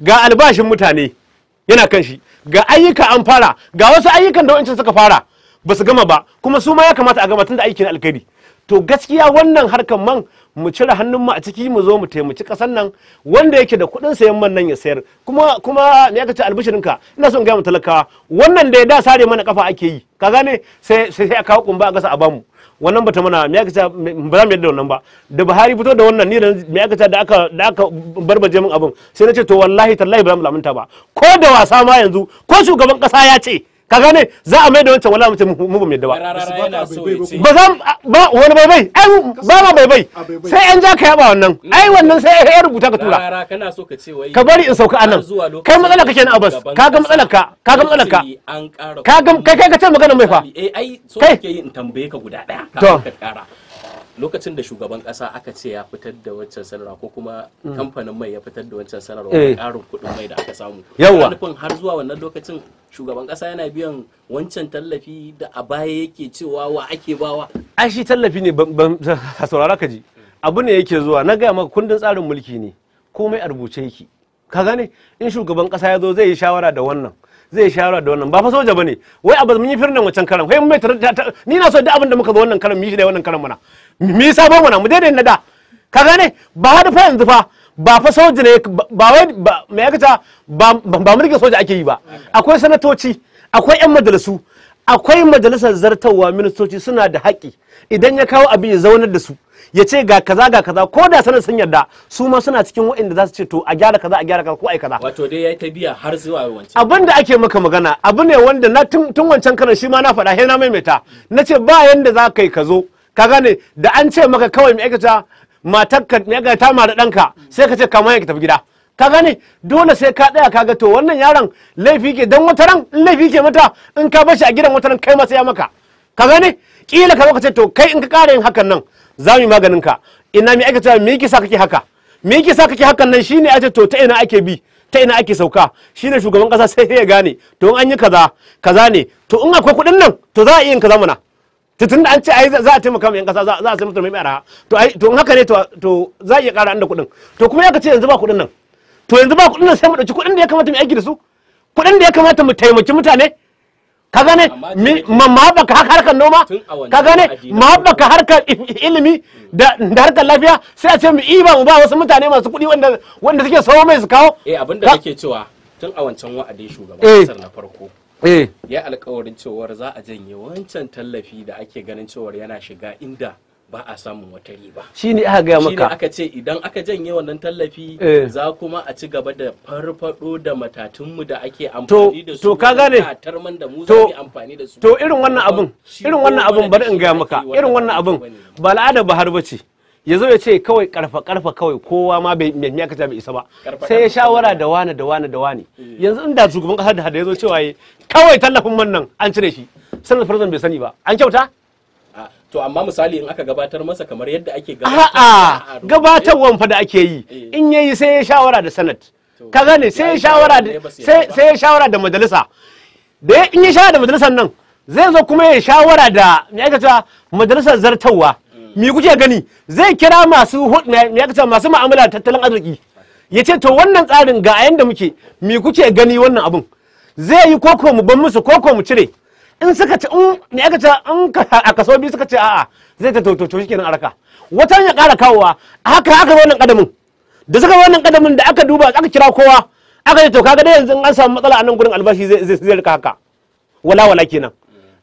ga albashin mutane yana kan shi ga ayyuka an fara ga wasu ayyukan da wancan suka fara ba su gama ba kuma su ma ya kamata a gama tun da aiki na alkhairi to gaskiya wannan harkan man mu cire hannun mu a ciki mu zo mu taimaci kasan nan wanda yake da kuɗin sayan man nan ya sayar kuma kuma me aka ce albishirinka ina son gaya mu talakawa wannan da ya da sare mana kafa ake yi ka gane sai sai a kawo kumba a gasa a bamu wannan bata mana me aka ce ba za mu yadda wannan ba da Buhari fito da wannan ni da me aka ce da aka da aka barbaje min abin sai na ce to wallahi tallahi ba za mu lamunta ba ko da wasa ma yanzu ko shugaban kasa ya ce ka gane za a mai da wancan wala mutum mu ba mai da ba ba za ba wani bai bai ai ba ma bai bai sai an ja ka yaba wannan mm. ai wannan sai ya rubuta ka tura ka bari in sauka anan kai matsala kake na abas ka ga matsalar ka ka ga matsalar ka kaga kai kai ka ce magana mai fa kai eh, ai so kake yin tambaye ka guda daya ka kara lokacin da shugaban kasa aka ce ya fitar da wancan sanarwa ko kuma mm. kamfanin mai ya fitar da wancan sanarwa karin eh. kuɗin mai da aka samu yawa nufin har zuwa wannan lokacin shugaban kasa yana biyan wancan tallafi da a baya yake cewa wa ake bawa ai shi tallafi ne ban saurara ka ji mm. abu ne yake zuwa na gaya maka kundin tsarin mulki ne komai a rubuce yake ka gane in shugaban kasa ya zo zai yi shawara da wannan zai shawara da wannan ba fa soja bane wai abu mun yi firnan wancan karan wai mai ni na so da abin da muka zo wannan karan mu shi da wannan karan mana mi yasa ba na mu daidai na da ka gane ba hada fa yanzu fa ba fa soja ne ba wai me ya kace ba ba mulkin soja ake yi ba akwai sanatoci akwai yan majalisu akwai majalisar zartawa ministoci suna da haƙi idan ya kawo abin ya zaunar da su ya ce ga kaza ga kaza ko da sanar sun yarda su ma suna cikin waɗanda za su ce to a gyara kaza a gyara kaza ko ai kaza wato dai yi ta biya har zuwa wancan abin da ake maka magana abu ne wanda na tun wancan karan shi ma na faɗa he na maimaita na ba yanda za yi ka zo ka gane da an ce maka kawai mai aikata matarka mai aikata ta mara ɗanka sai ka ce kama ya tafi gida ka gane dole sai ka ɗaya ka ga to wannan yaron laifi ke don wata ran in laifi ke mata in ka bashi a gidan wata ran kai masa ya maka ka gane kila ka maka ce to kai in ka ƙara yin hakan nan za mu yi maganin ka ina mai aikata me yake sa kake haka me yake sa kake hakan nan shine a ce to ta ina ake bi ta ina ake sauka shine shugaban kasa sai ya gane to in an yi kaza kaza ne to in akwai kuɗin nan to za a iya yin kaza mana to tunda an ce ai za a taimaka mai yan kasa za a sai mutum mai araha to ai to haka ne to za a iya ƙara inda kuɗin to kuma ya ka ce yanzu ba kuɗin nan to yanzu ba kuɗin nan sai mu ɗauki kuɗin da ya kamata mu aiki da su kuɗin da ya kamata mu taimaki mutane ka gane ma baka harkar noma ka gane ma baka harkar ilimi da harkar lafiya sai a ce mu iba mu ba wasu mutane masu kuɗi wanda wanda suke sawo mai su kawo eh abinda kake cewa tun a wancan wa'adin shugaban kasar eh. na farko Eh. ya alkawarin cewar za a janye wancan tallafi da ake ganin cewar yana shiga inda ba a samun wata riba shi ne aka gaya maka aka ce idan aka janye wannan tallafi eh. za kuma a ci gaba da farfado da matatunmu da ake amfani da su to ka gane da mu za amfani da su to irin wannan abin irin wannan abin bari in gaya maka irin wannan abin ba al'ada ba bace ya zo ya ce kawai karfa karfa kawai kowa ma bai mai aka bai isa ba sai ya shawara da wani da wani da wani eh. yanzu inda shugaban kasar da hada ya zo cewa ya kawai tallafin man nan an cire shi sanar farzan bai sani ba an kyauta to amma misali in aka gabatar masa kamar yadda ake gabatar a'a gabatarwan fa da ake yi eh. in yayi sai ya shawara da sanat ka gane sai ya shawara da sai ya shawara da majalisa da in ya shawara da majalisar nan zai zo kuma ya shawara da me aka majalisar zartawa mi kuke gani zai kira masu masu ma'amala tattalin arziki ya ce to wannan tsarin ga yanda muke mi kuke gani wannan abun zai yi koko mu ban musu koko mu cire in suka ce in me aka ce in a kaso biyu suka ce a'a zai ta tototo shi kenan araka wata ya ƙara kawowa haka haka wannan kadamin da suka wannan kadamin da aka duba aka kira kowa aka ce to kaga dai yanzu in an samu matsala a nan gurin albashi zai zai rika haka wala wala kenan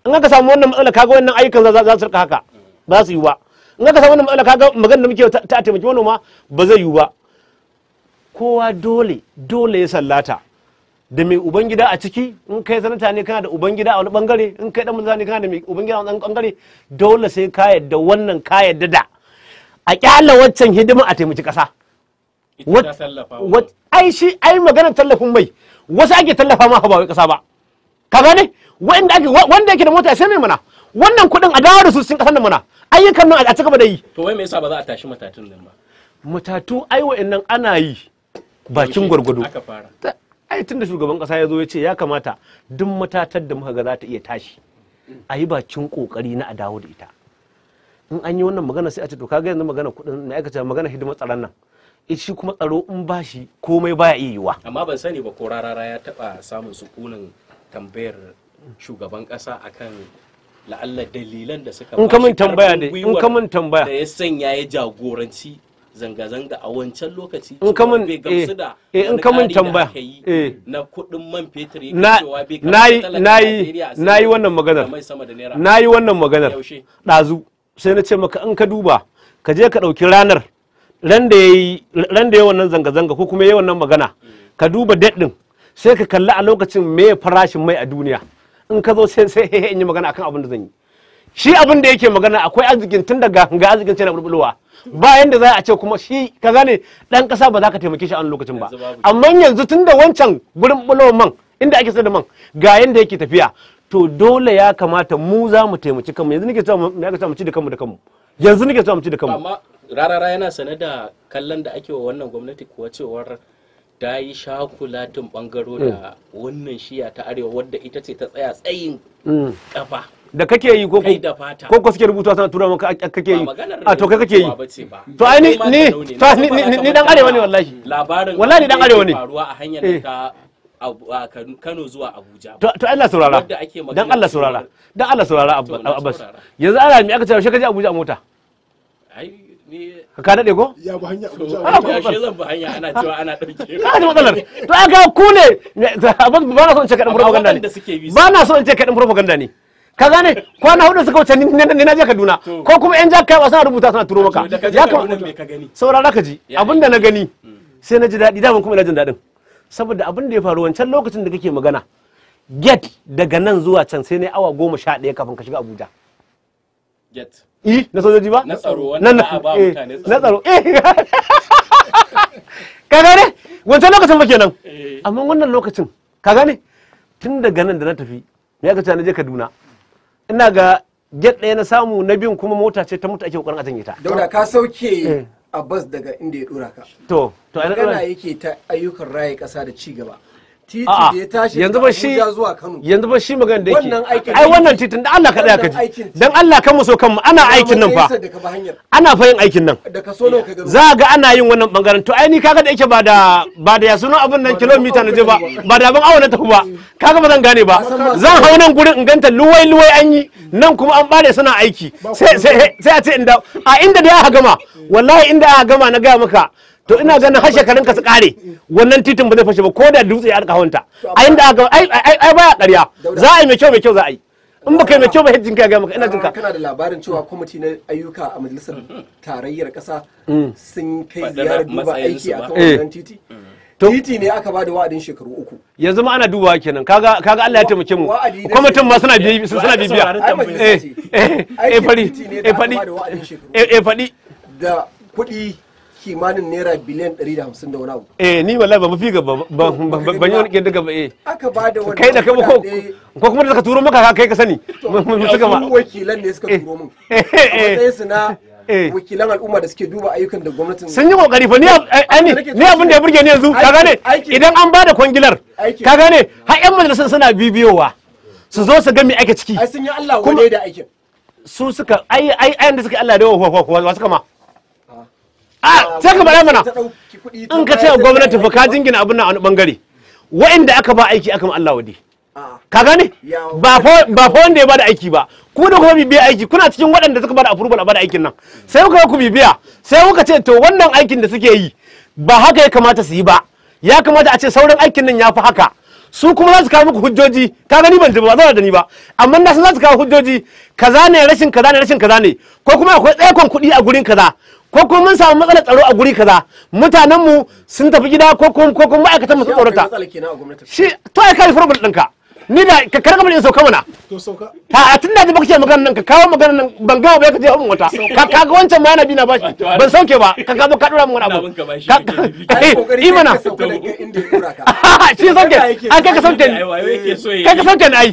in aka samu wannan matsala kaga wannan ayyukan za su rika haka ba su yi ba in aka samu wannan matsala kaga magana da muke ta taimaki manoma ba zai yiwu ba kowa dole dole ya sallata da mai ubangida a ciki in kai sanata ne kana da ubangida a wani bangare in kai dan manzani kana da mai ubangida a wani bangare dole sai ka yadda wannan ka yadda da a kyalla waccan hidima a taimaki kasa ai shi ai magana tallafin mai wasu ake tallafa ma ba wai kasa ba ka gane wanda ake yake da mota sai mai mana wannan kuɗin a dawo da su cikin kasar da mana ayyukan nan a cigaba da yi to wai me yasa ba za a tashi matatun nan ba matatu ai wa'annan ana yi bakin gwargwado aka fara ai tunda shugaban kasa ya zo ya ce ya kamata duk matatar da muka ga za ta iya tashi a yi bakin kokari na a dawo da ita in an yi wannan magana sai a ce to kaga yanzu magana kudin na aikata magana hidimar tsaron nan eh, shi kuma tsaro in bashi komai baya iya yiwa amma ban sani ba ko rarara ya taba samun sukunin tambayar shugaban kasa akan la'alla dalilan da suka in kamun tambaya ne in kamun tambaya da ya sanya ya jagoranci zanga-zanga a wancan lokaci in kamun eh, eh in kamun tambaya eh. na kudin man fetur na nayi nayi wannan maganar nayi wannan maganar dazu sai na ce maka in ka duba ka je ka dauki ranar ran da yayi ran da wannan zanga-zanga ko kuma yayi wannan magana mm. ka duba date din sai ka kalli a lokacin me farashin mai a duniya in ka zo sai sai in yi magana akan abin da zan yi shi abin da yake magana akwai arzikin tun daga ga arzikin sai na bayan da za a ce kuma shi kaza ne dan kasa ba za ka taimake shi a wani lokacin ba amma yanzu tun da wancan gurin bulowan man inda ake sayar da man ga yanda yake tafiya to dole ya kamata mu za mu taimaki kanmu yanzu nake cewa na cewa mu ci da kanmu da kanmu yanzu nake cewa mu ci da kanmu amma rarara yana sane da kallon da ake wa wannan gwamnati kuwa cewar ta yi shakulatin bangaro da mm. wannan shiya ta arewa wadda ita ce ta tsaya tsayin kafa mm. da kake yi ko ko ko suke rubutu sana tura maka kake yi a to kai kake yi to ai ni ni dan arewa ne wallahi labarin wallahi dan arewa ne faruwa a hanyar eh. ta Kano zuwa Abuja. To Allah saurara. Dan Allah saurara. Dan Allah saurara Abbas. Yanzu ana mi aka ce shi ka je Abuja a mota. Ai ka daɗe ko? ya ba hanya ana kuma ya zan ba hanya ana cewa ana ɗauke ka ji matsalar to aka ku ne ba na so in ce kaɗin propaganda ne ba na so in ce kaɗin propaganda ne ka gane kwana hudu suka wuce ni na je Kaduna ko kuma yan jaka ba suna rubuta suna turo maka ya ka saurara ka ji abinda na gani hmm. sai na ji daɗi daman kuma ina jin daɗin saboda abin da ya faru wancan lokacin da kake magana get daga nan zuwa can sai na awa goma sha ɗaya kafin ka shiga Abuja get i eh, na sojoji ba na tsaro wannan ba eh, mutane tsaro na tsaro eh ka gane wancan lokacin ba kenan eh. amma wannan lokacin ka gane tun daga nan da na tafi ya ga na je Kaduna ina ga get ɗaya na samu na biyun kuma mota ce ta mutu ake kokarin a janye ta dauda ka sauke a bas daga inda ya dora ka to to ai na yake ta ayyukan raye kasa da ci gaba titi da ya tashi yanzu ba shi yanzu ba shi magana da yake ai wannan titin da Allah ka tsaya ka ji dan Allah kan mu so kanmu ana aikin nan fa ana fa yin aikin nan za ga ana yin wannan bangaren to ai ni kaga da yake ba da ba da ya abin nan kilomita na je ba ba da ban na tafi ba kaga ba zan gane ba zan hau nan gurin in ganta luwai luwai an yi nan kuma an bare suna aiki sai sai sai a ce inda a inda da ya gama wallahi inda ya gama na ga maka to ina ganin har shekarun ka su kare wannan titin ba zai fashe ba ko da dutse ya alƙa hawanta a inda aka ai ai baya ƙarya za a yi mai kyau mai kyau za a yi in baka yi mai kyau ba hajjin ka ga maka ina jinka kana da labarin cewa kwamiti na ayyuka a majalisar tarayyar ƙasa mm. sun kai ziyarar duba aiki a kan eh. wannan titi titi ne aka bada wa'adin shekaru uku yanzu ma ana dubawa kenan kaga kaga Allah ya taimake mu kwamitin ma suna bibiya suna bibiya eh eh eh fadi eh fadi eh fadi da kuɗi kimanin naira biliyan 150 da wani abu eh ni wallahi ba mafi ga ban yi wani kin ba eh aka ba da wani kai da kai ko ko kuma da ka turo maka kai ka sani mun suka ba wakilan ne suka turo mun eh, eh, eh, a matsayin su na wakilan al'umma da suke duba ayyukan da gwamnatin sun yi kokari fa ni ni abin da ya burge ni yanzu ka gane idan an ba da kwangilar ka gane har yan majalisar suna bibiyowa su zo su ga me ake ciki ai sun yi Allah wani da aikin su suka ai ai ai da suka Allah da wa suka ma a sai ka bala mana in ka ce gwamnati fa ka jingina abin nan a wani bangare wa'inda aka ba aiki aka Allah wadi ka gane ba fa wanda ya bada aiki ba ku da kuma bibiya aiki kuna cikin waɗanda suka bada approval a bada aikin nan sai kuka ku bibiya sai kuka ce to wannan aikin da suke yi ba haka ya kamata su yi ba ya kamata a ce sauran aikin nan ya fi haka su kuma za su kawo muku hujjoji ka gani ban ba zan da ni ba amma na san za su kawo hujjoji kaza ne rashin kaza ne rashin kaza ne ko kuma akwai tsaikon kuɗi a gurin kaza ko kuma mun samu matsalar tsaro a guri kaza mutanen mu sun tafi gida ko kuma ko ma'aikatan mu sun tsorata shi to ai kai problem ɗinka ni da ka karga mun sauka mana to sauka ta tunda da baka ce magana nan ka kawo magana nan ban gawo ba ka je mun wata ka kaga wancan ma yana bi na bashi ban sauke ba ka kazo ka dora mun wani abu ka eh, yi mana shi sauke ai kai ka sauke ni kai ka sauke ni ai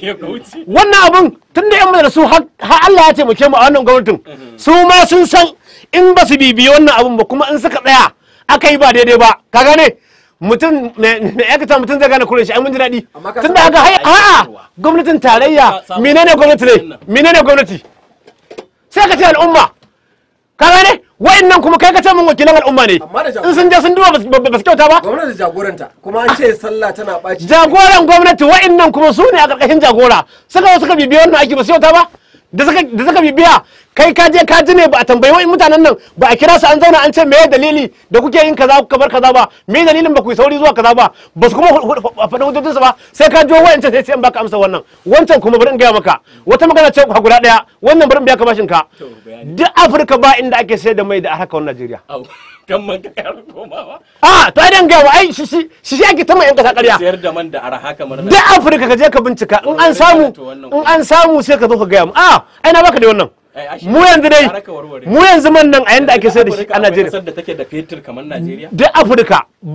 wannan abun tunda yan su har Allah ya taimake mu a wannan gwamnatin mm-hmm. su ma sun san in ba su bibiyi wannan abun ba kuma in suka tsaya aka yi ba daidai ba ka gane mutum mai aikata mutum zai gane kuren shi ai mun ji daɗi tun da haka a'a gwamnatin tarayya menene gwamnati ne menene gwamnati sai ka ce al'umma ka gane wa'annan kuma kai ka ce mun wakilan al'umma ne in sun je sun duba ba su kyauta ba gwamnati jagoranta kuma an ce sallah tana ɓaci jagoran gwamnati wa'annan kuma su ne a ƙarƙashin jagora suka suka bibiyo wannan aiki ba su kyauta ba da suka biya kai ka je ka ji ne ba a tambayi wa'in mutanen nan ba a kira su an zauna an ce me dalili da kuke yin kaza kuka bar kaza ba me dalilin ba ku sauri zuwa kaza ba ba su kuma faɗi hujjojin ba sai ka ji wa'in sai sai an baka amsa wannan wancan kuma bari in gaya maka wata magana ce ku guda daya wannan bari in biya ka bashin ka duk Afirka ba inda ake sayar da mai da harkar Najeriya kan man ka yaro komawa a ah, to idan ga wa ai shi shi shi ake ta mai yan kasa ƙarya sayar da man da araha kamar da ka je ka bincika in an samu in an samu sai ka zo ka gaya mu a ah, ai na baka da wannan mu yanzu dai mu yanzu man nan a yanda ake sayar da shi a Najeriya da take da fetur kamar Najeriya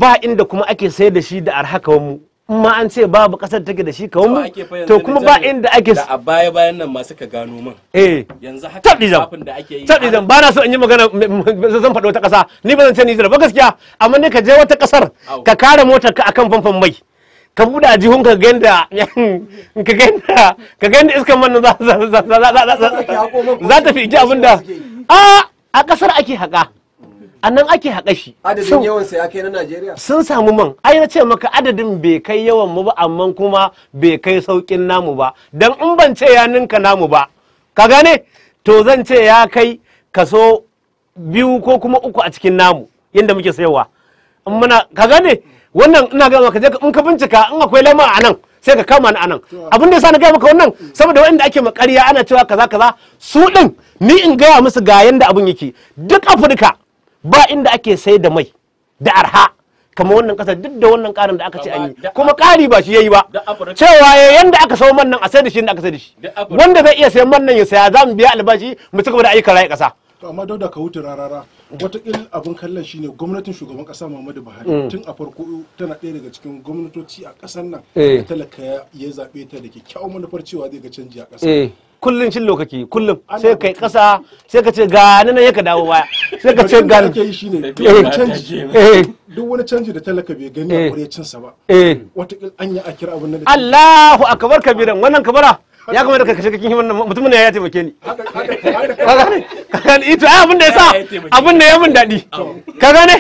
ba inda kuma ake sayar da shi da arha kamar mu in ma an ce babu kasar take da shi kawai to kuma ba inda ake da a baya bayan nan masu ka gano man eh yanzu haka kafin da ake yi tabi zan ba na so in yi magana zan faɗo ta ƙasa ni ba zan ce ni ba gaskiya amma ne ka je wata ƙasar ka kare motar ka akan famfan mai ka buɗe jihun ka ga yadda ka ga yadda ka ga yadda iskan man za ta fi iji abinda a a ƙasar ake haƙa a nan ake haƙa shi adadin yawan sai ya na Najeriya sun samu man ai na ce maka adadin bai kai yawan mu ba amma kuma bai kai saukin namu ba dan in ban ce ya ninka namu ba ka gane to zan ce ya kai kaso biyu ko kuma uku a cikin namu yadda muke sayarwa in muna ka gane wannan ina ga maka je in ka bincika in akwai lema a nan sai ka kama ni anan abin da yasa na gaya maka wannan saboda wanda ake ma ƙarya ana cewa kaza kaza su din ni in gaya musu ga yanda abin yake duk afirka ba inda ake sai da mai da arha kama wannan kasar duk da wannan karin da aka ce an yi kuma kari ba shi yayi ba cewa ya yanda aka sayo mannan nan a sai da shi da aka sai da shi wanda zai iya sayan man ya saya za mu biya albashi mu cigaba da ayyukan rayu kasa to amma dauda ka wuce rarara irin abin kallon shine gwamnatin shugaban kasa muhammadu buhari mm. tun a farko tana ɗaya daga cikin gwamnatoci a ƙasar nan eh. talaka ya zaɓe ta da kyakkyawan manufar cewa zai ga canji a ƙasa eh. kullum shillo kake kullum sai kai kasa sai ka ce ga nan ya ka dawo baya sai ka ce ga yake shine eh, eh. duk wani canji da talaka bai gani a eh. kurecin sa ba wata an yi a abun nan Allahu akbar kabiran wannan kabara ya kuma da kashe kakin himan mutumin ya taimake ni ka gane ito ai abin da yasa abin da ya mun dadi ka gane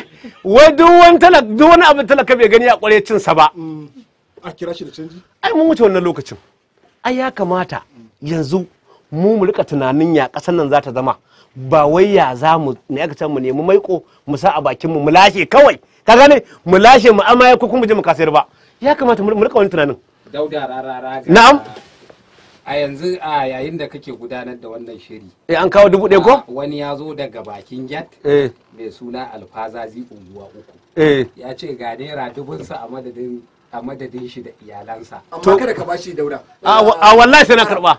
wai duk wani talaka duk wani abin talaka bai gani a kurecin sa ba mm. a kira shi da canji ai mun wuce wannan lokacin ai ya kamata yanzu mu mu rika tunanin ya kasan nan za ta zama ba wai ya za mu ne aka can mu nemi maiko mu sa a bakin mu mu lashe kawai ka gane mu lashe mu amaya ko kuma je mu kasayar ba ya kamata mu rika wani tunanin dauda rarara na'am a yanzu a yayin da kake gudanar da wannan shiri eh an kawo dubu ɗaya ko wani ya zo daga bakin gat eh. mai suna alfazazi unguwa uku eh. ya ce ga naira dubunsa a madadin a madadin shi da iyalansa kada ka bashi daura a wallahi sai na karba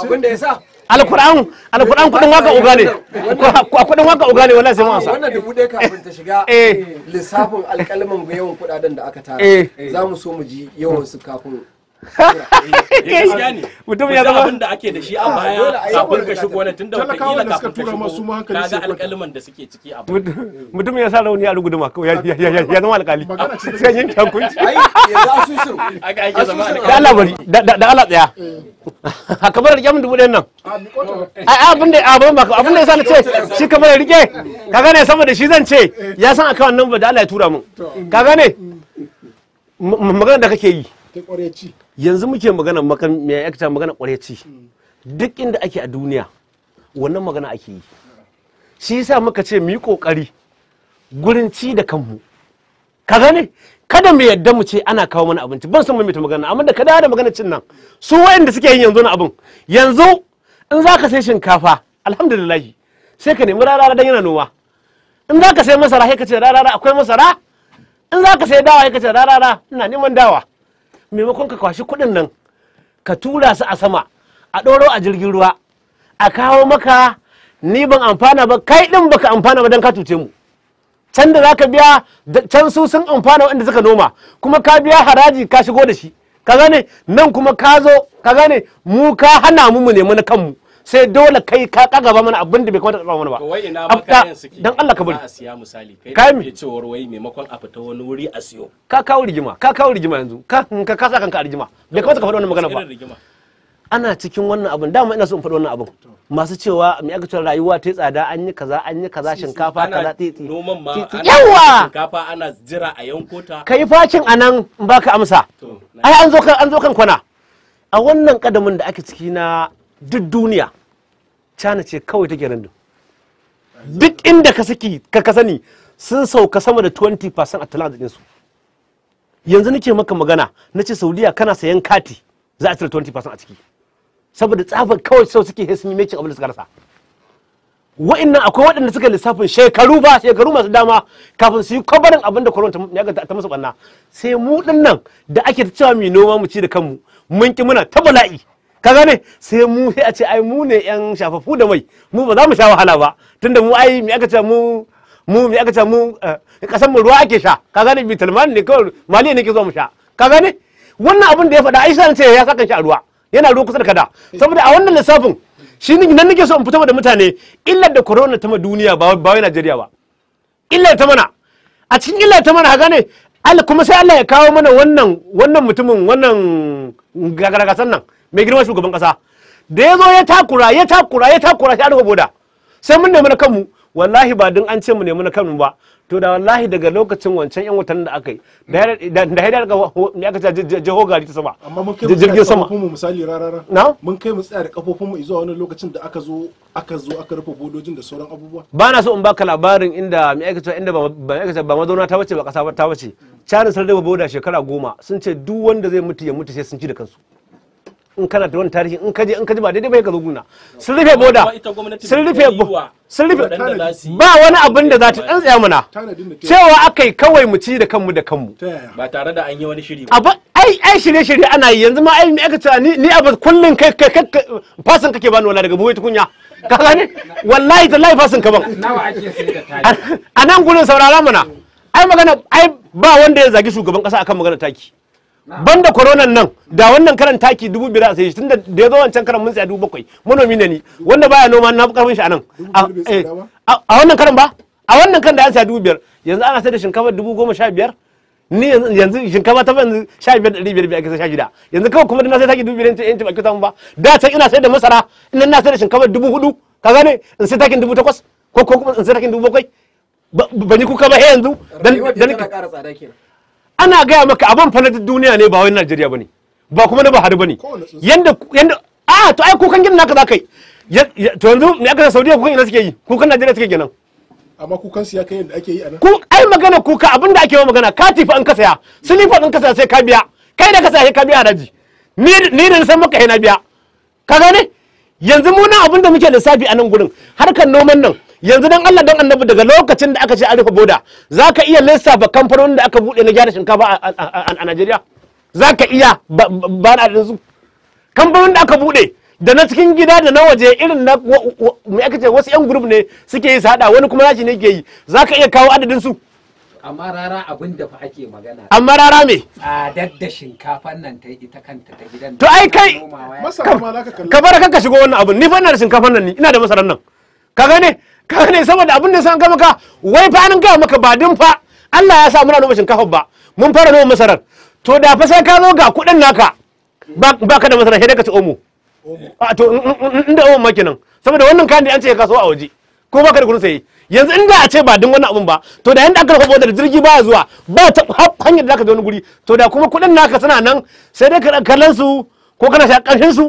abin da alkur'an alkur'an waka uga ne waka uga ne wallahi sai mun wannan dubu ɗaya kafin ta shiga eh. Eh, lissafin alƙalmin yawan kuɗaɗen da aka tara eh. za mu so mu ji yawan su kafin Eh, mutum ya zama ake da shi a baya ah, wata kila ka ga da suke ciki a baya mutum ya sa rauni a ruguduma ya zama alƙali sai da Allah bari da Allah tsaya eh. a kamar rike min dubu ɗayan nan ah, ai abin da abin ba abin da yasa na ce shi kamar rike ka gane sama da shi zan ce ya san akan nan ba da Allah ya tura min ka gane magana da kake yi yanzu muke magana makan me ya magana ƙwaryaci duk inda ake a duniya wannan magana ake yi shi yasa muka ce mu yi kokari gurin ci da kanmu ka gane kada mu yadda mu ce ana kawo mana abinci ban san mu ta magana amma da kada da magana cin nan su wayanda suke yin yanzu na abin yanzu in za sai shinkafa alhamdulillah sai ka nemi rarara dan yana noma in za ka sai masara sai ka ce rarara akwai masara in za sai dawa sai ka ce rarara ina neman dawa maimakon ka kwashi kuɗin nan ka tura su a sama a ɗoro a jirgin ruwa a kawo maka ni ban amfana ba kai ɗin baka amfana ba don ka tuce mu can da zaka biya can su sun amfana waɗanda suka noma kuma ka biya haraji ka shigo da shi ka gane nan kuma ka zo ka gane mu ka hana mu mu nemi na kanmu sai dole kai ka kagaba mana abin da bai kamata tsaba mana ba wai ina suke dan Allah ka bari a siya misali kai kai ce cewar wai maimakon a fita wani wuri a siyo ka kawo rigima ka kawo rigima yanzu ka ka kasa kanka a rigima bai kamata ka faɗi wannan magana ba ana cikin wannan abin dama ina so in faɗi wannan abin masu cewa me aka cewa rayuwa ta tsada an yi kaza an yi kaza shinkafa kaza tsitsi noman ma yawa shinkafa ana jira a yankota kai facin anan in baka amsa ai an zo kan an zo kan kwana a wannan kadamin da ake ciki na duk duniya cana ce kawai take din duk inda ka saki ka ka sani sun sauka sama da 20% a talan din su yanzu nake maka magana na ce saudiya kana sayan kati za a cire 20% a ciki saboda tsafar kawai sau suke sai sun yi mekin abin da suka rasa wa'annan akwai waɗanda suka lissafin shekaru ba shekaru masu dama kafin su yi kwabarin abin da korona ta musu banna sai mu ɗin da ake ta cewa mai noma mu ci da kanmu mun ki muna ta bala'i ka gane sai mu sai a ce ai mu ne yan shafafu da mai mu ba za mu sha wahala ba tunda mu ai me aka ce mu mu me aka ce mu kasan eh, mu ruwa ake sha ka gane bitalman ne kawai maliya ne ke zo mu sha ka gane wannan abin da ya faɗa aisha ce ya saka shi a ruwa yana ruwa kusa da kada saboda a wannan lissafin shi ne nan nake so in fito da mutane illar da corona ta ma duniya ba ba wai Najeriya ba illar ta mana a cikin illar ta mana ka gane kuma sai Allah ya kawo mana wannan wannan mutumin wannan gagaragasan nan mai girma shugaban kasa da ya zo ya takura ya takura ya takura shi rufe boda sai mun nemi na kanmu wallahi ba don an ce mu nemi na kanmu ba to da wallahi daga lokacin wancan yan watan da aka yi da haidar ga me aka ce jeho gari ta sama amma mun kai jirgin sama mu misali rarara na mun kai mu tsaya da kafofinmu izo a wani lokacin da aka zo aka zo aka rufe bodojin da sauran abubuwa ba na so in baka labarin inda me aka ce inda ba me aka ba mazauna ta wace ba kasa ta wace canin sun boda shekara goma sun ce duk wanda zai mutu ya mutu sai sun ci da kansu in kana da wani tarihi in kaje in kaje ba daidai ba ka zo guna sun rufe boda sun rufe sun rufe ba wani abin da za ta dan tsaya mana cewa akai kawai mu ci da kanmu da kanmu ba tare da an yi wani shiri ba ai ai shirye shirye ana yi yanzu ma ai ne aka ce ni ni abin kullun kai kai fasin kake bani wala daga buwai tukunya ka gane wallahi tallahi fasin ka ban a nan gurin saurara mana ai magana ai ba wanda ya zagi shugaban kasa akan magana taki banda corona nan da wannan karan taki dubu biyar a sai tunda da ya zo wancan karan mun tsaya dubu bakwai manomi ne ni wanda baya noma na karfin shi a nan a wannan karan ba a wannan karan da an tsaya dubu biyar yanzu ana sai da shinkafa dubu goma sha biyar ni yanzu shinkafa ta yanzu sha biyar ɗari biyar biyar sha shida yanzu kawai kuma na sai taki dubu biyar yanci ba kyauta ba da can ina sai da masara ina na sai da shinkafa dubu hudu ka gane in sai takin dubu takwas ko kuma in sai takin dubu bakwai ban yi kuka ba yanzu dan dan ƙara tsada kenan ana gaya maka abin fa na duniya ne ba wai Najeriya bane ba kuma na Buhari bane yanda yanda a to ai kukan gidan naka zakai to yanzu me aka Saudiya kukan ina suke yi kukan Najeriya suke kenan amma kukan siya kai yanda ake yi anan ku ai magana kuka abin da ake yi magana ka tifi an kasaya saya silifa kasaya sai ka biya kai da kasaya sai ka biya haraji ni ni da san maka na biya ka gane yanzu mu nan abin da muke lissafi a nan gurin harkan noman nan yanzu dan Allah dan annabi daga lokacin da aka ce an rufe boda za ka iya lissafa kamfanonin da aka buɗe na gyara shinkafa a Najeriya za ka iya ba na ɗinsu kamfanonin da aka buɗe da na cikin gida da na waje irin na mai aka ce wasu 'yan grup ne suke yi sada wani kuma nashi ne ke yi za ka iya kawo adadin su amma rara abin da fa ake magana amma rara me tsadar da shinkafan nan ta ita kanta ta gidan to ai kai ka bar kanka shigo wannan abin ni fa ina da shinkafan nan ni ina da masaran nan ka gane ka ne saboda abin da san ka maka wai fa an ga maka ba din fa Allah ya sa muna noma shinkafa ba mun fara noma masarar to da fa sai ka zo ga kudin naka ba ka da masarar sai ka ci omo to inda omo ma kenan saboda wannan kayan da an ce ka so a waje ko baka da kuɗin sai yanzu inda a ce ba din wannan abun ba to da yanda aka rufe bodar jirgi baya zuwa ba ta hanyar da zaka je wani guri to da kuma kudin naka suna nan sai dai ka kallon su ko kana sha kanshin su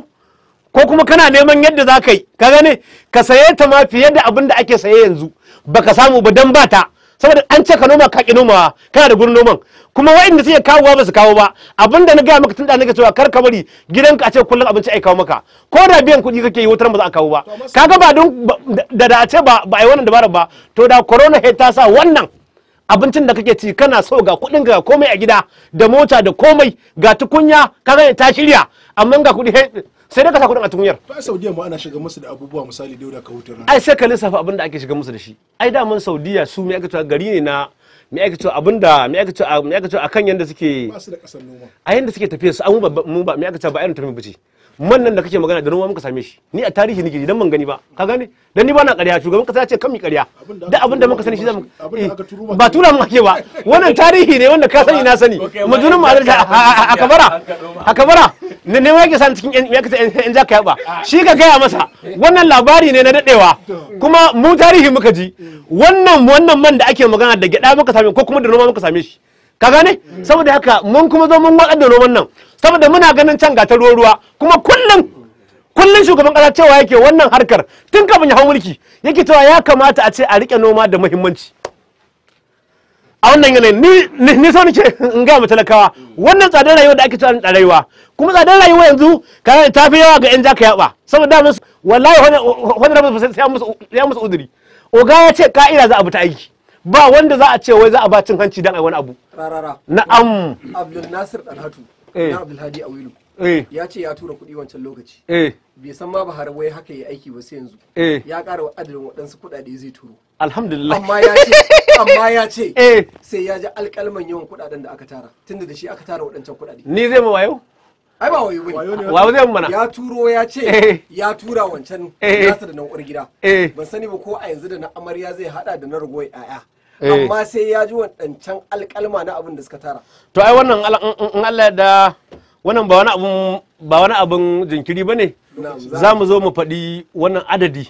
ko kuma kana neman yadda za ka yi ka gane ka saye ta ma fiye da abin da ake saye yanzu ba ka samu ba dan ba ta saboda an ce ka noma ka ki nomawa kana da gurin noman kuma waɗanda suke kawowa ba su kawo ba abin da na gaya maka tun da nake cewa kar ka bari gidanka a ce kullum abinci ai kawo maka ko da biyan kuɗi kake yi wutar ba za a kawo ba kaga ba don da da a ce ba ba ai wannan dabarar ba to da corona head ta sa wannan abincin da kake ci kana so ga kuɗin ga komai a gida da mota da komai ga tukunya kaga ta shirya amma ga kuɗi sai dai ka sako kuɗin a tukunyar to a saudiya mu ana shiga musu da abubuwa misali da da ka hutun ai sai ka lissafa abin da ake shiga musu da shi ai da mun saudiya su me ake cewa gari ne na me ake cewa abin da me ake cewa me ake cewa akan yanda suke ba su da kasar noma a yanda suke tafiya su an mu ba me ake cewa ba irin tafiya bace man nan da kake magana da noma muka same shi ni a tarihi nake idan man gani ba ka gane dan ni ba na ƙarya shugaban kasa ya ce kan mi ƙarya da abin da muka sani shi zamu eh, ba tura mu ake ba wannan tarihi ne wanda ka sani na sani mu dunin da a kabara a kabara ne ne yake sani cikin ya kace in ka yaba ah. shi ka gaya masa wannan labari ne na dadewa kuma mu tarihi muka ji wannan wannan man da ake magana da gyada muka same ko kuma da noma muka same shi ka gane mm. saboda haka mun kuma zo mun watsar da noman nan saboda muna ganin can ga ta ruwa ruwa kuma kullum kullum shugaban kasa cewa yake wannan harkar tun kafin ya hau mulki yake cewa ya kamata a ce a rike noma da muhimmanci a wannan yanayin ni ni so nake in ga talakawa wannan tsadar rayuwa da ake cewa tsadar rayuwa kuma tsadar rayuwa yanzu kana ta fi yawa ga yan jaka yaba saboda mun wallahi wani rabu sai musu sai musu udiri oga ya ce ka'ira za a bi ta aiki ba wanda za a ce wai za a ba cin hanci dan ai wani abu na'am abdul nasir na eh. abdulhadi awilu eh. ya ce ya tura kuɗi wancan lokaci eh. bai san ma bahar wai haka ya aiki ba sai yanzu ya ƙara adadin waɗansu kuɗaɗe zai turo alhamdulillah amma ya ce amma ya ce sai ya ji alƙalman yawan kuɗaɗen da aka tara tunda da shi aka tara waɗancan kuɗaɗe ni zai ma wayo ai ba wayo bane wayo zai mana ya turo ya ce ya tura wancan nasa da na gida ban sani ba ko a yanzu da na amarya zai hada da na ragowar 'ya'ya Eh. amma sai ya ji wadancan alkalma na abin da suka tara to ai wannan in Allah da wannan ba wani abun ba wani abun jinkiri bane za mu zo mu faɗi wannan adadi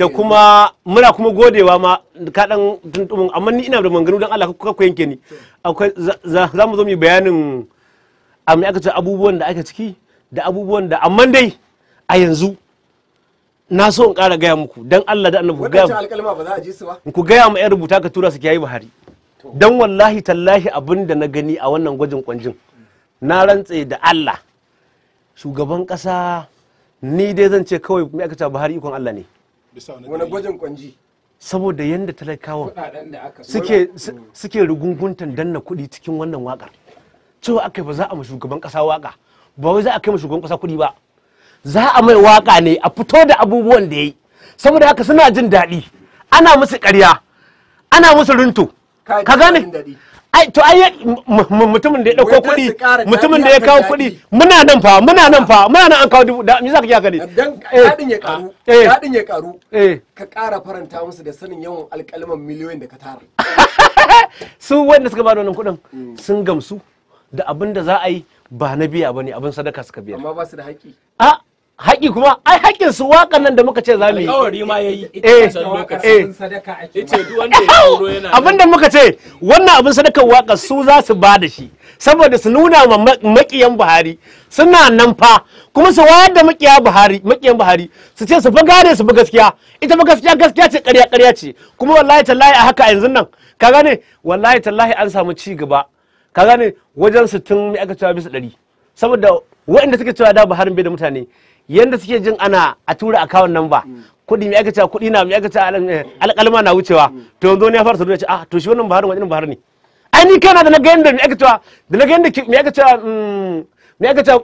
da kuma muna kuma godewa ma ka dan tuntumin amma ni ina da manganu dan Allah ka ku yanke ni akwai za mu zo mu bayanin amma aka ce abubuwan da aka ciki da abubuwan da amma dai a yanzu na so in ƙara gaya muku dan Allah da annabi gaya ku gaya ma yan rubuta ka tura su kiyayi Buhari dan wallahi tallahi abin da na gani a wannan gwajin kwanjin na rantse da Allah shugaban ƙasa ni dai zan ce kawai me aka ce Buhari ikon Allah ne wani gwajin kwanji saboda yadda talakawan suke rugunguntan danna kuɗi cikin wannan wakar cewa aka ba za a ma shugaban ƙasa waka ba wai za a kai ma shugaban ƙasa kuɗi ba za a mai waka ne a fito da abubuwan da ya yi saboda haka suna jin daɗi ana musu ƙarya ana musu runtu ka gane ai to ai mutumin da ya dauko kuɗi mutumin da ya kawo kuɗi muna nan fa muna nan fa muna nan an kawo dubu da me zaka kiya gani dan kadin eh. ya karu kadin eh. eh. ya karu ka ƙara faranta musu da sanin yawan alƙalman miliyoyin da ka tara su wanda suka bada wannan kuɗin sun gamsu da abin da za a yi ba na biya bane abin sadaka suka biya amma ba su da haƙi a haƙi kuma ai haƙin su waƙan nan da muka ce za mu yi alƙawari ma yayi ita eh, lokacin eh. sadaka ake ce duk wanda ya turo yana abin da muka ce wannan abin sadakar waƙa su za su ba da shi saboda su nuna ma makiyan Buhari suna nan fa kuma su wayar da makiya Buhari makiyan Buhari su ce su fa ne su fa gaskiya ita fa gaskiya gaskiya ce ƙarya ƙarya ce kuma wallahi tallahi a haka yanzu nan ka gane wallahi tallahi an samu ci gaba ka gane wajen su tun aka cewa bisa 100 saboda waɗanda suke cewa da Buhari bai da mutane yanda suke jin ana a tura akawun nan ba kuɗi mai aikata kudi na mai aikata eh, alƙalma na wucewa mm. to yanzu wani ya fara saduwa ce ah to shi wannan bahar wani bahar ne ai ni kana da na yanda mai aikata da na ga yanda mai aikata mai aikata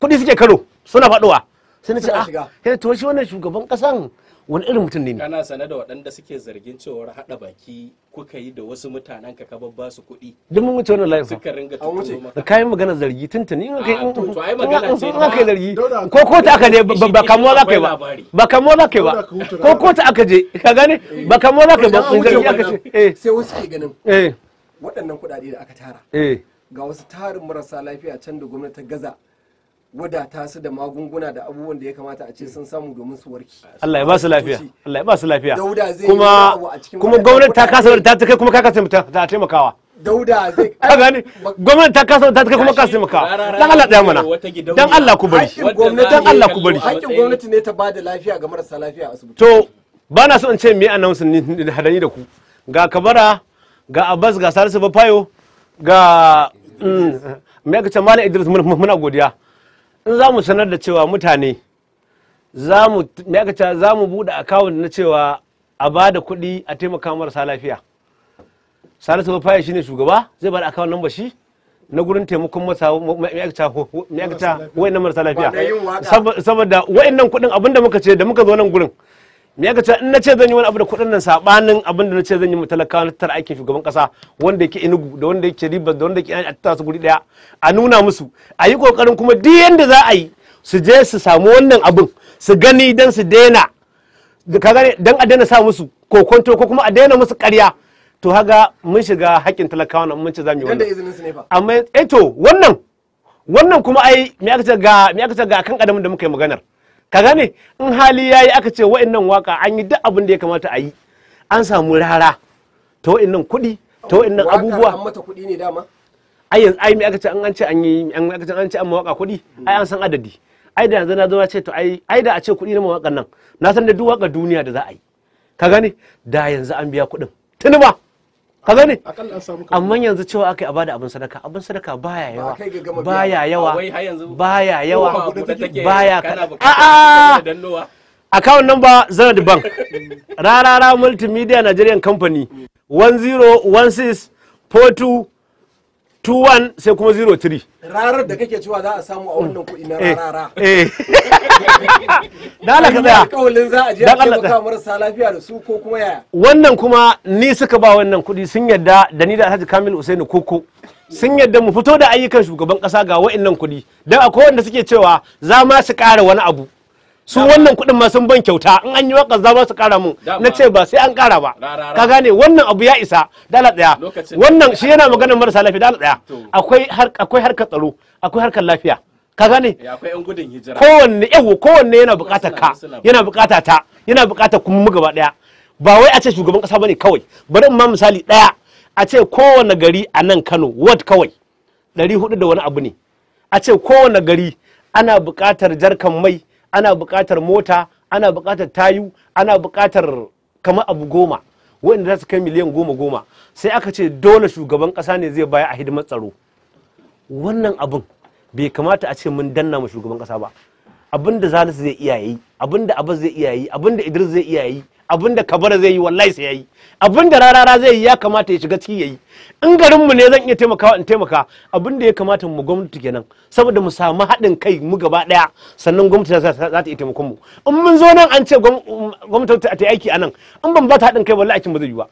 kuɗi suke karo suna faɗuwa sai na ce ah eh, to shi wannan shugaban kasan wani irin mutum ne kana sane da waɗanda suke zargin cewar hada baki kuka yi da wasu mutanen ka kabar ba su kuɗi duk mun wuce wannan layin suka ringa tuno maka kai magana zargi tuntuni in kai in ah, to ai magana ce in kai zargi ko ko ta aka je ba kamo za kai ba ba kamo za kai ba ko ko ta aka je ka gane ba kamo za kai ba kun zargi aka ce eh. sai wasu ke ganin eh waɗannan kuɗaɗe da aka tara eh ga wasu tarin marasa lafiya can da gwamnati ta gaza wadata su da magunguna da abubuwan da ya kamata a ce sun samu domin su warki Allah ya ba su lafiya Allah ya ba su lafiya kuma kuma gwamnati ta kasa ta ta kai kuma ka kasa ta taimakawa dauda zai ka gani gwamnati ta kasa ta kai kuma ka taimakawa. dan Allah daya mana dan Allah ku bari dan Allah ku bari hakkin gwamnati ne ta bada lafiya ga marasa lafiya a asibiti to ba na so in ce me announcement ni hadani da ku ga kabara ga abbas ga salisu bafayo ga mm, me aka ce malam idris muna godiya in za mu sanar da cewa mutane za mu buɗe akawun na cewa a ba da kuɗi a taimaka marasa lafiya salisu shi ne shugaba zai ba da akawun nan shi na gurin taimakon masa ma'aikata wa'in marasa lafiya saboda wa'in nan kuɗin abinda muka ce da muka zo nan gurin me ya ce in na ce zan yi wani abu da kuɗin nan sabanin abin da na ce zan yi mu talakawa na tattara aikin shugaban kasa wanda yake inugu da wanda yake riba da wanda yake a tattara su guri daya a nuna musu a yi kokarin kuma duk yanda za a yi su je su samu wannan abin su gani dan su daina ka gane dan a daina sa musu kokonto ko kuma a daina musu ƙarya to haga mun shiga haƙƙin talakawa nan mun ce za mu yi wannan amma eh to wannan wannan kuma ai me ya ga me ya ga kan kadamin da muka yi maganar ka gane in hali ya yi aka ce wa'annan waka an yi duk abin da ya kamata a yi an samu rara ta wa'annan kuɗi ta wa'annan abubuwa an mata kuɗi ne dama ai yanzu ai me aka ce an ce an yi an ce an ce an mawaka kuɗi ai an san adadi ai da yanzu na zo na ce to ai ai da a ce kuɗi na mawakan nan na san da duk waka duniya da za a yi ka gane da yanzu an biya kuɗin tunuma. ka gane amma yanzu cewa aka yi a bada abin sadaka abin sadaka baya yawa baya yawa ah, baya yawa baya a account number zanad bank rarara multimedia nigerian company 1016 mm. 42 2-1 sai kuma 0-3. rarar da kake cewa za a samu a wannan kuɗi na eh, rarara da Allah ka tsaya kawalin za a je a taimaka marasa lafiya da su ko kuma yaya wannan kuma ni suka ba wannan kuɗi sun yadda da ni da Alhaji Kamil Usaini Koko sun yadda mu fito da ayyukan shugaban kasa ga wa'annan kuɗi don akwai wanda suke cewa za ma su ƙara wani abu su wannan kuɗin ma sun ban kyauta in an yi kaza za su kara mun na ce ba sai an kara ba ka gane wannan abu ya isa dala daya wannan shi yana magana marasa lafiya dala daya akwai akwai harkar tsaro akwai harkar lafiya ka gane akwai yan gudun hijira kowanne yawo kowanne yana bukatar ka yana bukatar ta yana bukatar kuma mu gaba daya ba wai a ce shugaban kasa bane kawai bari in ma misali daya a ce kowanne gari a nan Kano ward kawai 400 da wani abu ne a ce kowanne gari ana bukatar jarkan mai ana buƙatar mota ana buƙatar tayu ana buƙatar kamar abu goma waɗanda za su kai miliyan goma goma sai aka ce dole shugaban ƙasa ne zai baya a hidimar tsaro wannan abin bai kamata a ce mun danna ma shugaban ƙasa ba abin da zalisu zai iya yi abinda abu zai iya yi abinda idris zai iya yi abinda kabara zai yi wallahi sai yayi abinda rarara zai yi ya kamata ya shiga ciki yayi in garin mu ne zan iya taimakawa in taimaka abinda ya kamata mu gwamnati kenan saboda mu samu haɗin kai mu gaba daya sannan gwamnati za ta iya taimakon mu in mun zo nan an ce gwamnati ta aiki anan in ban ba ta haɗin kai wallahi akin ba zai yi ba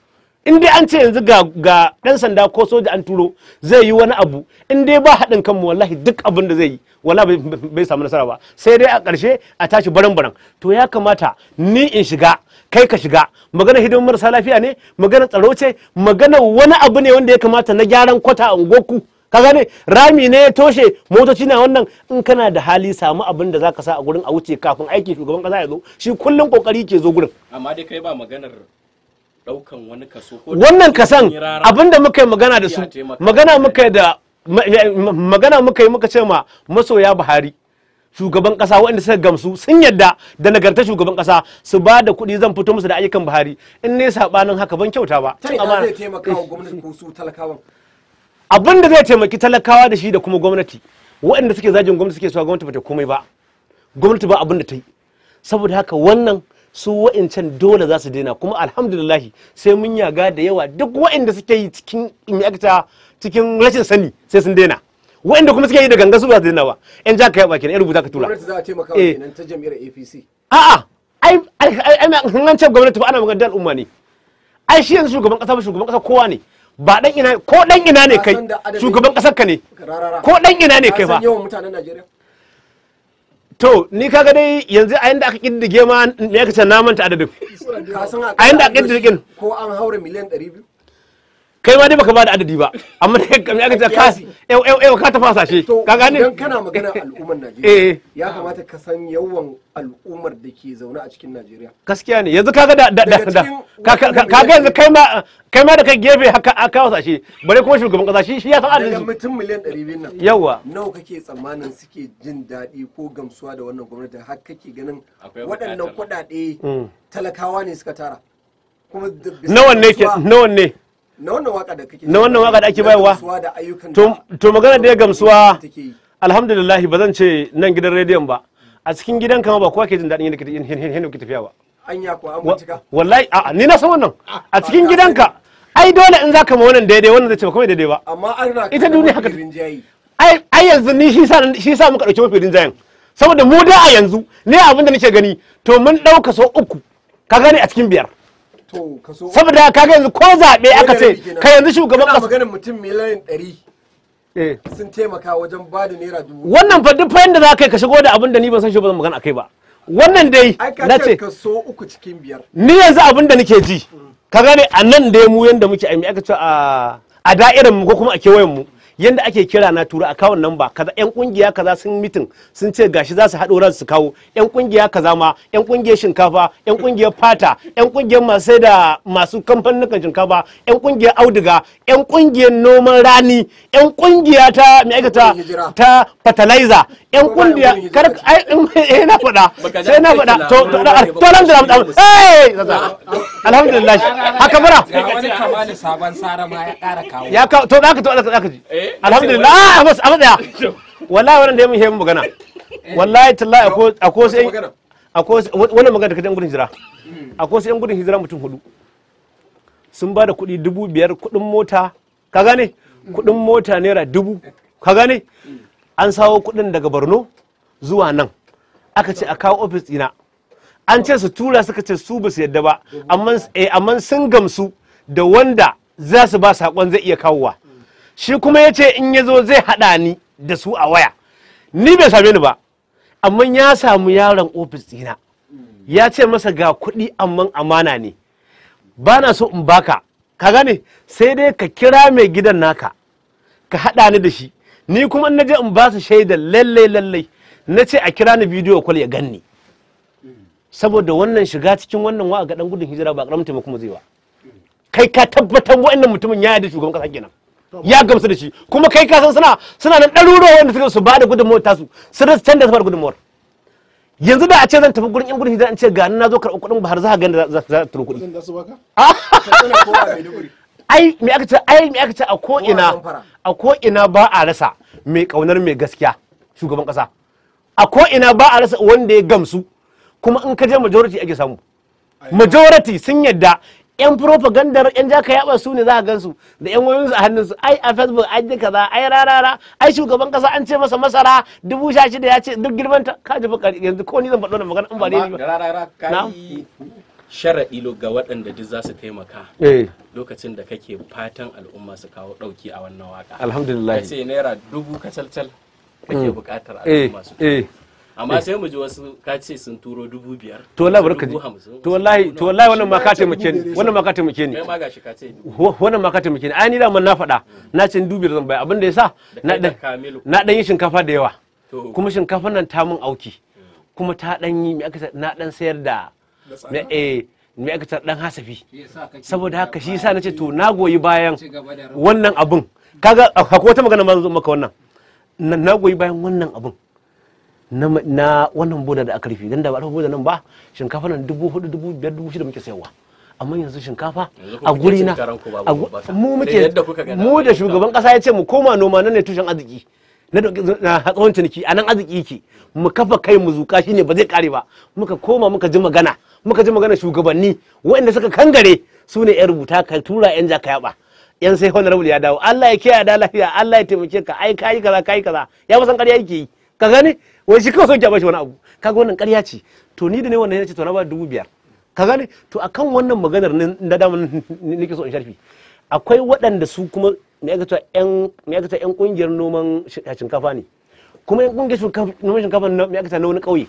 in dai an ce yanzu ga ɗan dan sanda ko soja an turo zai yi wani abu in dai ba haɗin kanmu wallahi duk abin da zai yi wallahi bai samu nasara ba sai dai a ƙarshe a tashi baran baran to ya kamata ni in shiga kai ka shiga magana hidimar marasa lafiya ne magana tsaro ce magana wani abu ne wanda ya kamata na gyaran kwata a ungoku ka gane rami ne ya toshe motoci na wannan in kana da hali samu abin da zaka sa a gurin a wuce kafin aiki shugaban kasa ya zo shi kullum kokari ke zo gurin amma dai kai ba maganar daukan wani kaso wannan kasan abinda muka yi magana da su magana muka yi da magana muka yi muka ce ma masoya Buhari shugaban kasa waɗanda suka gamsu sun yadda da nagarta shugaban kasa su ba da kuɗi zan fito musu da ayyukan Buhari in ne sabanin haka ban kyauta ba ta zai taimaka wa gwamnati ko su talakawan abin da zai taimaki talakawa da shi da kuma gwamnati waɗanda suke zagin gwamnati suke so gwamnati ba ta komai ba gwamnati ba abin da ta yi saboda haka wannan su wa'incan dole za su daina kuma alhamdulillahi sai mun yaga da yawa duk wa'inda suke yi cikin imyakta cikin rashin sani sai sun daina wa'inda kuma suke yi da ganga su ba su daina ba yan ja ka yaba kenan yan rubuta ka tura gwamnati za a taimaka wa kenan ta jam'iyyar APC a'a ai ai gwamnati ba ana magana da al'umma ne ai shi yanzu shugaban kasa ba shugaban kasa kowa ne ba dan ina ko dan ina ne kai shugaban kasar ka ne ko dan ina ne kai ba? yawan mutanen Najeriya to ni kaga dai yanzu a yanda aka kiddige ma me aka ce na manta adadin a yanda aka kiddige ko an haura miliyan 200 kai ma dai baka bada adadi ba amma dai kamar aka ce ka yau yau ka tafasa shi ka gane dan kana magana al'ummar Najeriya eh. ya kamata ka san yawan al'ummar da ke zaune a cikin Najeriya gaskiya ne yanzu kaga da da da ka ka kaga yanzu kai ma kai ma da kai gefe haka aka wasa shi bare kuma shugaban kasa shi shi ya san adadi mutum miliyan 200 nan yawa nawa kake tsammanin suke jin dadi ko gamsuwa da wannan gwamnati har kake ganin waɗannan kuɗaɗe mm. talakawa ne suka tara kuma nawa ne nawa ne na wannan waka da ake bayarwa to magana da ya gamsuwa alhamdulillah ba zan ce nan gidan rediyon ba a cikin gidan kama ba kowa ke jin daɗin yadda ke tafiya ba anya ko an wallahi a ni na san wannan ah, ah, a cikin gidanka ai dole in zaka ma wannan daidai wannan zai ce ba kuma daidai ba amma ita duniya haka ai ai yanzu ni shi sa shi sa muka dauki mafi rinjayen saboda mu da a yanzu ne abinda da nake gani to mun dauka so uku ka gane a cikin biyar saboda kaga yanzu ko zaɓe aka ce ka yanzu shugaban ƙasa maganin mutum miliyan ɗari eh. sun taimaka wajen ba da naira dubu wannan fa duk da za ka yi ka shigo da abin da ni ban san shi ba zan magana kai ba wannan dai na ce kaso uku cikin biyar ni yanzu abin da nake ji mm. ka gane a nan dai mu yanda muke aimi aka ce a da'irin mu ko kuma a kewayen mu yanda ake kira na tura a nan ba kaza yan kungiya kaza sun mitin sun ce gashi za su haɗo su kawo yan kungiya kaza ma yan kungiyar shinkafa yan kungiyar fata yan kungiyar masu da masu kamfanin shinkafa yan kungiyar auduga yan kungiyar noman rani yan kungiya ta mai aikata ta fertilizer yan kungiya kar ai eh, na faɗa sai na faɗa to to alhamdulillah eh alhamdulillah haka bara sabon sara ma ya ƙara kawo ya to zaka to zaka ji eh, alhamdulillah a matsaya wallahi wannan da ya mun hemin magana wallahi tallahi akwai wasu wannan magana da kaje gudun hijira hmm. akwai wasu yan gudun hijira mutum hudu sun ba da kuɗi dubu biyar kuɗin mota ka gane kuɗin mota naira dubu ka gane hmm. an sawo kuɗin daga borno zuwa nan aka ce a kawo ofis ɗina an ce su tura suka ce su ba su yadda ba amma eh, sun gamsu da wanda za su ba saƙon zai iya kawowa shi kuma ya ce in ya zo zai haɗa ni da su a waya ni bai same ni ba amma ya samu yaron ofis dina ya ce masa ga kuɗi amma amana ne ba na so in baka ka gane sai dai ka kira mai gidan naka ka haɗa ni da shi ni kuma na je in ba su shaidar lalle lallai na ce a kira ni bidiyo kwal ya ganni saboda wannan shiga cikin wannan wa a gudun hijira ba karamin taimako zai ba kai ka tabbatar wa'annan mutumin ya da shugaban kasa kenan ya gamsu da shi kuma kai ka san suna suna nan ɗaruruwa wanda suke su bada gudunmuwar tasu su da can da su ba gudunmuwar yanzu da a ce zan tafi gurin yan gudun hijira in ce ga na zo karɓar kuɗin har za ka gani za ta turo kuɗi ah! ai me aka ce ai me aka ce a ko ina a ko ina ba a rasa mai kaunar mai gaskiya shugaban kasa a ko ina ba a rasa wanda ya gamsu kuma in ka je majority ake samu majority sun yadda yan propagandar yan jaka yaba su ne za a gansu da yan wayoyinsu a hannunsu ai a facebook ai duka za ai rarara ai shugaban kasa an ce masa masara dubu sha shida ya ce duk girman ta ka ji yanzu ko ni zan faɗo da magana in ba ne ba rarara kai sharaɗi ga waɗanda duk za su taimaka eh. lokacin da kake fatan al'umma su kawo ɗauki a wannan waka alhamdulillah ka ce naira dubu kacal kake mm. buƙatar eh, al'umma su amma eh. sai mu ji wasu ka ce sun turo dubu biyar to wallahi barka ji to wallahi to wallahi wannan ma ka muke ni wannan ma ka muke ni ma gashi ka ce wannan ma ka muke ni ai ni da mun na faɗa hmm. na ce dubu biyar zan bai abin da yasa na dan na dan yi shinkafa da yawa kuma shinkafan nan ta mun auki hmm. kuma ta dan yi me aka na dan sayar da eh me aka ta dan hasafi saboda haka shi yasa nace to na goyi bayan wannan abun kaga akwai wata magana ma zan maka wannan na goyi bayan wannan abun na wannan boda da aka rufe da ba nan ba shinkafa nan dubu hudu dubu biyar dubu shida muke sayarwa amma yanzu shinkafa a guri na mu muke mu da shugaban kasa ya ce mu koma noma nan ne tushen arziki na tsawon ciniki a nan arziki yake mu kafa kai mu zuka ne ba zai kare ba muka koma muka ji magana muka ji magana shugabanni waɗanda suka kangare su ne yan rubuta ka tura yan jaka yaba yan sai honorable ya dawo Allah ya kiyaye da lafiya Allah ya taimake ka ai kai kaza kai kaza ya musan ƙarya yake yi ka gani. wai shi kawai son ki bashi wani abu kaga wannan ƙarya ce to ni da ne wannan ya ce to na ba dubu biyar ka gane to akan wannan maganar na damar nake so in sharfi akwai waɗanda su kuma me aka yan kungiyar noman shinkafa ne kuma yan kungiyar noman shinkafa na me aka na wani ƙauye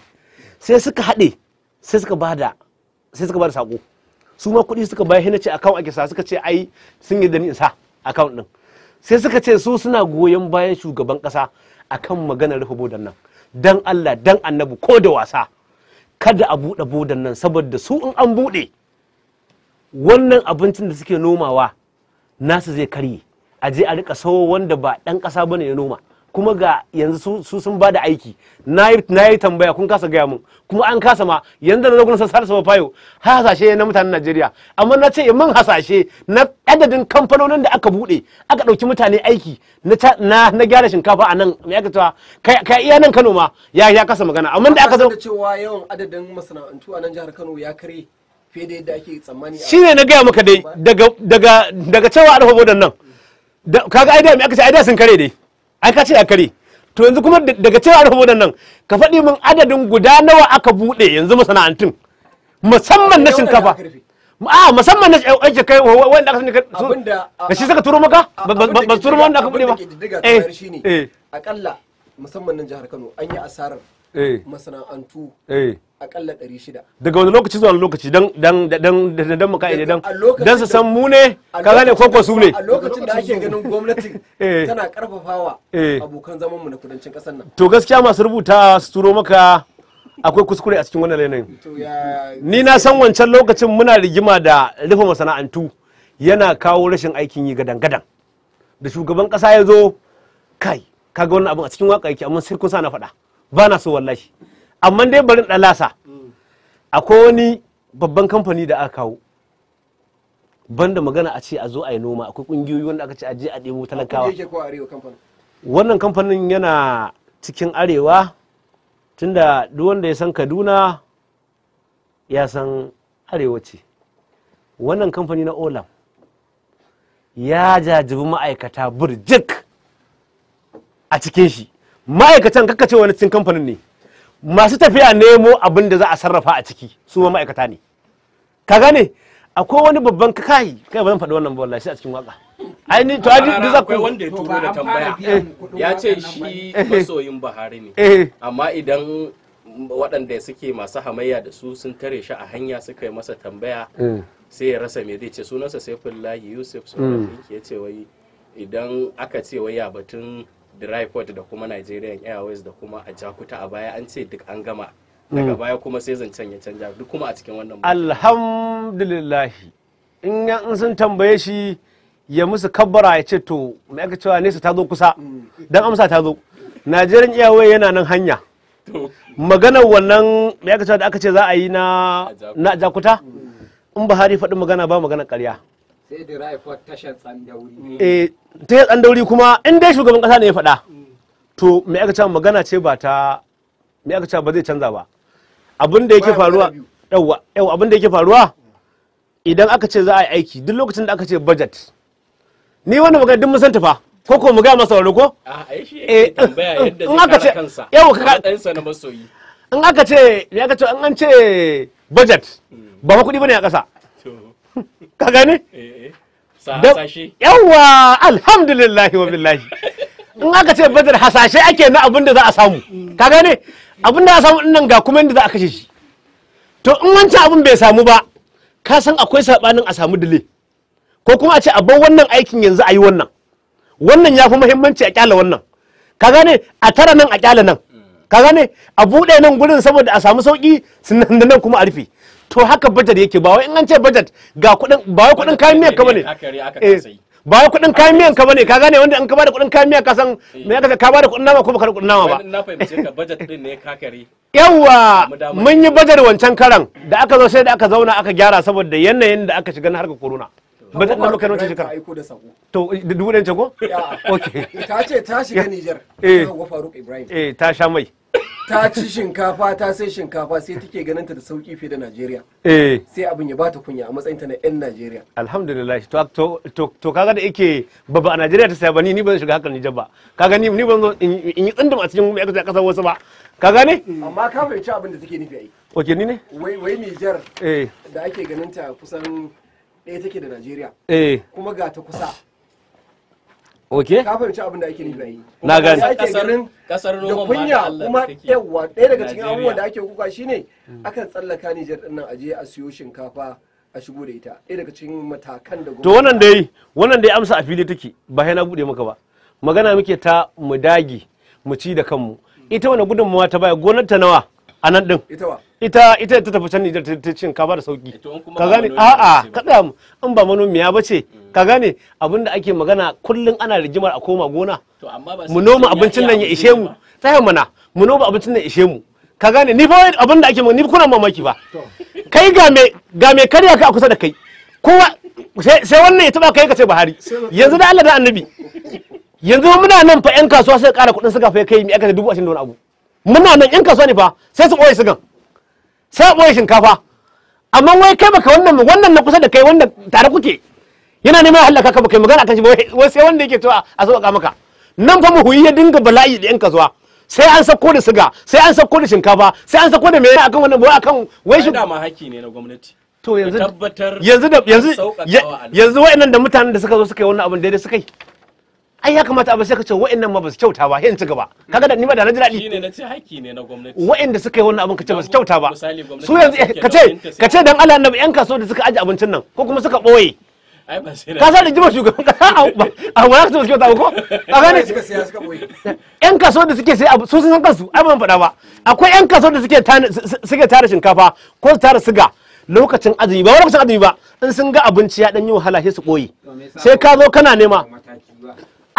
sai suka haɗe sai suka bada sai suka bada sako su ma kuɗi suka bayar hina ce account ake sa suka ce ai sun yi da ni sa account ɗin sai suka ce su suna goyon bayan shugaban ƙasa akan maganar rufe bodan nan dan Allah dan annabi ko da wasa kada a buɗe bodan nan saboda su in an buɗe wannan abincin da suke nomawa nasu zai karye a je a rika sawo wanda ba ɗan ƙasa bane ya noma kuma ga yanzu su sun ba da aiki na yi tambaya kun kasa gaya mun kuma an kasa ma yanzu da na gudun sassa sama fayo har hasashe na mutanen najeriya amma na ce min hasashe na adadin kamfanonin da aka buɗe aka ɗauki mutane aiki na gyara shinkafa a nan mai aka cewa kai iya nan kano ma ya kasa magana amma da aka zo cewa yawan adadin masana'antu a nan jihar kano ya kare fiye da yadda ake tsammani shine na gaya maka dai daga daga daga cewa a dafa bodan nan kaga aida mai aka ce aida sun kare dai ai ka ce a kare to yanzu kuma daga cewa rufe nan ka faɗi min adadin guda nawa aka buɗe yanzu masana'antun musamman na shinkafa a musamman na eh, ake kai wanda aka sani ka shi suka turo maka ba su turo wanda aka buɗe ba a eh, eh. musamman nan jihar Kano an yi asarar eh. masana'antu akalla 600 daga wani lokaci zuwa lokaci dan dan dan dan mu kaide dan dan su san mu ne ka gane ko su ne a lokacin da ake ganin gwamnati eh. tana karfafawa eh. abokan zaman mu na kudancin kasar nan to gaskiya masu rubuta su turo maka akwai kuskure a cikin wannan yanayin ni na san wancan lokacin muna rigima da rufe masana'antu yana kawo rashin aikin yi gadan gadan da shugaban kasa ya zo kai kaga wannan abin a cikin waka yake amma sai kun sa na faɗa ba na so wallahi amma dai barin ɗalasa hmm. akwai wani babban kamfani da aka kawo banda magana a ce a zo a yi noma akwai kungiyoyi wanda aka ce a je a ɗebo talakawa wannan kamfanin yana cikin arewa tunda duk wanda ya san kaduna ya san arewa ce wannan kamfani na olam ya jajibi ma'aikata burjik a cikin shi ma'aikatan kakace wani cikin kamfanin ne masu tafiya nemo abin da za a sarrafa a ciki su ma ma'aikata ne ka gane akwai wani babban kai kai ba zan faɗi wannan ba shi a cikin waka ai ni to aji da wanda ya turo da tambaya ya ce shi masoyin Buhari ne eh. amma idan waɗanda suke masu hamayya da su sun tare shi a hanya suka yi masa tambaya eh. sai ya rasa me zai ce sunansa sai Saifullahi Yusuf mm. sun ya ce wai idan aka ce wai ya batun Dripod da kuma Nigerian Airways da kuma a Jakuta a baya an ce duk an gama mm. daga baya kuma sai zancen ya canja duk kuma a cikin wannan alhamdulillah in sun tambaye shi ya musu kabbara ya ce to mai aka cewa nesa ta zo kusa mm. don amsa ta zo Nigerian Airways yana nan hanya maganar wannan mai aka cewa da aka ce za a yi na Jakuta mm. in Buhari faɗi magana ba magana ƙarya sai dirayfot tashar tsandauri eh, tsandauri kuma in dai shugaban kasa ne ya faɗa to me aka cewa magana ce ba ta me aka cewa ba zai canza ba abin da yake faruwa yauwa, yauwa, abin da yake faruwa idan aka ce za a yi aiki duk lokacin da aka ce budget ni wannan magana duk mun san ta fa ko ko mu ga masa wani ko eh in aka ce yawa ka dan sa na masoyi in aka ce me aka ce in an ce budget ba kuɗi bane a ƙasa ka gane eh, eh. yawwa alhamdulillah wa billahi in aka ce badar hasashe ake na abin da za a samu ka gane abin da za a samu nan ga kuma inda za a kashe shi to in wancan abin bai samu ba ka san akwai sabanin a samu dile ko kuma a ce a bar wannan aikin yanzu a yi wannan wannan ya fi muhimmanci a kyala wannan ka gane a tara nan a kyala nan ka gane a buɗe nan gurin saboda a samu sauki sannan nan kuma a rufe to haka budget yake ba wai in an ce budget ga kudin ba wai kudin kayan miya ka bane ba wai kudin kayan miya ka bane ka gane wanda in ka bada kudin kayan miya ka san eh. me ya ka bada kudin nama ko baka da kudin nama ba na fahimce ka budget din ne ka kare yawa mun yi budget wancan karan da aka zo sai da aka zauna aka gyara saboda yanayin da aka shiga na harkar corona ba zan da muka nauce shekara to dubu ɗan ce ko? ok ta ce ta shiga Nijar eh. eh ta sha mai ta ci shinkafa ta sai shinkafa sai take ganin ta da sauki fiye da Najeriya eh sai abin ya bata kunya a matsayin ta na yan Najeriya alhamdulillah to to to kaga da yake baba a Najeriya ta sai bani ni ban shiga hakan Nijar ba kaga ni ni ban zo in yi tsindin a cikin ya kasa wasu ba Kaga ne. amma ka fahimci abin da take nufi ai oke ni ne wai wai Nijar eh da ake ganin ta kusan ɗaya take da Najeriya eh kuma ga ta kusa Oke. ka fahimci abin da ake nufi na gani ake ganin da kunya kuma yawa ɗaya daga cikin abubuwan da ake kuka shine mm. akan tsallaka Niger din nan je a siyo shinkafa a shigo da ita ɗaya daga cikin matakan da to wannan dai wannan dai amsa a fili take ba sai na bude maka ba magana muke ta mu dage mu ci da kanmu mm. ita wannan gudunmuwa ta baya gonar ta nawa a nan din ita wa ita ita ta tafi can Nijar ta cin ka da sauki eh, ka gane a'a ka tsaya mu in ba manomiya ba ce mm. ka gane abinda ake magana kullun ana rigimar a koma gona mu noma abincin nan ya ishe mu tsaya mana mu noma abincin nan ya ishe mu ka gane ni fa abinda ake ni kuna mamaki ba kai ga me ga me karya ka a kusa da kai kowa sai wannan ya taba kai ka ce Buhari yanzu da Allah da Annabi yanzu muna nan fa yan kasuwa sai ƙara kuɗin suka fa kai mi aka dubu 20 da wani abu muna nan yan kasuwa ne fa sai su ɓoye sugan sai ɓoye shinkafa amma wai kai baka wannan wannan na kusa da kai wanda tare kuke yana neman halaka ka baka magana kan shi wai sai wanda yake to a sauƙaƙa maka nan fa muhuyi ya dinga bala'i da yan kasuwa sai an sako da siga sai an sako da shinkafa sai an sako da me akan wannan wai akan wai shi dama haki ne na gwamnati to yanzu yanzu yanzu yanzu wa'annan da mutanen da suka zo suka yi wannan abin daidai suka yi ai ya kamata abin sai ka ce wa'annan ma ba su kyauta ba yin ci gaba kaga da ni ba da na daɗi shine na ce haƙƙi ne na gwamnati wa'anda suka yi wannan abin ka ce ba su kyauta ba su yanzu ka ce ka ce dan Allah annabi yan kaso da suka aje abincin nan ko kuma suka ɓoye ka sa rigimar shugaban kasa a wani ce ba su kyauta ba ko a gane yan kaso da suke sai su sun san kansu ai ban faɗa ba akwai yan kaso da suke suke tara shinkafa ko su tara siga lokacin azumi ba lokacin azumi ba in sun ga abinci ya dan yi wahala sai su ɓoye sai ka zo kana nema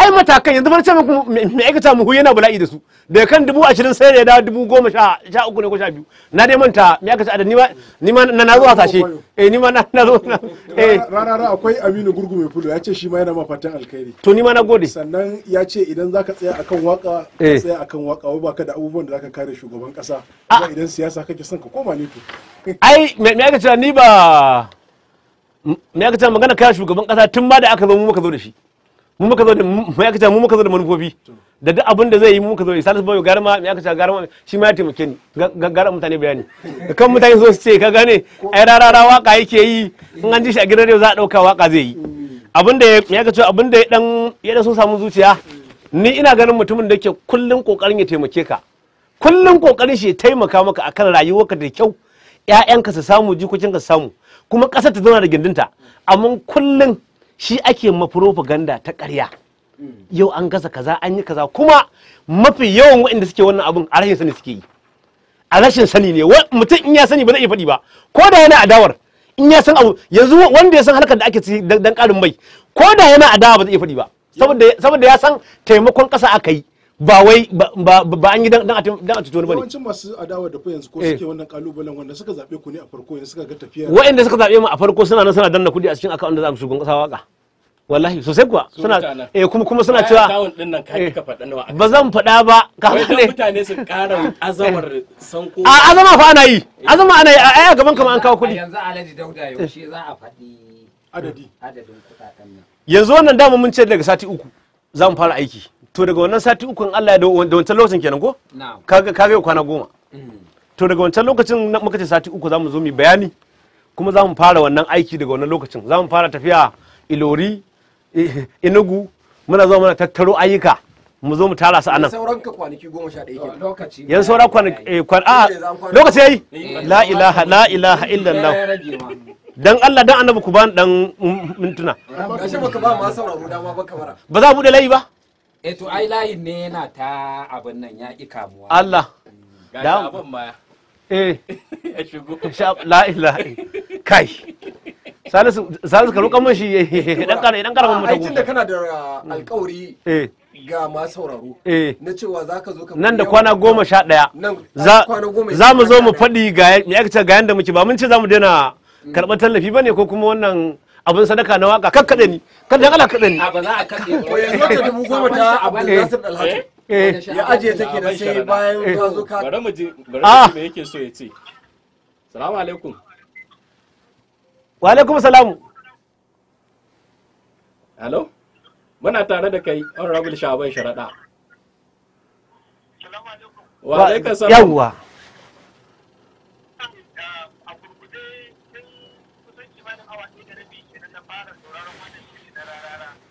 ai matakan yanzu bar ce muku me aikata muhu yana bala'i da su da kan dubu ashirin sai da ya dawo dubu goma sha uku ne ko sha biyu na dai manta me aikata da ni ma na zo a sashe eh ni ma na zo eh rana rana akwai Aminu Gurgu mai fulu ya ce shi ma yana ma fatan alkhairi to ni ma na gode sannan ya ce idan zaka tsaya akan waka ka tsaya akan waka eh. wai baka da abubuwan da zaka kare shugaban kasa ah. idan siyasa kake son ka koma ne to ai me aikata ni ba me aikata magana kare shugaban kasa tun ma da aka zo mu muka zo da shi mu muka zo da mu aka ce mu muka zo da manufofi da duk abin da zai yi mu muka zo da salisu bayo garma me aka ce garma shi ma ya taimake ni gara mutane bayani kan mutane so su ce ka gane ai rarara waka yake yi in an ji shi a gidan radio za a dauka waka zai yi abin da me aka ce abin da ya dan ya da so samu zuciya ni ina ganin mutumin da yake kullun kokarin ya taimake ka kullun kokarin shi ya taimaka maka akan rayuwarka da kyau ƴaƴanka su samu jikokinka su samu kuma ƙasar ta zauna da gindinta amma kullun shi ake mafurofaganda ta ƙarya yau an gaza kaza an yi kaza kuma mafi yawan waɗanda suke wannan abun a rashin sani suke yi a rashin sani ne mutum in ya sani ba zai iya faɗi ba ko da yana adawar in ya san abu yanzu wanda ya san harkar da ake ci dan ƙarin mai ko da yana adawa ba zai iya faɗi ba saboda ya san taimakon ƙasa aka yi ba wai ba an yi dan a tuto bane yawancin masu adawa da ku yanzu ko suke eh. wannan kalubalen wanda suka zabe ku ne a farko yanzu suka ga tafiya waɗanda suka zabe mu a farko suna nan suna danna kudi a cikin akawun da za su gunga kasa waka wallahi sosai kuwa suna eh kuma kuma suna cewa eh, ba zan faɗa ba ka ne mutane su ƙara eh. azamar sanko a azama fa ana yi azama ana yi a gaban kama an kawo kuɗi yanzu Alhaji Dauda yaushe za a faɗi adadi adadin kuɗaɗen nan yanzu wannan dama mun ce daga sati uku za mu fara aiki to daga wannan sati in Allah ya da wancan lokacin kenan ko kaga kaga kwana goma mm. to daga wancan lokacin muka ce sati uku zamu zo mu bayani kuma zamu fara wannan aiki daga wannan lokacin zamu fara tafiya ilori inugu muna zo muna tattaro ayyuka mu zo mu tara su anan sauran ka kwanaki goma sha ɗaya lokaci yan saura kwanaki eh, ah, a lokaci yayi eh, la ilaha la ilaha illallah dan Allah dan annabi ku bani dan mintuna ba za mu bude layi ba eto eh ai layin ne yana ta abin nan ya ki kamuwa Allah mm, da abin ma eh ya shigo la ilaha kai salisu salisu ka roƙa shi dan kare dan kare ah, mutum ai tunda kana da mm. alƙawari eh ga masu sauraro eh na cewa za ka zo ka nan da kwana goma sha ɗaya za mu zo mu faɗi ga ce ga yanda muke ba mun ce za mu daina mm. karɓar tallafi bane ko kuma wannan abin sadaka na waka kakkaɗe ni kan dan kaɗe ni a ba za a kaɗe ba yanzu ta dubu goma ta Nasir Alhaji eh? Eh. ya ajiye da sai bayan ta zo ka eh, bari mu je bari ah. mu yake so ya ce salamu wa alaikum salamu hello da kai honorable Shaban Sharada wa alaikum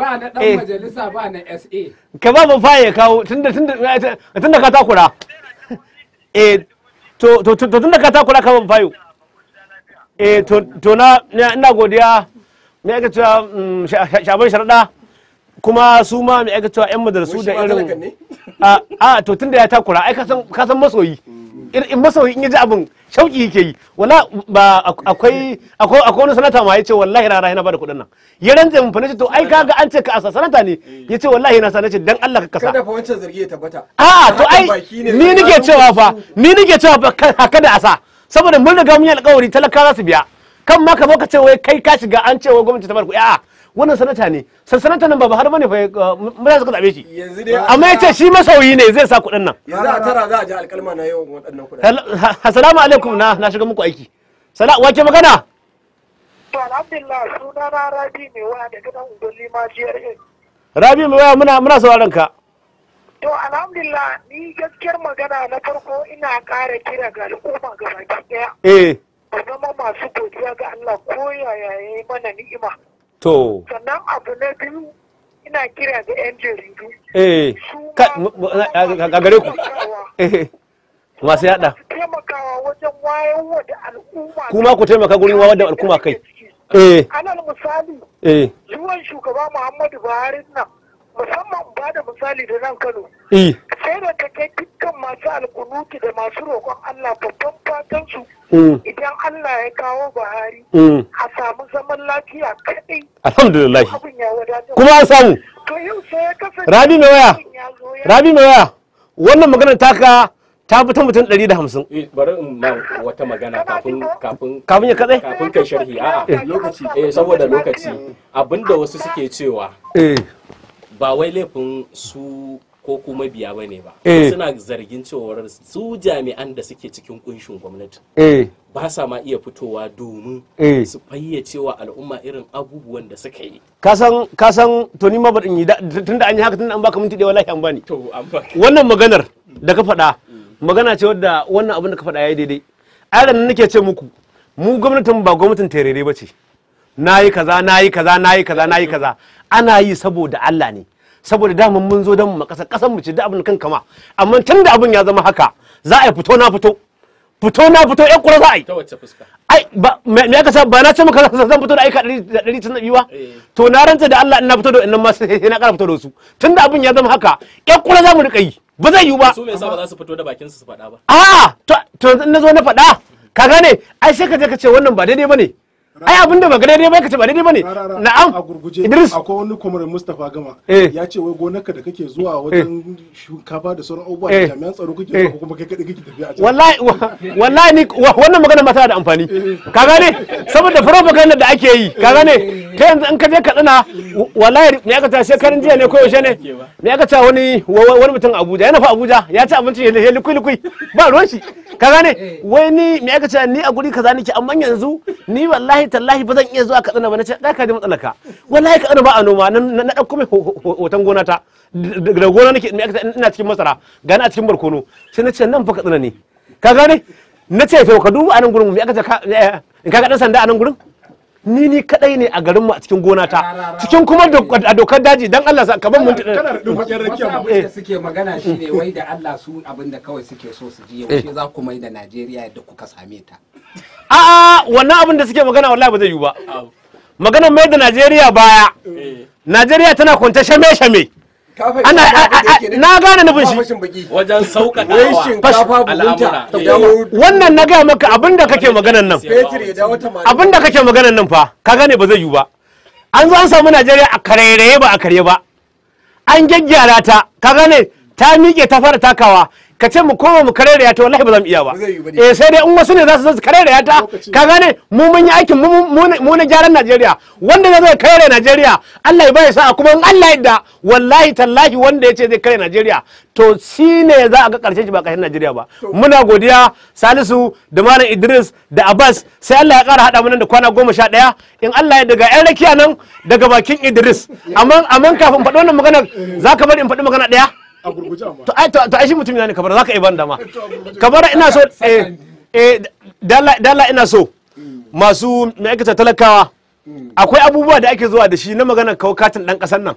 ba na dan eh. majalisa ba na SA ka ba mu faye kawo tunda tunda tunda ka takura eh to to tunda ka takura ka ba mu fayo eh to na ina godiya me ake cewa mm, shaban sharada kuma su ma me ake cewa yan madarasu da irin a ah, ah, to tunda ya takura ai ka san masoyi mm. in masa in ji abin shauki yake yi wala ba akwai akwai akwai wani sanata ma yace wallahi rahina ba bada kudin nan ya rantse mun fanace to ai kaga an ce ka asa sanata ne yace wallahi na sanace dan Allah ka kasa kada fa wancan zargi ya tabbata a to ai ni nake cewa fa ni nake cewa fa kada asa saboda mun riga mun yi alƙawari talaka za su biya kan ma ka zo ka ce wai kai ka shiga an ce wa gwamnati ta bar ku a'a wannan sanata ne sanata nan ba har bane fa uh, mun zaka zabe shi amma yace shi masauyi ne zai sa kuɗin nan yanzu a tara za a ji alƙalma na yawan waɗannan kuɗin assalamu alaikum na na shiga muku aiki sala wace magana to alhamdulillah suna na rabi mai waya da nan ungulli ma GRA rabi mai waya muna muna sauraron ka to alhamdulillah ni gaskiyar magana na farko ina ƙara kira ga al'umma gaba ɗaya eh zama masu godiya ga Allah ko yaya yayi mana ni'ima to sannan abu na biyu ina kira da yan jaridu eh ka gare ku masu eh, yada taimakawa wajen wayarwa da al'umma kuma ku taimaka gurin wayar da al'umma kai eh. eh alal misali Eh. zuwan shugaba muhammadu buhari nan musamman ba da misali da nan Kano. Eh. Sai da ta kai dukkan masu alkunuti da masu roƙon Allah babban fatan su mm. idan Allah ya kawo Buhari mm. a samu zaman lafiya kaɗai. Alhamdulillah. Kuma an samu. To yau sai ya kasance. Rabi mai waya. Rabi mai waya. Wannan maganar taka ta fi ta mutum hamsin. Eh, bari in nan wata magana kafin kafin kafin ya kaɗai kafin kai sharhi a'a lokaci eh saboda lokaci abinda wasu suke cewa eh ba wai laifin su ko kuma biya ba ne eh. ba suna zargin cewar su jami'an da suke cikin kunshin gwamnati eh. ba sa ma iya fitowa domin eh. su fayyace wa al'umma irin abubuwan da suka yi kasan kasan to ni ma baɗin yi da an yi haka da an baka minti ɗaya wallahi an bani wannan maganar da ka faɗa magana ce wadda wannan abin da ka faɗa ya yi daidai ai nake ce muku mu gwamnatin ba gwamnatin terere ba ce nayi kaza nayi kaza nayi kaza nayi kaza ana yi saboda Allah ne saboda daman mun zo don mu kasa kasan mu ci da abin kan kama amma tun da abin ya zama haka za a yi fito na fito fito na fito yan kura za a yi ta wacce fuska ai ba me aka sa ba na ce maka zan fito da aika 192 ba eh. to na ranta da Allah ina fito da inna ma sai na kara fito da su tun da abin ya zama haka yan kura za mu rika yi ba zai yi ba su me yasa ba za su fito da bakin su su faɗa ba a'a to to na zo na faɗa ka gane ai sai ka je ka ce wannan ba daidai bane ai abinda ba daidai ba ka ce ba daidai ba ne na'am a gurguje idris akwai wani kwamar mustapha gama eh. ya ce wai gonarka da kake zuwa eh. wajen shinkafa da sauran abubuwa da eh. jami'an tsaro kake zuwa kuma kai kadai kake tafiya a wallahi wallahi ni wannan magana ba ta da amfani ka gane saboda propaganda da ake yi ka gane ta yanzu in ka je ka tsina wallahi me aka ta shekarun jiya ne ko yaushe ne me aka ta wani wani mutum Abuja yana fa Abuja ya ci abinci ya likui likui ba ruwan shi ka gane wai ni me aka ta ni a guri kaza nake amma yanzu ni wallahi tallahi ba zan iya zuwa katsina ba na ce ka ji matsalaka wallahi katsina ba a noma na ɗauko mai hoton gona ta da gona nake ina cikin masara ga a cikin barkono sai na ce nan fa katsina ne ka gane na ce to ka duba anan gurin me aka ce eh, in ka ga dan sanda anan gurin ni ni kadai ne a garin mu a cikin gona ta cikin kuma a dokar daji dan Allah sa kaban mun kana da fakin rakiya da suke magana shine wai da Allah su abinda kawai suke so su ji shi za ku mai da Najeriya yadda kuka same ta a'a wannan abin da suke magana wallahi ba zai yiwu ba maganar mai da najeriya baya eh. najeriya tana kwanta shame-shame ana na gane nufin shi wajen sauƙaƙawa eh. wannan na gaya maka abin da kake maganan nan abin da kake maganan nan fa ka gane ba zai yiwu ba an zo an samu najeriya a karere ba a karye ba an gyaggyara ta ka gane ta miƙe ta fara takawa ka ce mu koma mu karere ya ta wallahi ba zan iya ba eh sai dai in wasu ne za su zo su karere ya ta ka gane mu mun yi aikin mu na gyaran Najeriya wanda zai zo karere Najeriya Allah ya bai sa kuma in Allah ya da wallahi tallahi wanda ya ce zai kare Najeriya to shi ne za a ga karshen shi ba karshen Najeriya ba muna godiya Salisu da Malam Idris da Abbas sai Allah ya kara hada mu nan da kwana goma sha ɗaya in Allah ya daga ƴan rakiya nan daga bakin Idris amma amma kafin faɗo wannan magana zaka bari in faɗi magana daya. a gurguje to ai shi mutum ne kabar zaka iban da ma kabar ina so eh eh dalla ina so masu ma'aikata talakawa akwai abubuwa da ake zuwa da shi na maganar kawo katin dan kasar nan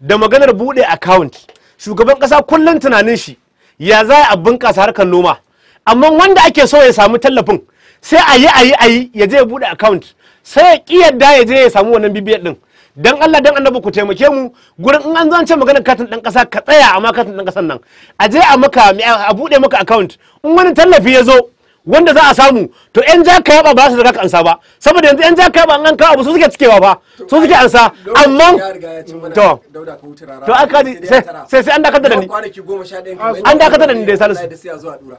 da maganar bude account shugaban kasa kullun tunanin shi ya za a bunkasa harkar noma amma wanda ake so ya samu tallafin sai a yi a yi a yi ya je ya bude account sai ya ki yadda ya je ya samu wannan bibiyar din dan Allah dan annabi ku taimake mu gurin in an zance maganar katin dan kasa ka tsaya amma katin dan kasan nan a je a maka a bude maka account in wani tallafi ya zo wanda za a samu to yan jaka yaba ba su da ka ansa ba saboda yanzu yan jaka yaba an kawo abu su suke cikewa ba su suke ansa amma to to aka sai sai an da da ni an da da ni da salisu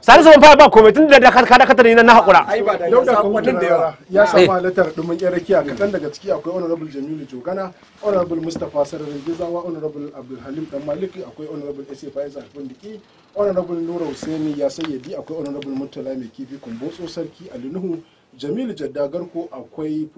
salisu ban fara ba komai tun da ka da da ni na hakura ai ba da yawa ya samu eh. halittar dumin yan rakiya kaɗan daga ciki akwai honorable jamilu jogana honorable mustapha sararin gizawa honorable halim dan maliki akwai honorable sa faiza fundiki honorable nura hussaini ya sayyadi akwai honorable murtala mai kifi kumbotso sarki alinuhu jamilu jaddagarko akwai